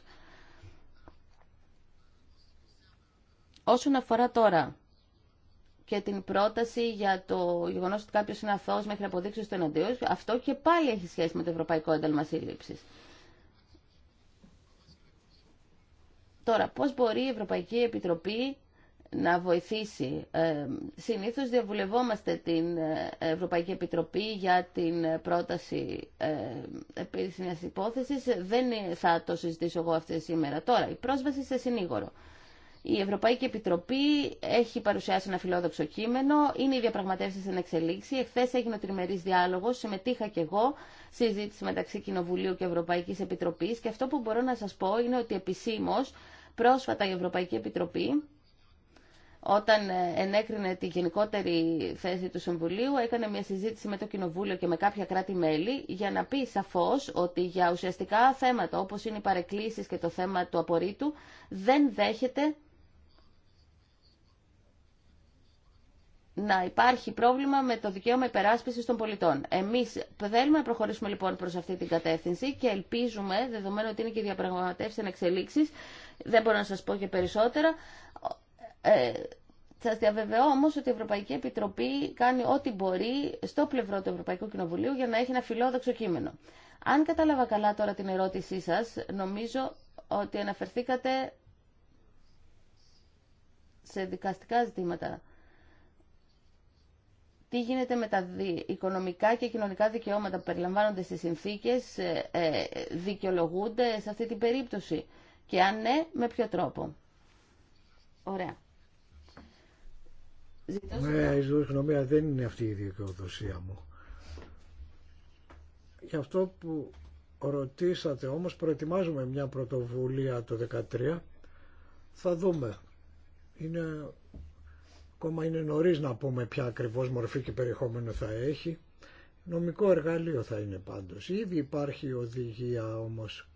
Όσον αφορά τώρα και την πρόταση για το γεγονό ότι κάποιο είναι αθώο μέχρι αποδείξει του εναντίον, αυτό και πάλι έχει σχέση με το Ευρωπαϊκό Ένταλμα Τώρα, πώς μπορεί η Ευρωπαϊκή Επιτροπή να βοηθήσει. Ε, συνήθως διαβουλευόμαστε την ε, Ευρωπαϊκή Επιτροπή για την πρόταση ε, επίσημης υπόθεση, Δεν θα το συζητήσω εγώ αυτή σήμερα. Τώρα, η πρόσβαση σε συνήγορο. Η Ευρωπαϊκή Επιτροπή έχει παρουσιάσει ένα φιλόδοξο κείμενο. Είναι οι διαπραγματεύσει εν εξελίξη. Εχθέ έγινε ο τριμερή διάλογο. Συμμετείχα κι εγώ συζήτηση μεταξύ Κοινοβουλίου και Ευρωπαϊκή Επιτροπή. Και αυτό που μπορώ να σα πω είναι ότι επισήμω πρόσφατα η Ευρωπαϊκή Επιτροπή όταν ενέκρινε τη γενικότερη θέση του Συμβουλίου, έκανε μια συζήτηση με το Κοινοβούλιο και με κάποια κράτη-μέλη για να πει σαφώ ότι για ουσιαστικά θέματα όπω είναι οι παρεκκλήσει και το θέμα του απορρίτου δεν δέχεται να υπάρχει πρόβλημα με το δικαίωμα υπεράσπιση των πολιτών. Εμεί θέλουμε να προχωρήσουμε λοιπόν προ αυτή την κατεύθυνση και ελπίζουμε, δεδομένου ότι είναι και διαπραγματεύσει εν εξελίξει, δεν μπορώ να σα πω και περισσότερα. Ε, σα διαβεβαιώ όμω ότι η Ευρωπαϊκή Επιτροπή κάνει ό,τι μπορεί στο πλευρό του Ευρωπαϊκού Κοινοβουλίου για να έχει ένα φιλόδοξο κείμενο. Αν κατάλαβα καλά τώρα την ερώτησή σα, νομίζω ότι αναφερθήκατε σε δικαστικά ζητήματα τι γίνεται με τα οικονομικά και κοινωνικά δικαιώματα που περιλαμβάνονται στις συνθήκες, ε, ε, δικαιολογούνται σε αυτή την περίπτωση και αν ναι, με ποιο τρόπο. Ωραία. ναι, η νομία δεν είναι αυτή η δικαιοδοσία μου. Γι' αυτό που ρωτήσατε όμως προετοιμάζουμε μια πρωτοβουλία το 2013. Θα δούμε. Είναι Ακόμα είναι νωρίς να πούμε ποια ακριβώς μορφή και περιεχόμενο θα έχει. Νομικό εργαλείο θα είναι πάντως. Ήδη υπάρχει οδηγία όμως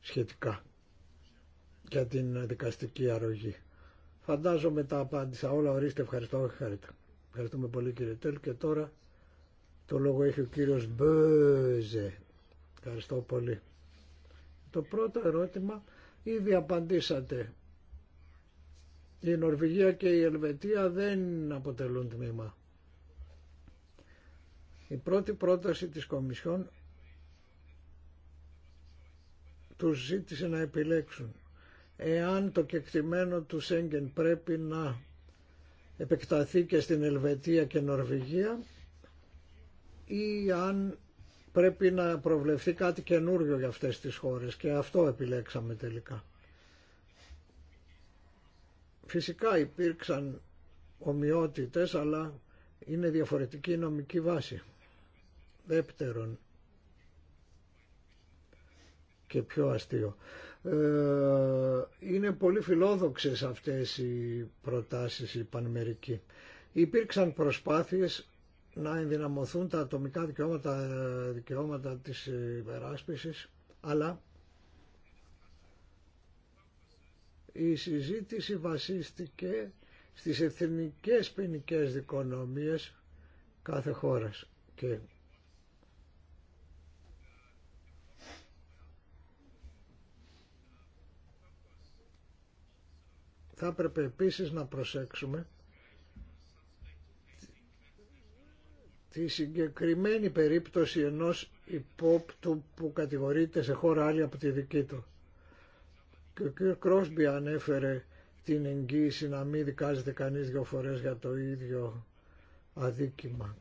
σχετικά για την δικαστική αρρωγή. Φαντάζομαι τα απάντησα όλα. Ορίστε, ευχαριστώ. Ευχαριστούμε πολύ κύριε Τέλ. Και τώρα το λόγο έχει ο κύριος Μπέζε. Ευχαριστώ πολύ. Το πρώτο ερώτημα ήδη απαντήσατε. Η Νορβηγία και η Ελβετία δεν αποτελούν τμήμα. Η πρώτη πρόταση της Κομισιόν τους ζήτησε να επιλέξουν εάν το κεκτημένο του Σέγγεν πρέπει να επεκταθεί και στην Ελβετία και Νορβηγία ή αν πρέπει να προβλεφθεί κάτι καινούριο για αυτές τις χώρες και αυτό επιλέξαμε τελικά. Φυσικά υπήρξαν ομοιότητες, αλλά είναι διαφορετική η νομική βάση. Δεύτερον, και πιο αστείο, ε, είναι πολύ φιλόδοξες αυτές οι προτάσεις οι πανμερικοί. Υπήρξαν προσπάθειες να ενδυναμωθούν τα ατομικά δικαιώματα, ε, δικαιώματα της ε, υπεράσπισης, αλλά η συζήτηση βασίστηκε στις εθνικές ποινικέ δικονομίες κάθε χώρας και θα έπρεπε επίσης να προσέξουμε τη συγκεκριμένη περίπτωση ενός υπόπτου που κατηγορείται σε χώρα άλλη από τη δική του. Και ο κ. Κρόσμπι ανέφερε την εγγύηση να μην δικάζεται κανείς δύο φορές για το ίδιο αδίκημα.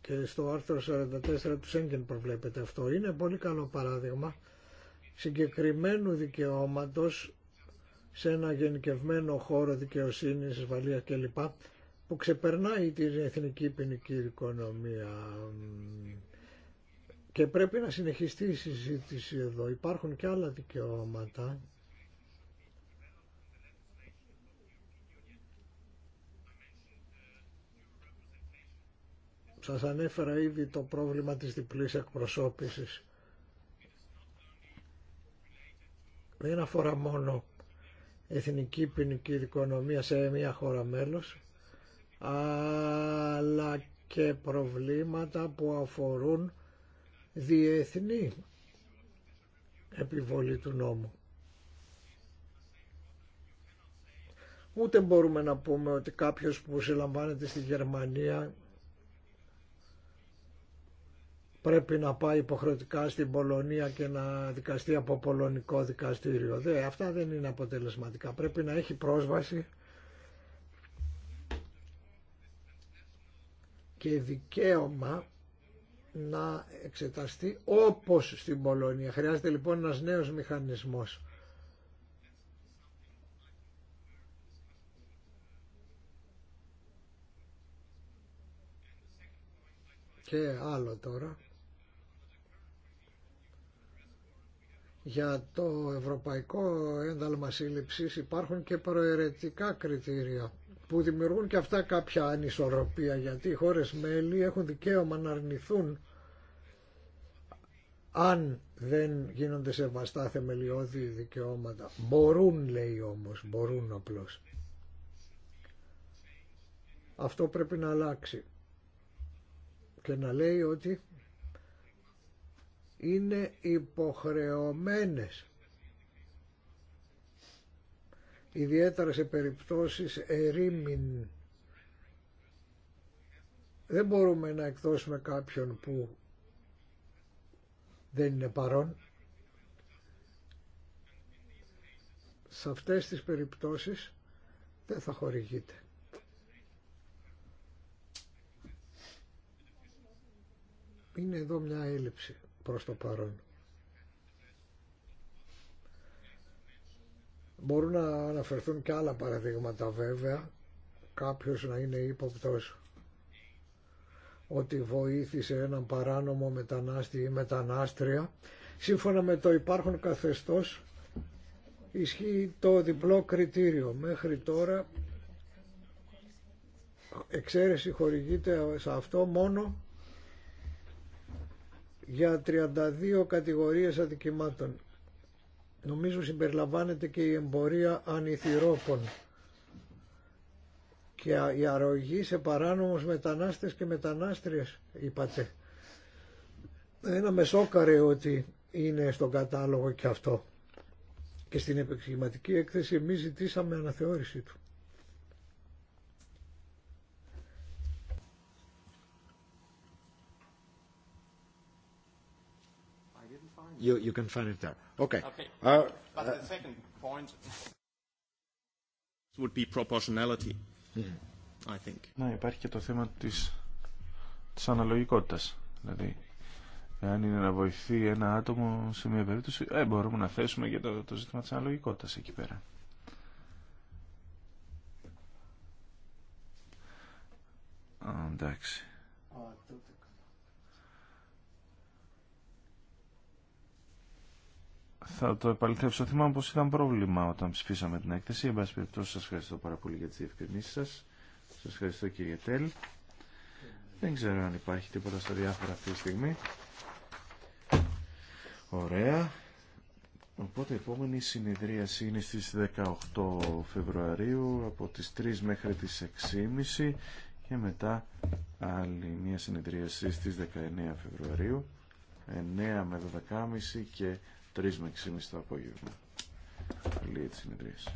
Και στο άρθρο 44 του Σέγγεν προβλέπεται αυτό. Είναι πολύ καλό παράδειγμα συγκεκριμένου δικαιώματος σε ένα γενικευμένο χώρο δικαιοσύνης, ασφαλεία κλπ που ξεπερνάει την εθνική ποινική οικονομία και πρέπει να συνεχιστεί η συζήτηση εδώ. Υπάρχουν και άλλα δικαιώματα. Σας ανέφερα ήδη το πρόβλημα της διπλής εκπροσώπησης. Δεν αφορά μόνο εθνική ποινική δικονομία σε μια χώρα μέλος, αλλά και προβλήματα που αφορούν διεθνή επιβολή του νόμου. Ούτε μπορούμε να πούμε ότι κάποιος που συλλαμβάνεται στη Γερμανία πρέπει να πάει υποχρεωτικά στην Πολωνία και να δικαστεί από πολωνικό δικαστήριο. αυτά δεν είναι αποτελεσματικά. Πρέπει να έχει πρόσβαση και δικαίωμα να εξεταστεί όπως στην Πολωνία. Χρειάζεται λοιπόν ένας νέος μηχανισμός. Και άλλο τώρα. Για το ευρωπαϊκό ένταλμα σύλληψης υπάρχουν και προαιρετικά κριτήρια που δημιουργούν και αυτά κάποια ανισορροπία γιατί οι χώρες μέλη έχουν δικαίωμα να αρνηθούν αν δεν γίνονται σεβαστά θεμελιώδη δικαιώματα. Μπορούν λέει όμως, μπορούν απλώς. Αυτό πρέπει να αλλάξει και να λέει ότι είναι υποχρεωμένες ιδιαίτερα σε περιπτώσεις ερήμην. Δεν μπορούμε να εκδώσουμε κάποιον που δεν είναι παρόν. Σε αυτές τις περιπτώσεις δεν θα χορηγείται. Είναι εδώ μια έλλειψη προς το παρόν. Μπορούν να αναφερθούν και άλλα παραδείγματα βέβαια, κάποιος να είναι ύποπτος ότι βοήθησε έναν παράνομο μετανάστη ή μετανάστρια. Σύμφωνα με το υπάρχον καθεστώς ισχύει το διπλό κριτήριο. Μέχρι τώρα εξαίρεση χορηγείται σε αυτό μόνο για 32 κατηγορίες αδικημάτων. Νομίζω συμπεριλαμβάνεται και η εμπορία ανηθυρόπων και η αρρωγή σε παράνομους μετανάστες και μετανάστριες, είπατε. Ένα με ότι είναι στον κατάλογο και αυτό. Και στην επεξηγηματική έκθεση εμείς ζητήσαμε αναθεώρησή του. you you can find it there. Okay. Uh, uh, But the second point would be proportionality, hmm. I think. Ναι, υπάρχει και το θέμα της της αναλογικότητας. Δηλαδή, αν είναι να βοηθεί ένα άτομο σε μια περίπτωση, ε, μπορούμε να θέσουμε και το, το ζήτημα της αναλογικότητας εκεί πέρα. εντάξει. θα το επαληθεύσω. Θυμάμαι πω ήταν πρόβλημα όταν ψηφίσαμε την έκθεση. Εν πάση περιπτώσει σας ευχαριστώ πάρα πολύ για τι διευκρινήσει σα. Σα ευχαριστώ κύριε Τέλ. Δεν ξέρω αν υπάρχει τίποτα στα διάφορα αυτή τη στιγμή. Ωραία. Οπότε η επόμενη συνεδρίαση είναι στις 18 Φεβρουαρίου από τις 3 μέχρι τις 6.30 και μετά άλλη μια συνεδρίαση στις 19 Φεβρουαρίου 9 με 12.30 και 3 με 6.30 το απόγευμα. Λίγη τη συνεδρίαση.